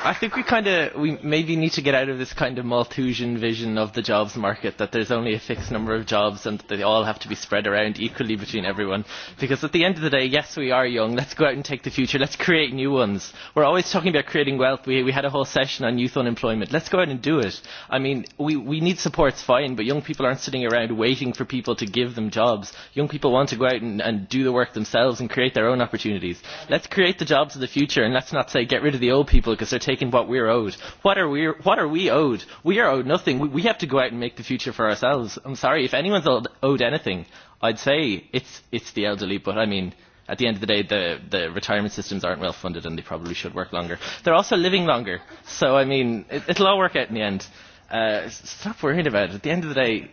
I think we kind of we maybe need to get out of this kind of Malthusian vision of the jobs market that there's only a fixed number of jobs and that they all have to be spread around equally between everyone. Because at the end of the day, yes, we are young. Let's go out and take the future. Let's create new ones. We're always talking about creating wealth. We we had a whole session on youth unemployment. Let's go out and do it. I mean, we we need supports fine, but young people aren't sitting around waiting for people to give them jobs. Young people want to go out and and do the work themselves and create their own opportunities. Let's create the jobs of the future and let's not say get rid of the old people because they're taking what we're owed. What are we, what are we owed? We are owed nothing. We, we have to go out and make the future for ourselves. I'm sorry, if anyone's owed anything, I'd say it's, it's the elderly, but I mean, at the end of the day, the, the retirement systems aren't well funded and they probably should work longer. They're also living longer. So, I mean, it, it'll all work out in the end. Uh, stop worrying about it. At the end of the day,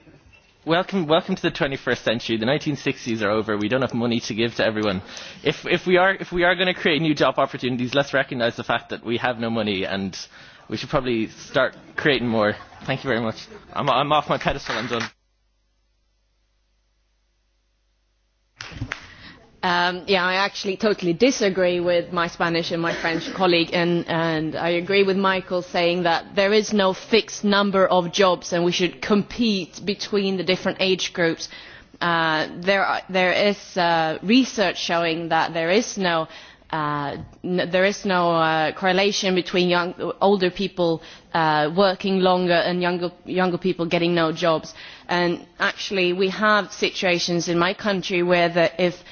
Welcome, welcome to the 21st century. The 1960s are over. We don't have money to give to everyone. If, if we are, if we are going to create new job opportunities, let's recognise the fact that we have no money and we should probably start creating more. Thank you very much. I'm off my pedestal. I'm done. I actually totally disagree with my Spanish and my French colleague and I agree with Michael saying that there is no fixed number of jobs and we should compete between the different age groups. There is research showing that there is no there is no correlation between older people working longer and younger people getting no jobs. And actually we have situations in my country where if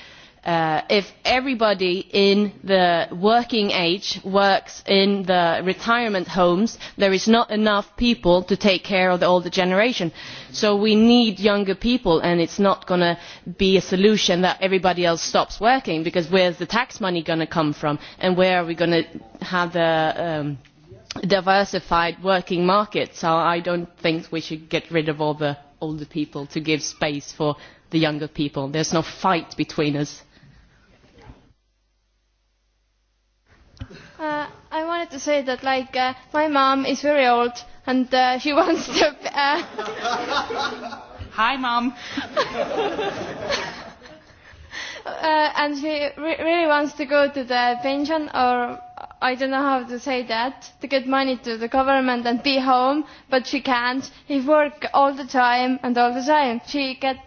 if everybody in the working age works in the retirement homes there is not enough people to take care of the older generation so we need younger people and it's not going to be a solution that everybody else stops working because where is the tax money going to come from and where are we going to have a diversified working market so i don't think we should get rid of all the older people to give space for the younger people. there is no fight between us. I wanted to say that, like, my mom is very old and she wants to. Hi, mom. And she really wants to go to the pension, or I don't know how to say that, to get money to the government and be home, but she can't. He work all the time and all the time. She get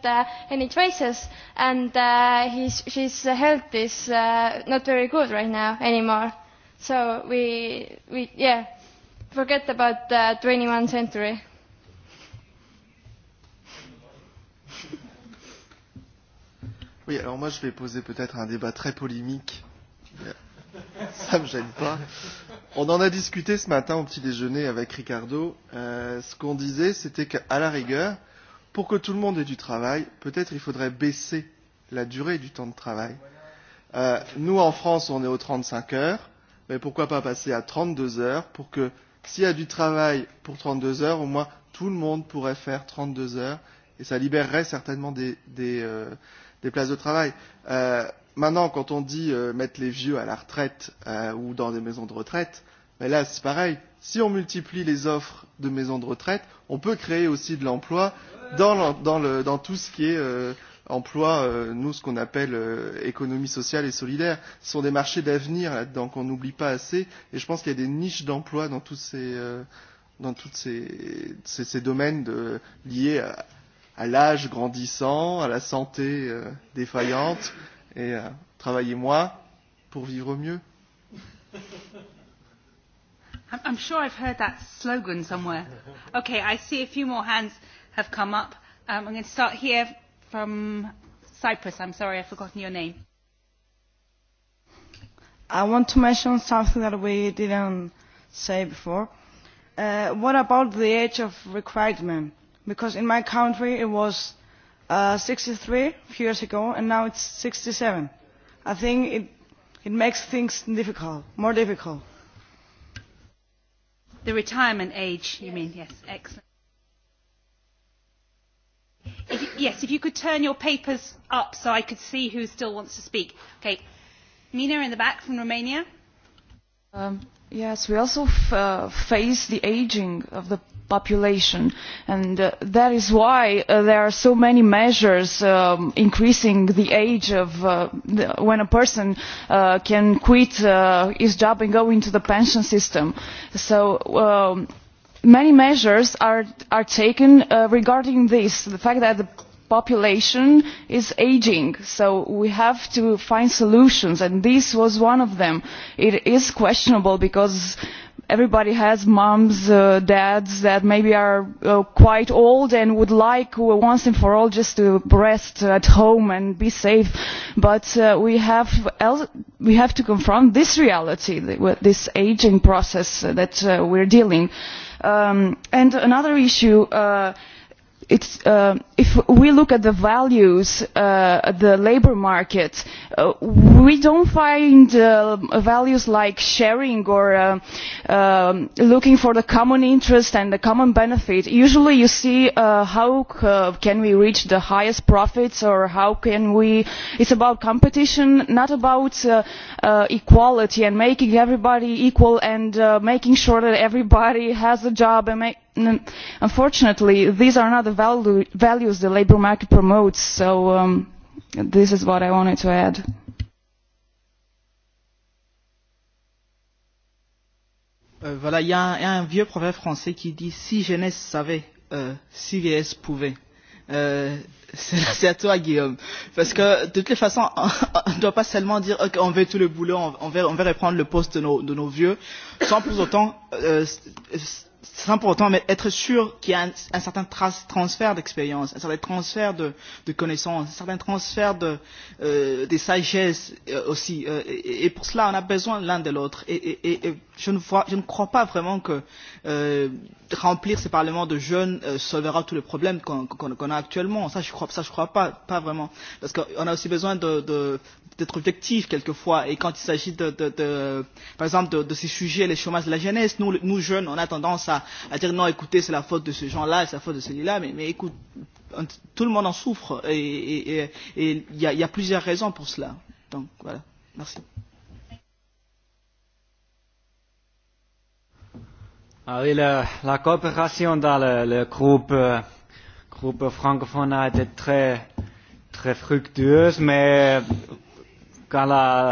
any choices, and uh she's health is not very good right now anymore So we, we yeah, forget about the 21st century. Oui, alors moi je vais poser peut-être un débat très polémique. Ça me gêne pas. On en a discuté ce matin au petit déjeuner avec Ricardo. Euh, ce qu'on disait, c'était qu'à la rigueur, pour que tout le monde ait du travail, peut-être il faudrait baisser la durée du temps de travail. Euh, nous en France, on est aux 35 heures mais pourquoi pas passer à 32 heures pour que s'il y a du travail pour 32 heures, au moins tout le monde pourrait faire 32 heures et ça libérerait certainement des, des, des places de travail. maintenant, quand on dit mettre les vieux à la retraite ou dans des maisons de retraite, mais là c'est pareil. Si on multiplie les offres de maisons de retraite, on peut créer aussi de l'emploi dans, dans, dans tout ce qui est euh, nous, ce qu'on appelle économie sociale et solidaire. Ce sont des marchés d'avenir là-dedans qu'on n'oublie pas assez. Et je pense qu'il y a des niches d'emploi dans tous ces, dans toutes ces, ces, ces domaines de, liés à, à l'âge grandissant, à la santé défaillante. Et travaillez moins pour vivre mieux. I'm sure I've heard that slogan somewhere. Okay, I see a few more hands have come up. Um, I'm going to start here from Cyprus. I'm sorry, I've forgotten your name. I want to mention something that we didn't say before. What about the age of requirement? Because in my country it was 63 years ago and now it's 67. I think it it makes things difficult, more difficult. The retirement age, you mean? Yes, excellent. Yes, if you could turn your papers up so I could see who still wants to speak. Okay. Mina in the back from Romania. Yes, we also face the aging of the population and that is why there are so many measures increasing the age of when a person can quit his job and go into the pension system. So many measures are taken regarding this the fact that the population is ageing so we have to find solutions and this was one of them. it is questionable because everybody has mums dads that maybe are quite old and would like once and for all just to rest at home and be safe but we have to confront this reality this ageing process that we are dealing with and another issue it's if we look at the values the labour market we don't find values like sharing or looking for the common interest and the common benefit. usually you see how can we reach the highest profits or how can we it's about competition not about equality and making everybody equal and making sure that everybody has a job and unfortunately these are not the values values the labor market promotes. So this is what I wanted to add. Voilà, il y a un vieux proverbe français qui dit si jeunesse savait, si vieillesse pouvait. C'est à toi, Guillaume. Parce que, de toutes les façons, on ne doit pas seulement dire qu'on veut tout le boulot, on veut reprendre le poste de nos vieux, sans pour autant c'est important, mais être sûr qu'il y a un, un certain transfert d'expérience, un certain transfert de, de connaissances, un certain transfert de, euh, des sagesses euh, aussi. Euh, et, et pour cela, on a besoin l'un de l'autre. Et, et, et, et je ne crois pas vraiment que remplir ces parlements de jeunes solvera tous les problèmes qu'on a actuellement. Ça, je ne crois pas, pas vraiment. Parce qu'on a aussi besoin d'être objectif quelquefois. Et quand il s'agit, de, de, par exemple, de, ces sujets, les chômages de la jeunesse, nous, nous jeunes, on a tendance à, à dire non, écoutez, c'est la faute de ce gens-là, c'est la faute de celui-là. Mais, mais écoute, tout le monde en souffre. Et il y, a, y a plusieurs raisons pour cela. Donc, voilà. Merci. Oui, la coopération dans le groupe groupe francophone a été très très fructueuse, mais quand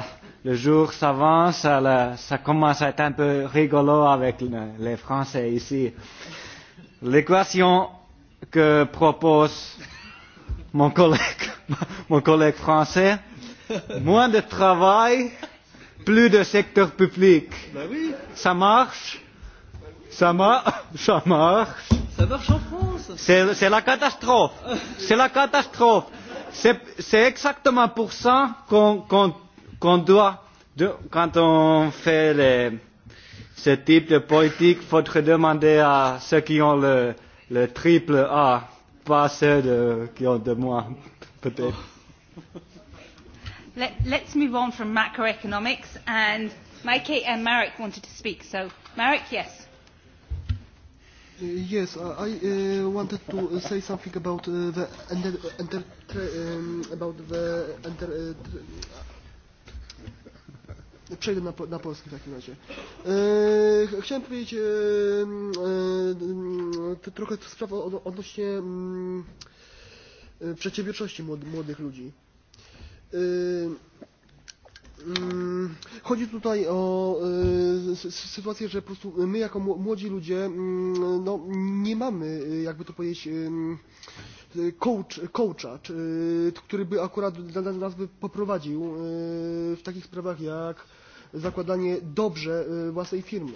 le jour s'avance, ça commence à être un peu rigolo avec les Français ici. L'équation que propose mon collègue, mon collègue français, moins de travail, plus de secteur public. Ça marche Ça marche, ça marche. Ça marche en France. C'est la catastrophe. C'est la catastrophe. C'est exactement pour ça qu'on doit, de, quand on fait les, ce type de politique, il faut demander à ceux qui ont le le triple A, pas ceux qui ont de moins, peut-être. Let's move on from macroeconomics. And Mikey and Marek wanted to speak. So, Marek, yes. Yes, I wanted to say something about the under about the under Przejdę na, na polski w takim razie. E, chciałem powiedzieć e, trochę to sprawa odnośnie e, przedsiębiorczości młodych ludzi. E, Chodzi tutaj o sytuację, że po prostu my jako młodzi ludzie no, nie mamy, jakby to powiedzieć, coach, coacha, który by akurat dla nas by poprowadził w takich sprawach jak zakładanie dobrze własnej firmy.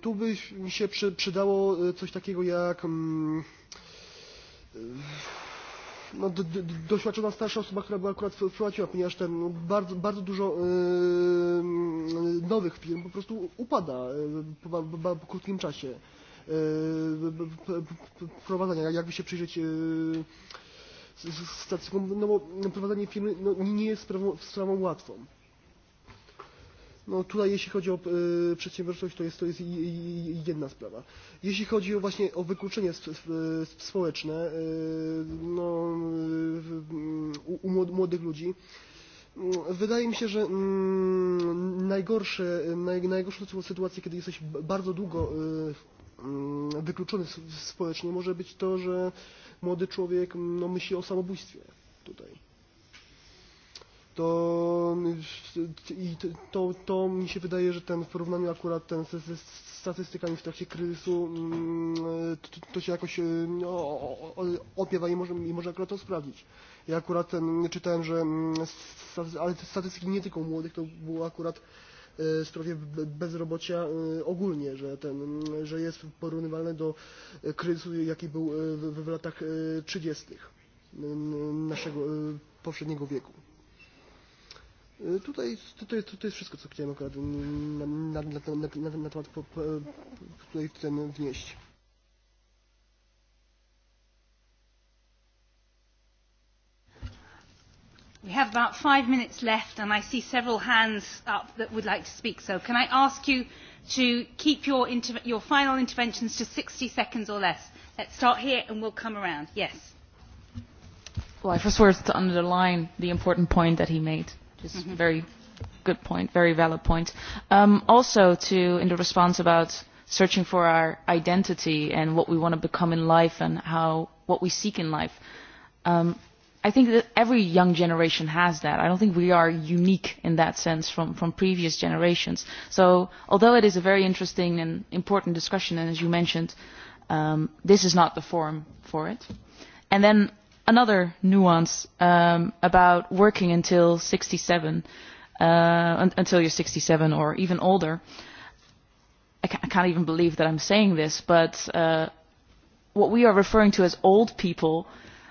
Tu by się przydało coś takiego jak no, doświadczona starsza osoba, która była akurat wprowadziła, ponieważ ten bardzo, bardzo dużo nowych firm po prostu upada po krótkim czasie prowadzenia. Jakby się przyjrzeć stacji, no bo prowadzenie firmy nie jest sprawą, sprawą łatwą. No tutaj jeśli chodzi o przedsiębiorczość to jest, to jest jedna sprawa. Jeśli chodzi o właśnie o wykluczenie społeczne no, u młodych ludzi, Wydaje mi się, że najgorsze, najgorszą sytuację, kiedy jesteś bardzo długo wykluczony społecznie, może być to, że młody człowiek no, myśli o samobójstwie tutaj to, i to, mi się wydaje, że ten w porównaniu akurat ten z statystykami w trakcie kryzysu to, to się jakoś opiewa i może, i może akurat to sprawdzić. Ja akurat ten, czytałem, że ale statystyki nie tylko młodych, to było akurat w sprawie bezrobocia ogólnie, że, ten, że jest porównywalne do kryzysu, jaki był w, w latach 30. naszego poprzedniego wieku. Tutaj to jest, to jest wszystko, co chciałem akurat na, na, na, na, na temat po, po, tutaj ten wnieść. We have about five minutes left and I see several hands up that would like to speak. So can I ask you to keep your, your final interventions to 60 seconds or less? Let's start here and we'll come around. Yes. Well, I first wanted to underline the important point that he made a very good point, very valid point. Um Also, to in the response about searching for our identity and what we want to become in life and how what we seek in life. Um I think that every young generation has that. I don't think we are unique in that sense from from previous generations. So although it is a very interesting and important discussion, and as you mentioned, um this is not the forum for it. And then another nuance about working until 67 until you're 67 or even older i can't even believe that i'm saying this but what we are referring to as old people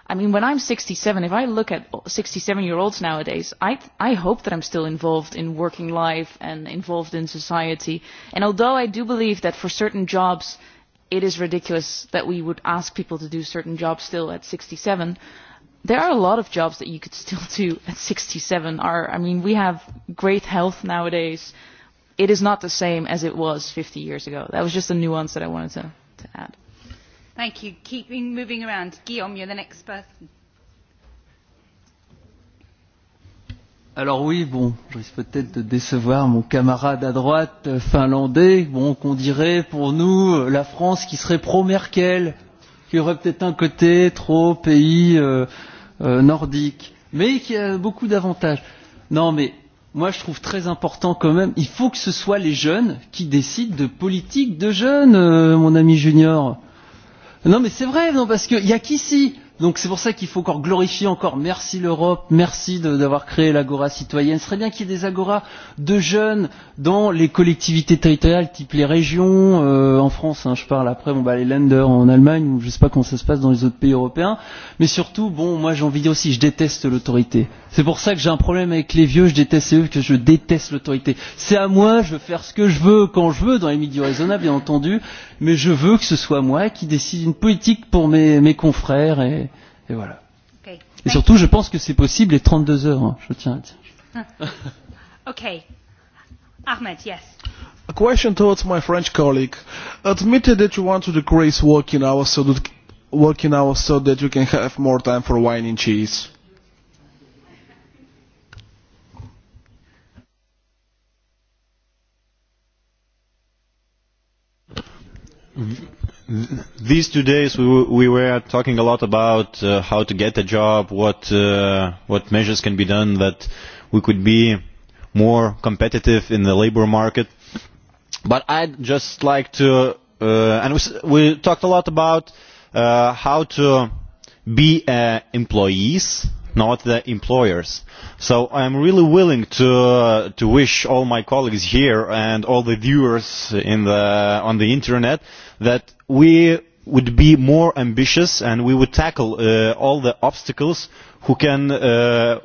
i mean when i'm 67 if i look at 67 year olds nowadays i i hope that i'm still involved in working life and involved in society and although i do believe that for certain jobs it is ridiculous that we would ask people to do certain jobs still at 67. There are a lot of jobs that you could still do at 67. seven. I mean, we have great health nowadays. It is not the same as it was 50 years ago. That was just a nuance that I wanted to, add. Thank you. Keeping moving around. Guillaume, you're the next person. Alors oui, bon, je risque peut-être de décevoir mon camarade à droite finlandais, bon, qu'on dirait pour nous la France qui serait pro-Merkel, qui aurait peut-être un côté trop pays nordique, mais qui a beaucoup d'avantages. Non, mais moi je trouve très important quand même, il faut que ce soit les jeunes qui décident de politique de jeunes, mon ami Junior. Non, mais c'est vrai, non, parce qu'il y a qu'ici Donc c'est pour ça qu'il faut encore glorifier encore. Merci l'Europe, merci d'avoir créé l'Agora citoyenne. Ce serait bien qu'il y ait des Agora de jeunes dans les collectivités territoriales, type les régions, en France, je parle après, bon, bah, les Länder en Allemagne, ou je sais pas comment ça se passe dans les autres pays européens. Mais surtout, bon, moi j'ai envie de dire aussi, je déteste l'autorité. C'est pour ça que j'ai un problème avec les vieux, je déteste eux, que je déteste l'autorité. C'est à moi, je veux faire ce que je veux, quand je veux, dans les milieux raisonnables, bien entendu, mais je veux que ce soit moi qui décide une politique pour mes, mes confrères. Et, Et voilà. Et surtout, je pense que c'est possible les 32 heures. Je tiens à dire. Ahmed, yes. A question towards my French colleague. Admitted that you want to decrease working hours so that working hours so that you can have more time for wine and cheese. These two days we were talking a lot about how to get a job, what what measures can be done that we could be more competitive in the labor market. But I'd just like to, and we talked a lot about how to be employees, not the employers. So I'm really willing to to wish all my colleagues here and all the viewers in the on the internet that we would be more ambitious and we would tackle all the obstacles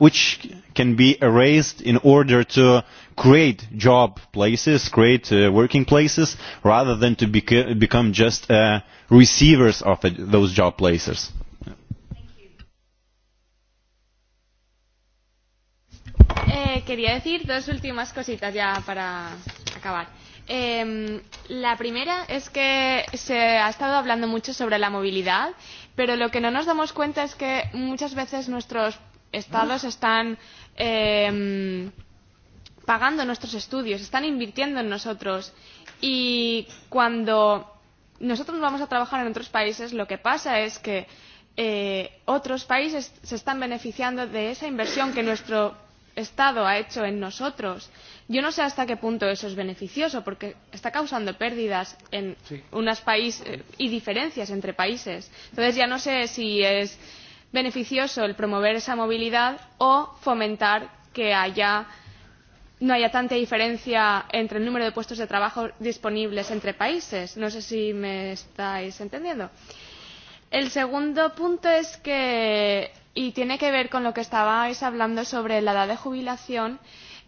which can be erased in order to create job places, create working places, rather than to become just receivers of those job places. Quería decir dos últimas cositas ya para acabar. La primera es que se ha estado hablando mucho sobre la movilidad, pero lo que no nos damos cuenta es que muchas veces nuestros estados están pagando nuestros estudios, están invirtiendo en nosotros y cuando nosotros vamos a trabajar en otros países lo que pasa es que otros países se están beneficiando de esa inversión que nuestro Estado ha hecho en nosotros Yo no sé hasta qué punto eso es beneficioso, porque está causando pérdidas en unos países y diferencias entre países. Entonces ya no sé si es beneficioso el promover esa movilidad o fomentar que haya no haya tanta diferencia entre el número de puestos de trabajo disponibles entre países. No sé si me estáis entendiendo. El segundo punto es que, y tiene que ver con lo que estabais hablando sobre la edad de jubilación,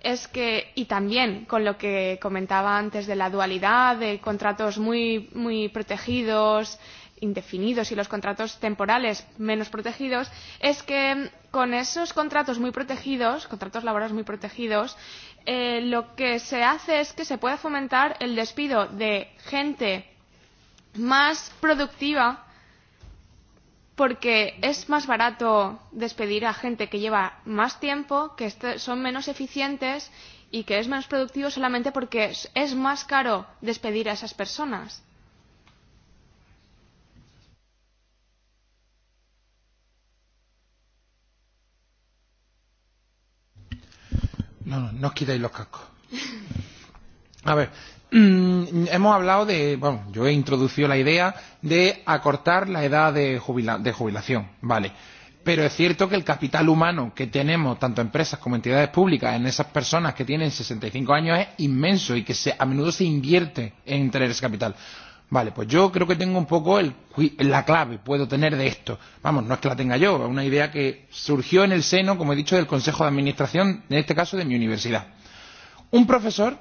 es que y también con lo que comentaba antes de la dualidad de contratos muy muy protegidos indefinidos y los contratos temporales menos protegidos es que con esos contratos muy protegidos contratos laborales muy protegidos lo que se hace es que se puede fomentar el despido de gente más productiva porque es más barato despedir a gente que lleva más tiempo, que son menos eficientes y que es menos productivo solamente porque es más caro despedir a esas personas. No, no, los A ver, hemos hablado de, bueno, yo he introducido la idea de acortar la edad de, de jubilación, ¿vale? Pero es cierto que el capital humano que tenemos, tanto empresas como entidades públicas, en esas personas que tienen 65 años es inmenso y que se, a menudo se invierte en tener ese capital. Vale, pues yo creo que tengo un poco el, la clave, puedo tener de esto. Vamos, no es que la tenga yo, es una idea que surgió en el seno, como he dicho, del Consejo de Administración, en este caso de mi universidad. Un profesor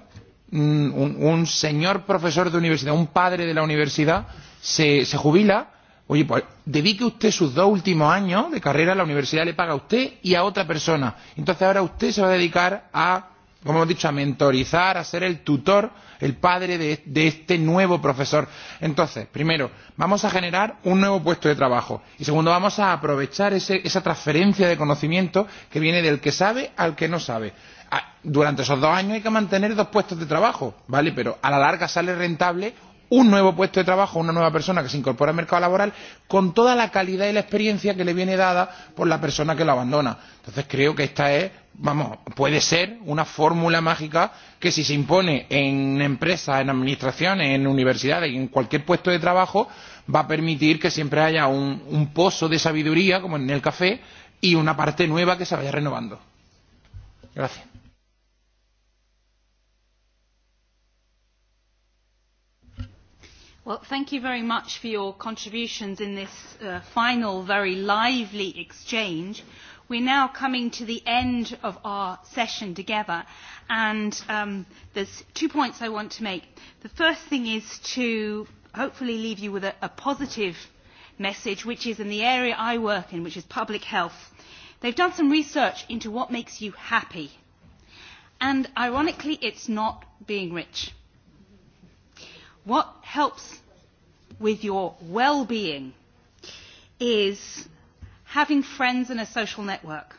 un, señor profesor de universidad, un padre de la universidad, se, se jubila, oye, pues dedique usted sus dos últimos años de carrera, a la universidad le paga a usted y a otra persona. Entonces ahora usted se va a dedicar a, como hemos dicho, a mentorizar, a ser el tutor, el padre de, de este nuevo profesor. Entonces, primero, vamos a generar un nuevo puesto de trabajo. Y segundo, vamos a aprovechar ese, esa transferencia de conocimiento que viene del que sabe al que no sabe durante esos dos años hay que mantener dos puestos de trabajo, ¿vale? Pero a la larga sale rentable un nuevo puesto de trabajo, una nueva persona que se incorpora al mercado laboral con toda la calidad y la experiencia que le viene dada por la persona que lo abandona. Entonces creo que esta es, vamos, puede ser una fórmula mágica que si se impone en empresas, en administraciones, en universidades y en cualquier puesto de trabajo va a permitir que siempre haya un, un pozo de sabiduría, como en el café, y una parte nueva que se vaya renovando. Gracias. thank you very much for your contributions in this final, very lively exchange. We're now coming to the end of our session together, and there's two points I want to make. The first thing is to hopefully leave you with a positive message, which is in the area I work in, which is public health. They've done some research into what makes you happy, and ironically, it's not being rich. What helps with your well-being is having friends and a social network.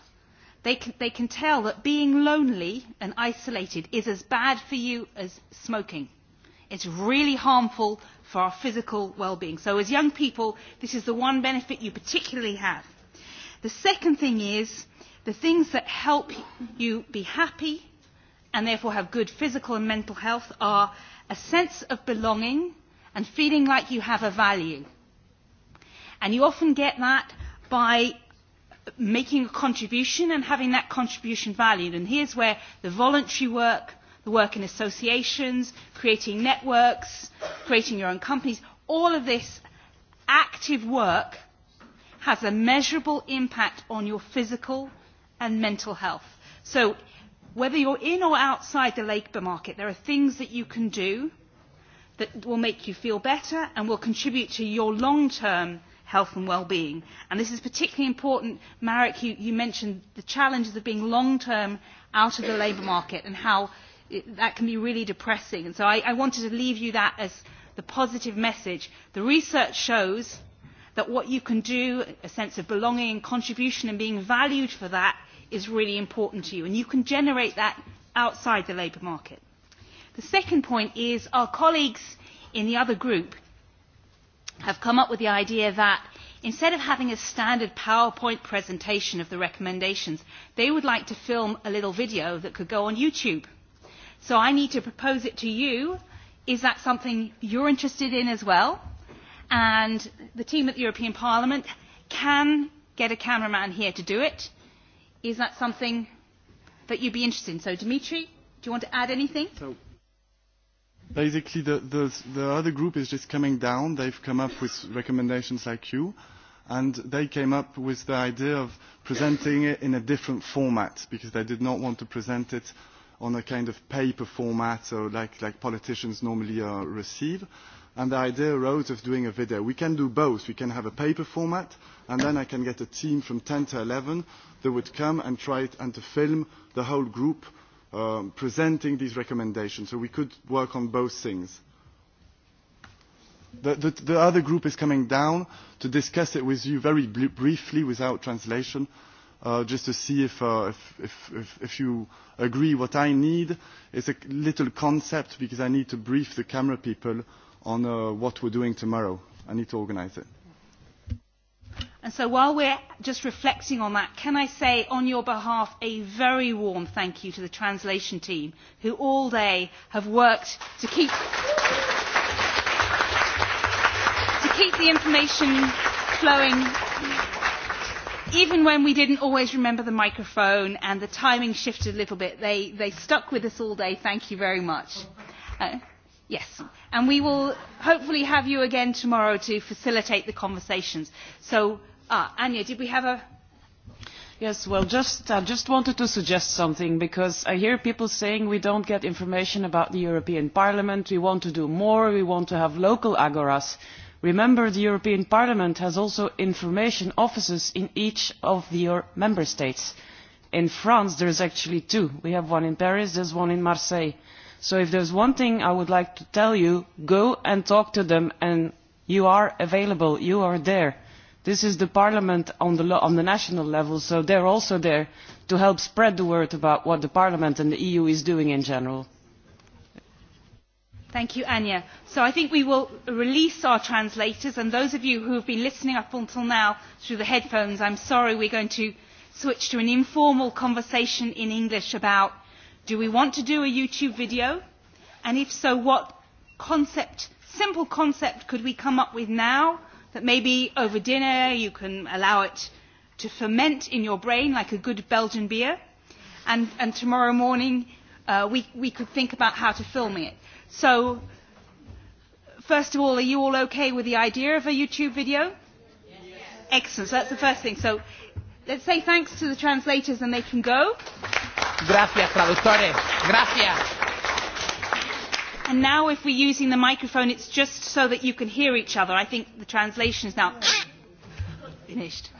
They can tell that being lonely and isolated is as bad for you as smoking. It's really harmful for our physical well-being. So as young people, this is the one benefit you particularly have. The second thing is the things that help you be happy and therefore have good physical and mental health are a sense of belonging and feeling like you have a value. And you often get that by making a contribution and having that contribution valued. And here's where the voluntary work, the work in associations, creating networks, creating your own companies, all of this active work has a measurable impact on your physical and mental health. So whether you're in or outside the labour market, there are things that you can do that will make you feel better and will contribute to your long term health and well-being. And this is particularly important. Marek, you, mentioned the challenges of being long-term out of the labour market and how that can be really depressing. And so I, I wanted to leave you that as the positive message. The research shows that what you can do, a sense of belonging and contribution and being valued for that, is really important to you. And you can generate that outside the labour market. The second point is our colleagues in the other group have come up with the idea that instead of having a standard PowerPoint presentation of the recommendations, they would like to film a little video that could go on YouTube. So I need to propose it to you. Is that something you're interested in as well? And the team at the European Parliament can get a cameraman here to do it. Is that something that you'd be interested in? So, Dimitri, do you want to add anything? basically the, the, other group is just coming down. They've come up with recommendations like you, and they came up with the idea of presenting it in a different format because they did not want to present it on a kind of paper format, or like, like politicians normally uh, receive. And the idea arose of doing a video. We can do both. We can have a paper format, and then I can get a team from 10 to 11 that would come and try it and to film the whole group presenting these recommendations so we could work on both things. The other group is coming down to discuss it with you very briefly without translation just to see if if you agree what I need is a little concept because I need to brief the camera people on what we're doing tomorrow. I need to organize it. And so while we're just reflecting on that, can I say on your behalf a very warm thank you to the translation team who all day have worked to keep the information flowing even when we didn't always remember the microphone and the timing shifted a little bit. They stuck with us all day. Thank you very much. Yes, and we will hopefully have you again tomorrow to facilitate the conversations. So, Anya, did we have a? Yes, well, just I just wanted to suggest something because I hear people saying we don't get information about the European Parliament. We want to do more. We want to have local agoras. Remember, the European Parliament has also information offices in each of your member states. In France, there is actually two. We have one in Paris. There is one in Marseille So if there is one thing I would like to tell you, go and talk to them and you are available, you are there. This is the parliament on the national level, so they are also there to help spread the word about what the parliament and the EU is doing in general. Thank you, Anya. So I think we will release our translators, and those of you who have been listening up until now through the headphones, I am sorry we are going to switch to an informal conversation in English about do we want to do a youtube video and if so what concept simple concept could we come up with now that maybe over dinner you can allow it to ferment in your brain like a good belgian beer and and tomorrow morning we we could think about how to film it so first of all are you all okay with the idea of a youtube video excellent so that's the first thing so let's say thanks to the translators and they can go Gracias, traductores. Gracias. And now if we're using the microphone, it's just so that you can hear each other. I think the translation is now finished.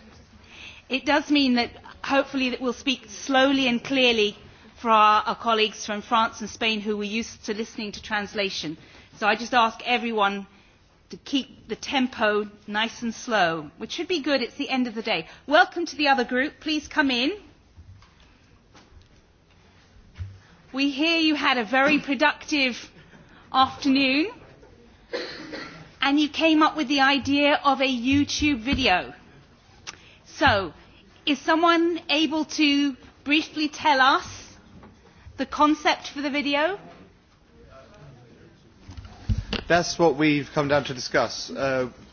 It does mean that hopefully that we'll speak slowly and clearly for our colleagues from France and Spain who were used to listening to translation. So I just ask everyone to keep the tempo nice and slow, which should be good. It's the end of the day. Welcome to the other group. Please come in. We hear you had a very productive afternoon and you came up with the idea of a YouTube video. So, is someone able to briefly tell us the concept for the video? That's what we've come down to discuss.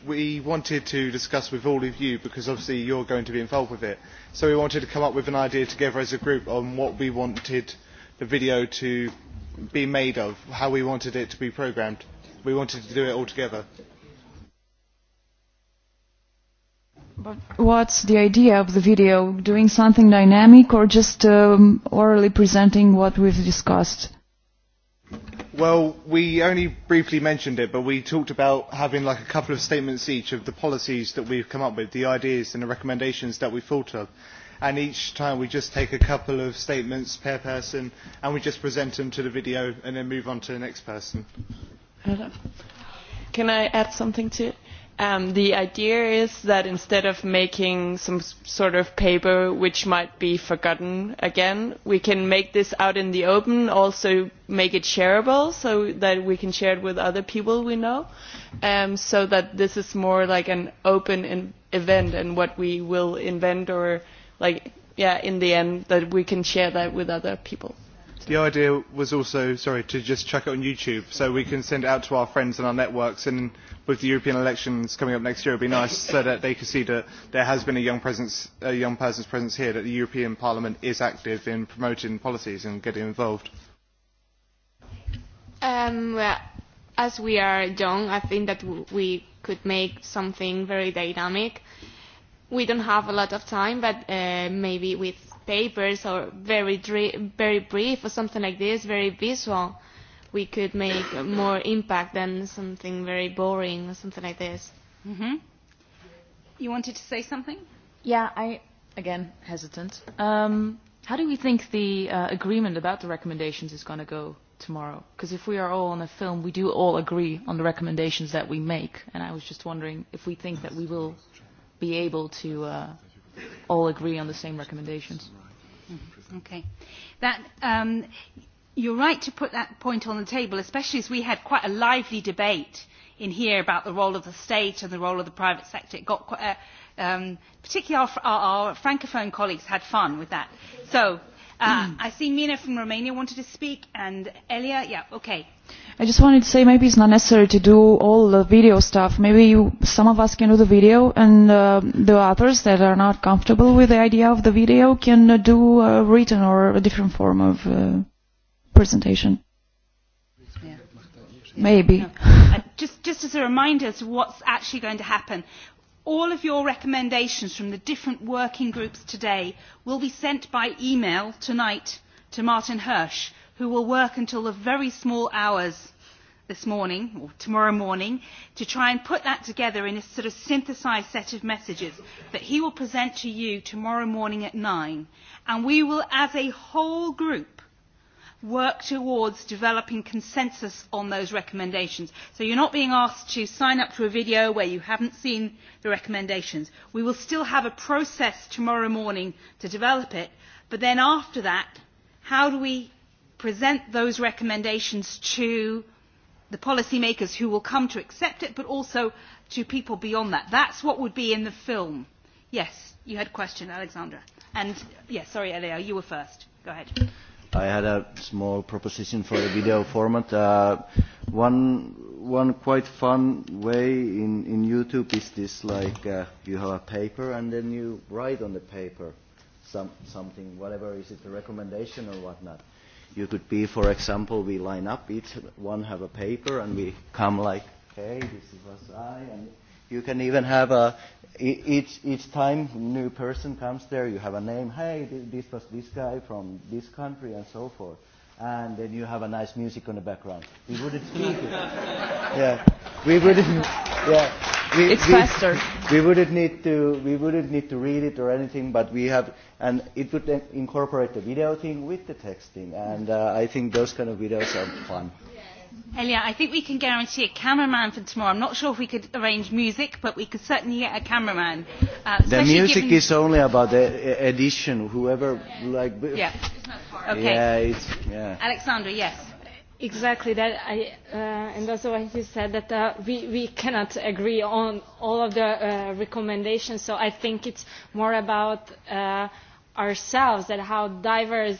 We wanted to discuss with all of you because obviously you're going to be involved with it. So we wanted to come up with an idea together as a group on what we wanted the video to be made of, how we wanted it to be programmed. We wanted to do it all together. But what's the idea of the video? Doing something dynamic or just orally presenting what we've discussed? Well, we only briefly mentioned it, but we talked about having like a couple of statements each of the policies that we've come up with, the ideas and the recommendations that we thought of and each time we just take a couple of statements per person and we just present them to the video and then move on to the next person. Can I add something to it? The idea is that instead of making some sort of paper which might be forgotten again, we can make this out in the open, also make it shareable so that we can share it with other people we know, Um so that this is more like an open event and what we will invent or like yeah in the end that we can share that with other people. The idea was also, sorry, to just check it on YouTube so we can send it out to our friends and our networks and with the European elections coming up next year it would be nice so that they can see that there has been a young, presence, a young person's presence here, that the European Parliament is active in promoting policies and getting involved. Um, as we are young, I think that we could make something very dynamic we don't have a lot of time, but maybe with papers or very very brief or something like this, very visual, we could make more impact than something very boring or something like this. You wanted to say something? Yeah, I again hesitant. Um, how do we think the agreement about the recommendations is going to go? tomorrow because if we are all on a film we do all agree on the recommendations that we make and i was just wondering if we think that we will be able to all agree on the same recommendations. Okay. That, um, you're right to put that point on the table, especially as we had quite a lively debate in here about the role of the state and the role of the private sector. It got quite, um, particularly our, our, our francophone colleagues had fun with that. So I see Mina from Romania wanted to speak, and Elia, yeah, okay. I just wanted to say maybe it's not necessary to do all the video stuff. Maybe you, some of us can do the video, and the others that are not comfortable with the idea of the video can do a written or a different form of presentation. Maybe. Just, as a reminder what's actually going to happen, all of your recommendations from the different working groups today will be sent by email tonight to martin hirsch who will work until the very small hours this morning or tomorrow morning to try and put that together in a sort of synthesised set of messages that he will present to you tomorrow morning at nine and we will as a whole group work towards developing consensus on those recommendations. So you're not being asked to sign up to a video where you haven't seen the recommendations. We will still have a process tomorrow morning to develop it, but then after that, how do we present those recommendations to the policymakers who will come to accept it, but also to people beyond that? That's what would be in the film. Yes, you had a question, Alexandra. And, yes, sorry, Elia, you were first. Go ahead. I had a small proposition for the video format. One one quite fun way in in YouTube is this like you have a paper and then you write on the paper some something, whatever is it a recommendation or whatnot. You could be, for example, we line up, each one have a paper and we come like, hey, this is us, I and you can even have a each each time new person comes there you have a name hey this was this guy from this country and so forth and then you have a nice music on the background we wouldn't speak it yeah we wouldn't yeah it's faster we wouldn't need to we wouldn't need to read it or anything but we have and it would incorporate the video thing with the texting and i think those kind of videos are fun Elia, I think we can guarantee a cameraman for tomorrow. I'm not sure if we could arrange music, but we could certainly get a cameraman. The music is only about the edition whoever like. Yeah. Okay. Yeah. Alexandra, yes. Exactly that. I and also what you said that we we cannot agree on all of the recommendations. So I think it's more about ourselves that how diverse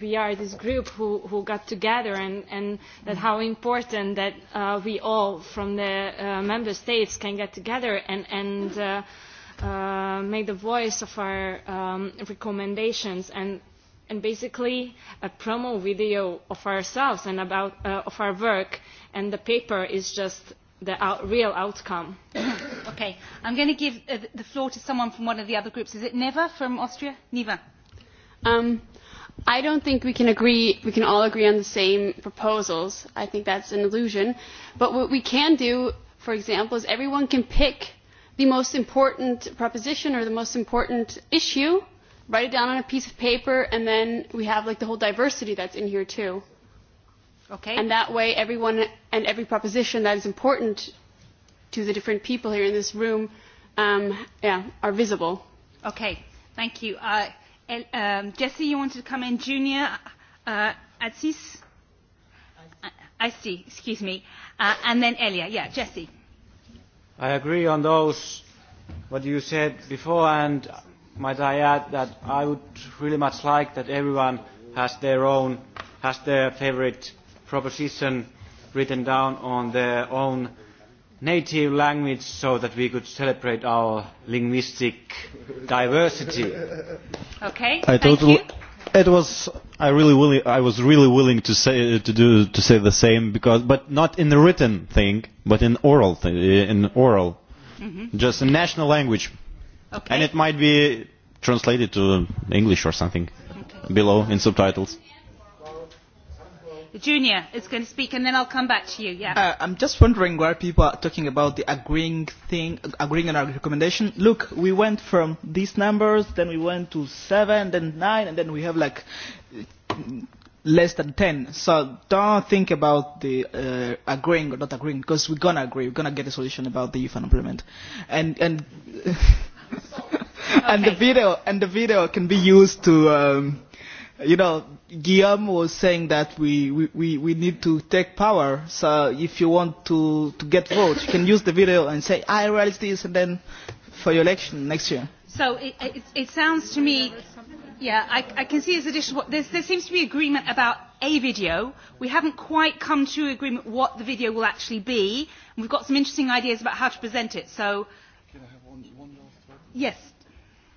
we are this group who who got together and and that how important that we all from the member states can get together and make the voice of our recommendations and and basically a promo video of ourselves and about of our work and the paper is just the real outcome. Okay, I'm going to give the floor to someone from one of the other groups. Is it Neva from Austria? Neva. I don't think we can agree. We can all agree on the same proposals. I think that's an illusion. But what we can do, for example, is everyone can pick the most important proposition or the most important issue, write it down on a piece of paper, and then we have like the whole diversity that's in here too. Okay. And that way everyone and every proposition that is important to the different people here in this room um yeah are visible. Okay, thank you. Uh Jesse, you wanted to come in. Junior, Atsis? I see, excuse me. And then Elia. Yeah, Jesse. I agree on those, what you said before, and might I add that I would really much like that everyone has their own, has their favorite proposition written down on their own native language so that we could celebrate our linguistic diversity. Okay, thank you. It was I really willing I was really willing to say to do to say the same because but not in the written thing but in oral in oral just in national language and it might be translated to English or something below in subtitles. Junior is going to speak and then I'll come back to you. Yeah. I'm just wondering why people are talking about the agreeing thing, agreeing on our recommendation. Look, we went from these numbers, then we went to seven, then nine, and then we have like less than ten. So don't think about the agreeing or not agreeing, because we're going to agree. We're going to get a solution about the youth unemployment. And, and, and the video, and the video can be used to, um, you know, Guillaume was saying that we, we, we need to take power. So if you want to, to get votes, you can use the video and say, I realize this, and then for your election next year. So it, it, it sounds to me, yeah, I, I can see there's additional, there's, there seems to be agreement about a video. We haven't quite come to agreement what the video will actually be. And we've got some interesting ideas about how to present it. So, can I have one, one last Yes.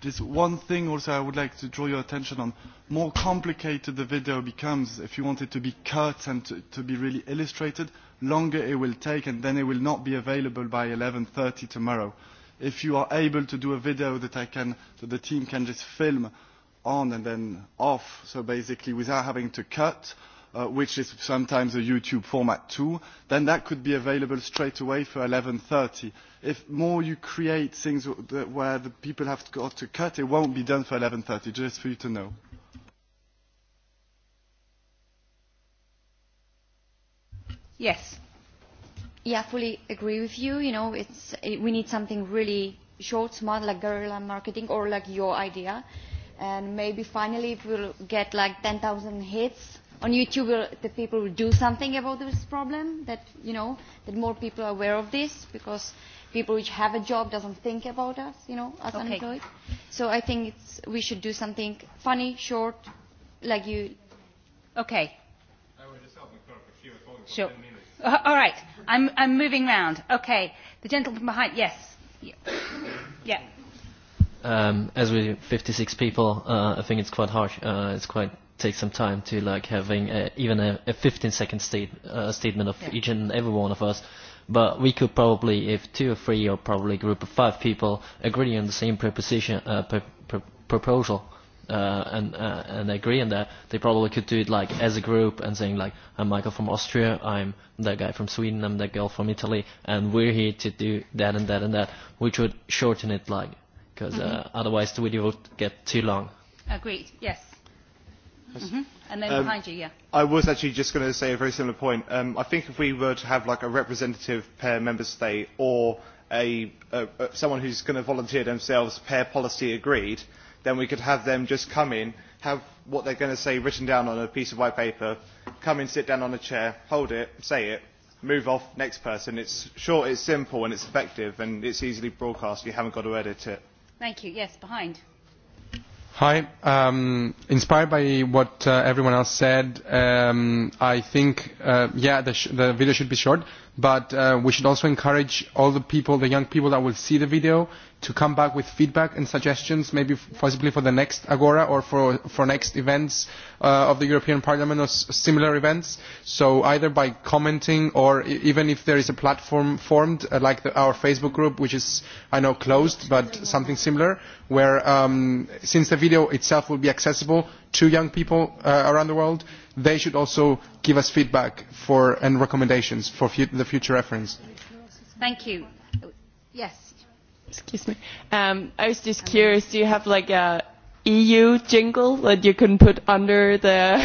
There's one thing also I would like to draw your attention on. More complicated the video becomes, if you want it to be cut and to be really illustrated, longer it will take and then it will not be available by 11.30 tomorrow. If you are able to do a video that I can, that the team can just film on and then off, so basically without having to cut, which is sometimes a YouTube format too, then that could be available straight away for 11.30. If more you create things where the people have got to cut, it won't be done for 11.30, just for you to know. Yes. Yeah, I fully agree with you. You know, it's, we need something really short, smart, like guerrilla marketing or like your idea. And maybe finally if will get like 10,000 hits on YouTube the people will do something about this problem, that, you know, that more people are aware of this because people which have a job doesn't think about us, you know, as unemployed. So I think it's, we should do something funny, short, like you. Okay. I just sure. All right. I'm, I'm moving round. Okay. The gentleman behind. Yes. Yeah. Um, as we're 56 people, uh, I think it's quite harsh. Uh, it's quite take some time to like having even a, 15 second statement of each and every one of us. But we could probably, if two or three or probably a group of five people agree on the same proposition, proposal, and uh, and agree on that, they probably could do it like as a group and saying like, I'm Michael from Austria, I'm that guy from Sweden, I'm that girl from Italy, and we're here to do that and that and that, which would shorten it like, because otherwise the video would get too long. Agreed. Yes behind you, yeah. I was actually just going to say a very similar point. I think if we were to have like a representative per member state or a someone who's going to volunteer themselves per policy agreed, then we could have them just come in, have what they're going to say written down on a piece of white paper, come in, sit down on a chair, hold it, say it, move off, next person. It's short, it's simple, and it's effective, and it's easily broadcast. You haven't got to edit it. Thank you. Yes, behind. Hi. Inspired by what everyone else said, I think, yeah, the video should be short. But we should also encourage all the people, the young people that will see the video, to come back with feedback and suggestions, maybe possibly for the next Agora or for for next events of the European Parliament or similar events. So either by commenting or even if there is a platform formed, like our Facebook group, which is I know closed, but something similar, where since the video itself will be accessible to young people around the world they should also give us feedback and recommendations for the future reference. Thank you. Yes. Excuse me. I was just curious. Do you have like a EU jingle that you can put under the.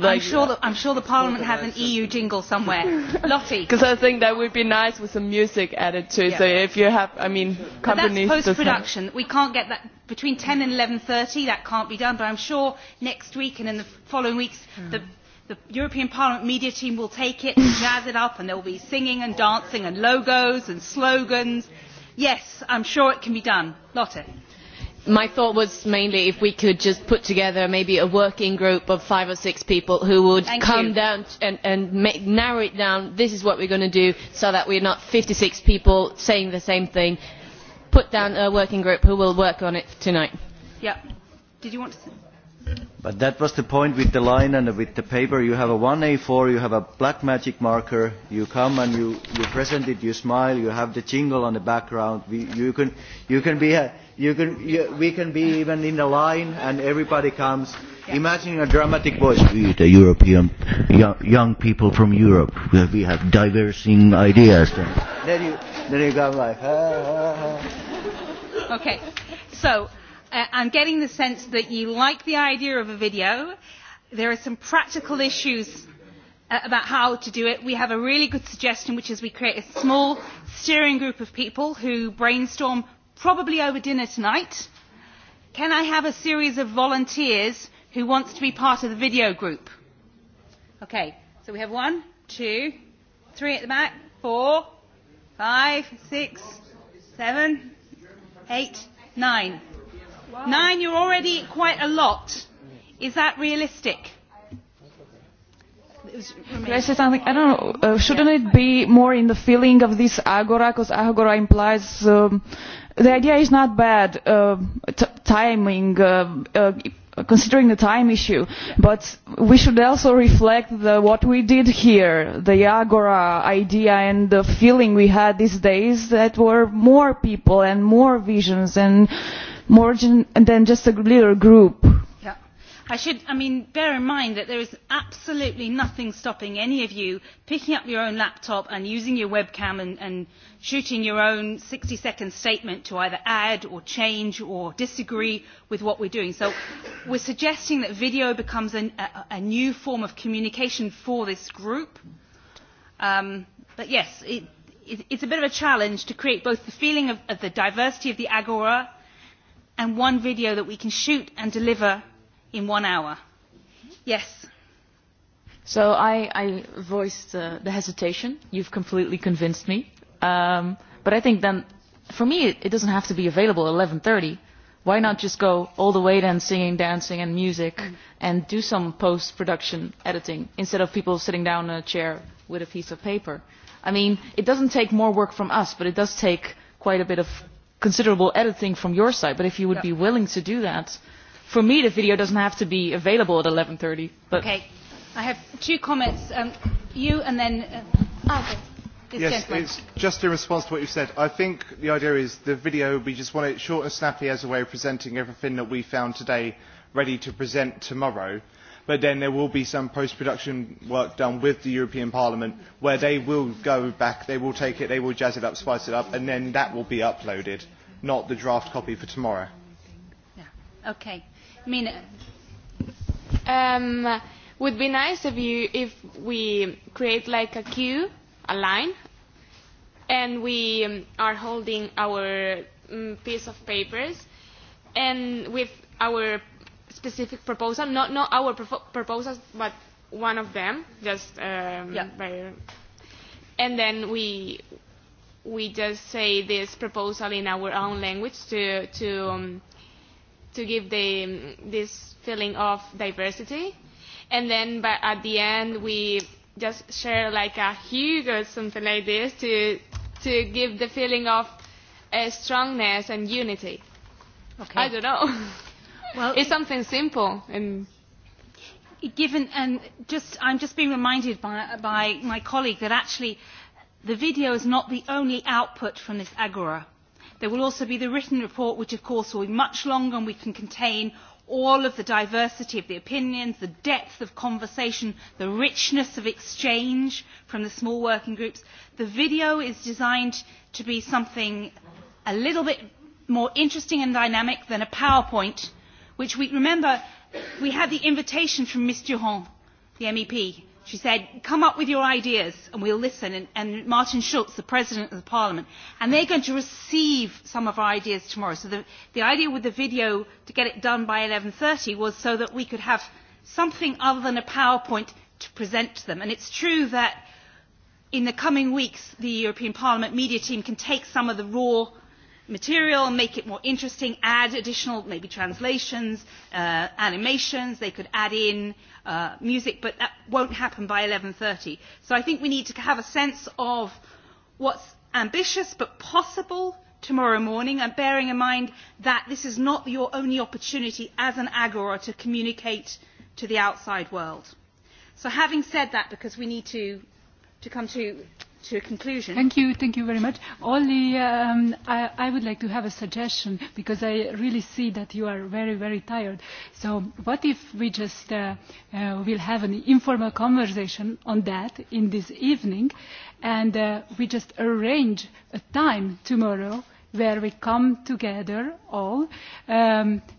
I'm sure I'm sure the Parliament has an EU jingle somewhere. Lottie. Because I think that would be nice with some music added to it. So if you have, I mean, companies. That's post-production. We can't get that between 10 and 11:30. That can't be done. But I'm sure next week and in the following weeks, the the European Parliament media team will take it and jazz it up, and there will be singing and dancing and logos and slogans. Yes, I'm sure it can be done. Lottie my thought was mainly if we could just put together maybe a working group of five or six people who would come down and narrow it down this is what we are going to do so that we are not fifty six people saying the same thing put down a working group who will work on it tonight. But that was the point with the line and with the paper. You have a 1A4, you have a black magic marker, you come and you, you present it, you smile, you have the jingle on the background. We, you can, you can be you can, we can be even in a line and everybody comes. Imagine a dramatic voice. We the European young, people from Europe, we have diversing ideas. Then you, then you go like, Okay, so I'm getting the sense that you like the idea of a video. There are some practical issues about how to do it. We have a really good suggestion, which is we create a small steering group of people who brainstorm, probably over dinner tonight. Can I have a series of volunteers who wants to be part of the video group? Okay, so we have one, two, three at the back, four, five, six, seven, eight, nine. Nine, you're already quite a lot. Is that realistic? I don't know. Shouldn't it be more in the feeling of this agora? Because agora implies the idea is not bad. Timing, considering the time issue, but we should also reflect what we did here, the agora idea and the feeling we had these days that were more people and more visions and more than just a little group. I should I mean bear in mind that there is absolutely nothing stopping any of you picking up your own laptop and using your webcam and and shooting your own 60 second statement to either add or change or disagree with what we're doing. So we're suggesting that video becomes a new form of communication for this group. Um but yes it it's a bit of a challenge to create both the feeling of the diversity of the agora and one video that we can shoot and deliver in one hour. Yes. So I, I voiced uh, the hesitation. You've completely convinced me. Um, but I think then, for me, it, it doesn't have to be available at 11.30. Why not just go all the way then singing, dancing and music and do some post-production editing instead of people sitting down in a chair with a piece of paper? I mean, it doesn't take more work from us, but it does take quite a bit of considerable editing from your side, but if you would be willing to do that, for me the video doesn't have to be available at 11.30. Okay, I have two comments. You and then... Yes, it's just in response to what you said. I think the idea is the video, we just want it short and snappy as a way of presenting everything that we found today ready to present tomorrow but then there will be some post-production work done with the European Parliament where they will go back, they will take it, they will jazz it up, spice it up, and then that will be uploaded, not the draft copy for tomorrow. Okay. Um, would be nice if you if we create like a queue, a line, and we are holding our piece of papers, and with our specific proposal, not not our proposals, but one of them, just and then we we just say this proposal in our own language to to to give the this feeling of diversity, and then at the end we just share like a huge or something like this to to give the feeling of strongness and unity. I don't know. It's something simple and given and just I'm just being reminded by by my colleague that actually the video is not the only output from this agora. There will also be the written report, which of course will be much longer and we can contain all of the diversity of the opinions, the depth of conversation, the richness of exchange from the small working groups. The video is designed to be something a little bit more interesting and dynamic than a PowerPoint which we remember we had the invitation from Ms Durand, the MEP. She said, come up with your ideas and we'll listen. And Martin Schulz, the President of the Parliament. And are going to receive some of our ideas tomorrow. So the idea with the video to get it done by 11.30 was so that we could have something other than a PowerPoint to present to them. And it's true that in the coming weeks the European Parliament media team can take some of the raw material, make it more interesting, add additional maybe translations, animations, they could add in music, but that won't happen by 11.30. So I think we need to have a sense of what's ambitious but possible tomorrow morning and bearing in mind that this is not your only opportunity as an agora to communicate to the outside world. So having said that, because we need to come to to conclusion. Thank you, thank you very much. Only I I would like to have a suggestion because I really see that you are very, very tired. So what if we just will have an informal conversation on that in this evening, and we just arrange a time tomorrow where we come together all,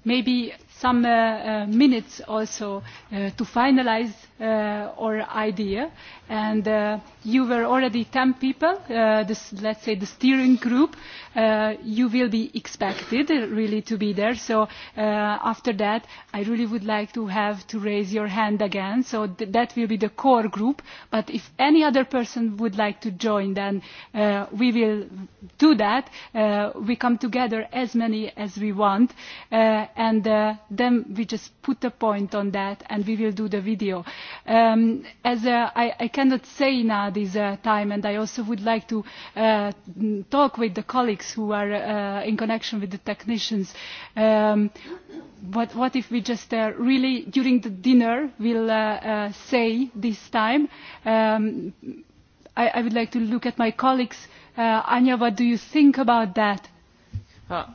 maybe some minutes also to finalize our idea. And you were already 10 people, let's say the steering group. You will be expected really to be there. So after that, I really would like to have to raise your hand again. So that will be the core group. But if any other person would like to join, then we will do that. We come together as many as we want. And then we just put a point on that and we will do the video. As I cannot say now this time and I also would like to talk with the colleagues who are in connection with the technicians. What if we just really during the dinner will say this time. I would like to look at my colleagues. Anya, what do you think about that?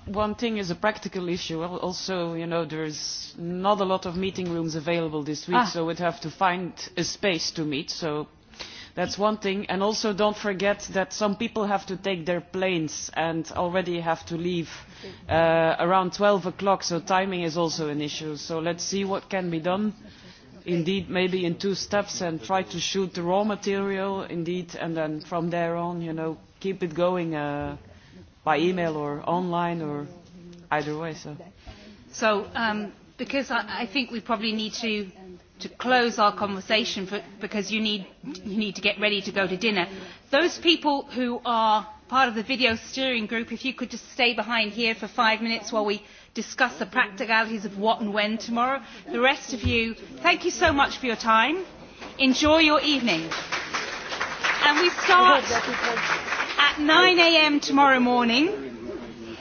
One thing is a practical issue. Also, you know, is not a lot of meeting rooms available this week, so we'd have to find a space to meet. So that's one thing. And also, don't forget that some people have to take their planes and already have to leave around 12 o'clock. So timing is also an issue. So let's see what can be done. Indeed, maybe in two steps and try to shoot the raw material, indeed, and then from there on, you know, keep it going by email or online or either way. So, so um, because I, I think we probably need to to close our conversation for, because you need you need to get ready to go to dinner. Those people who are part of the video steering group, if you could just stay behind here for five minutes while we discuss the practicalities of what and when tomorrow. The rest of you, thank you so much for your time. Enjoy your evening. And we start at 9 a.m. tomorrow morning.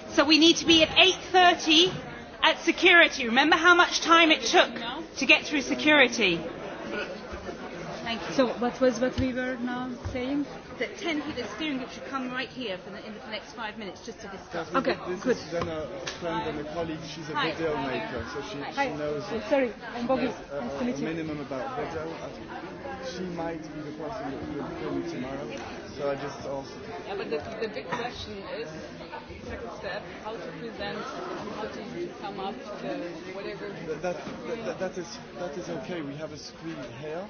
So we need to be at 8.30 at security. Remember how much time it took to get through security. Thank you. So what was what we were now saying? That 10 the steering group should come right here for the, in the next five minutes just to discuss. Okay, this good. This is a friend and a colleague. She's a video maker, so she, she knows Sorry, I'm bogus. nice a, a minimum about video. She might be the person that will film tomorrow. So I just also. Yeah, but the, the big question is, second step, how to present, how to come up the whatever. That, that, that, that is that is okay. We have a screen here.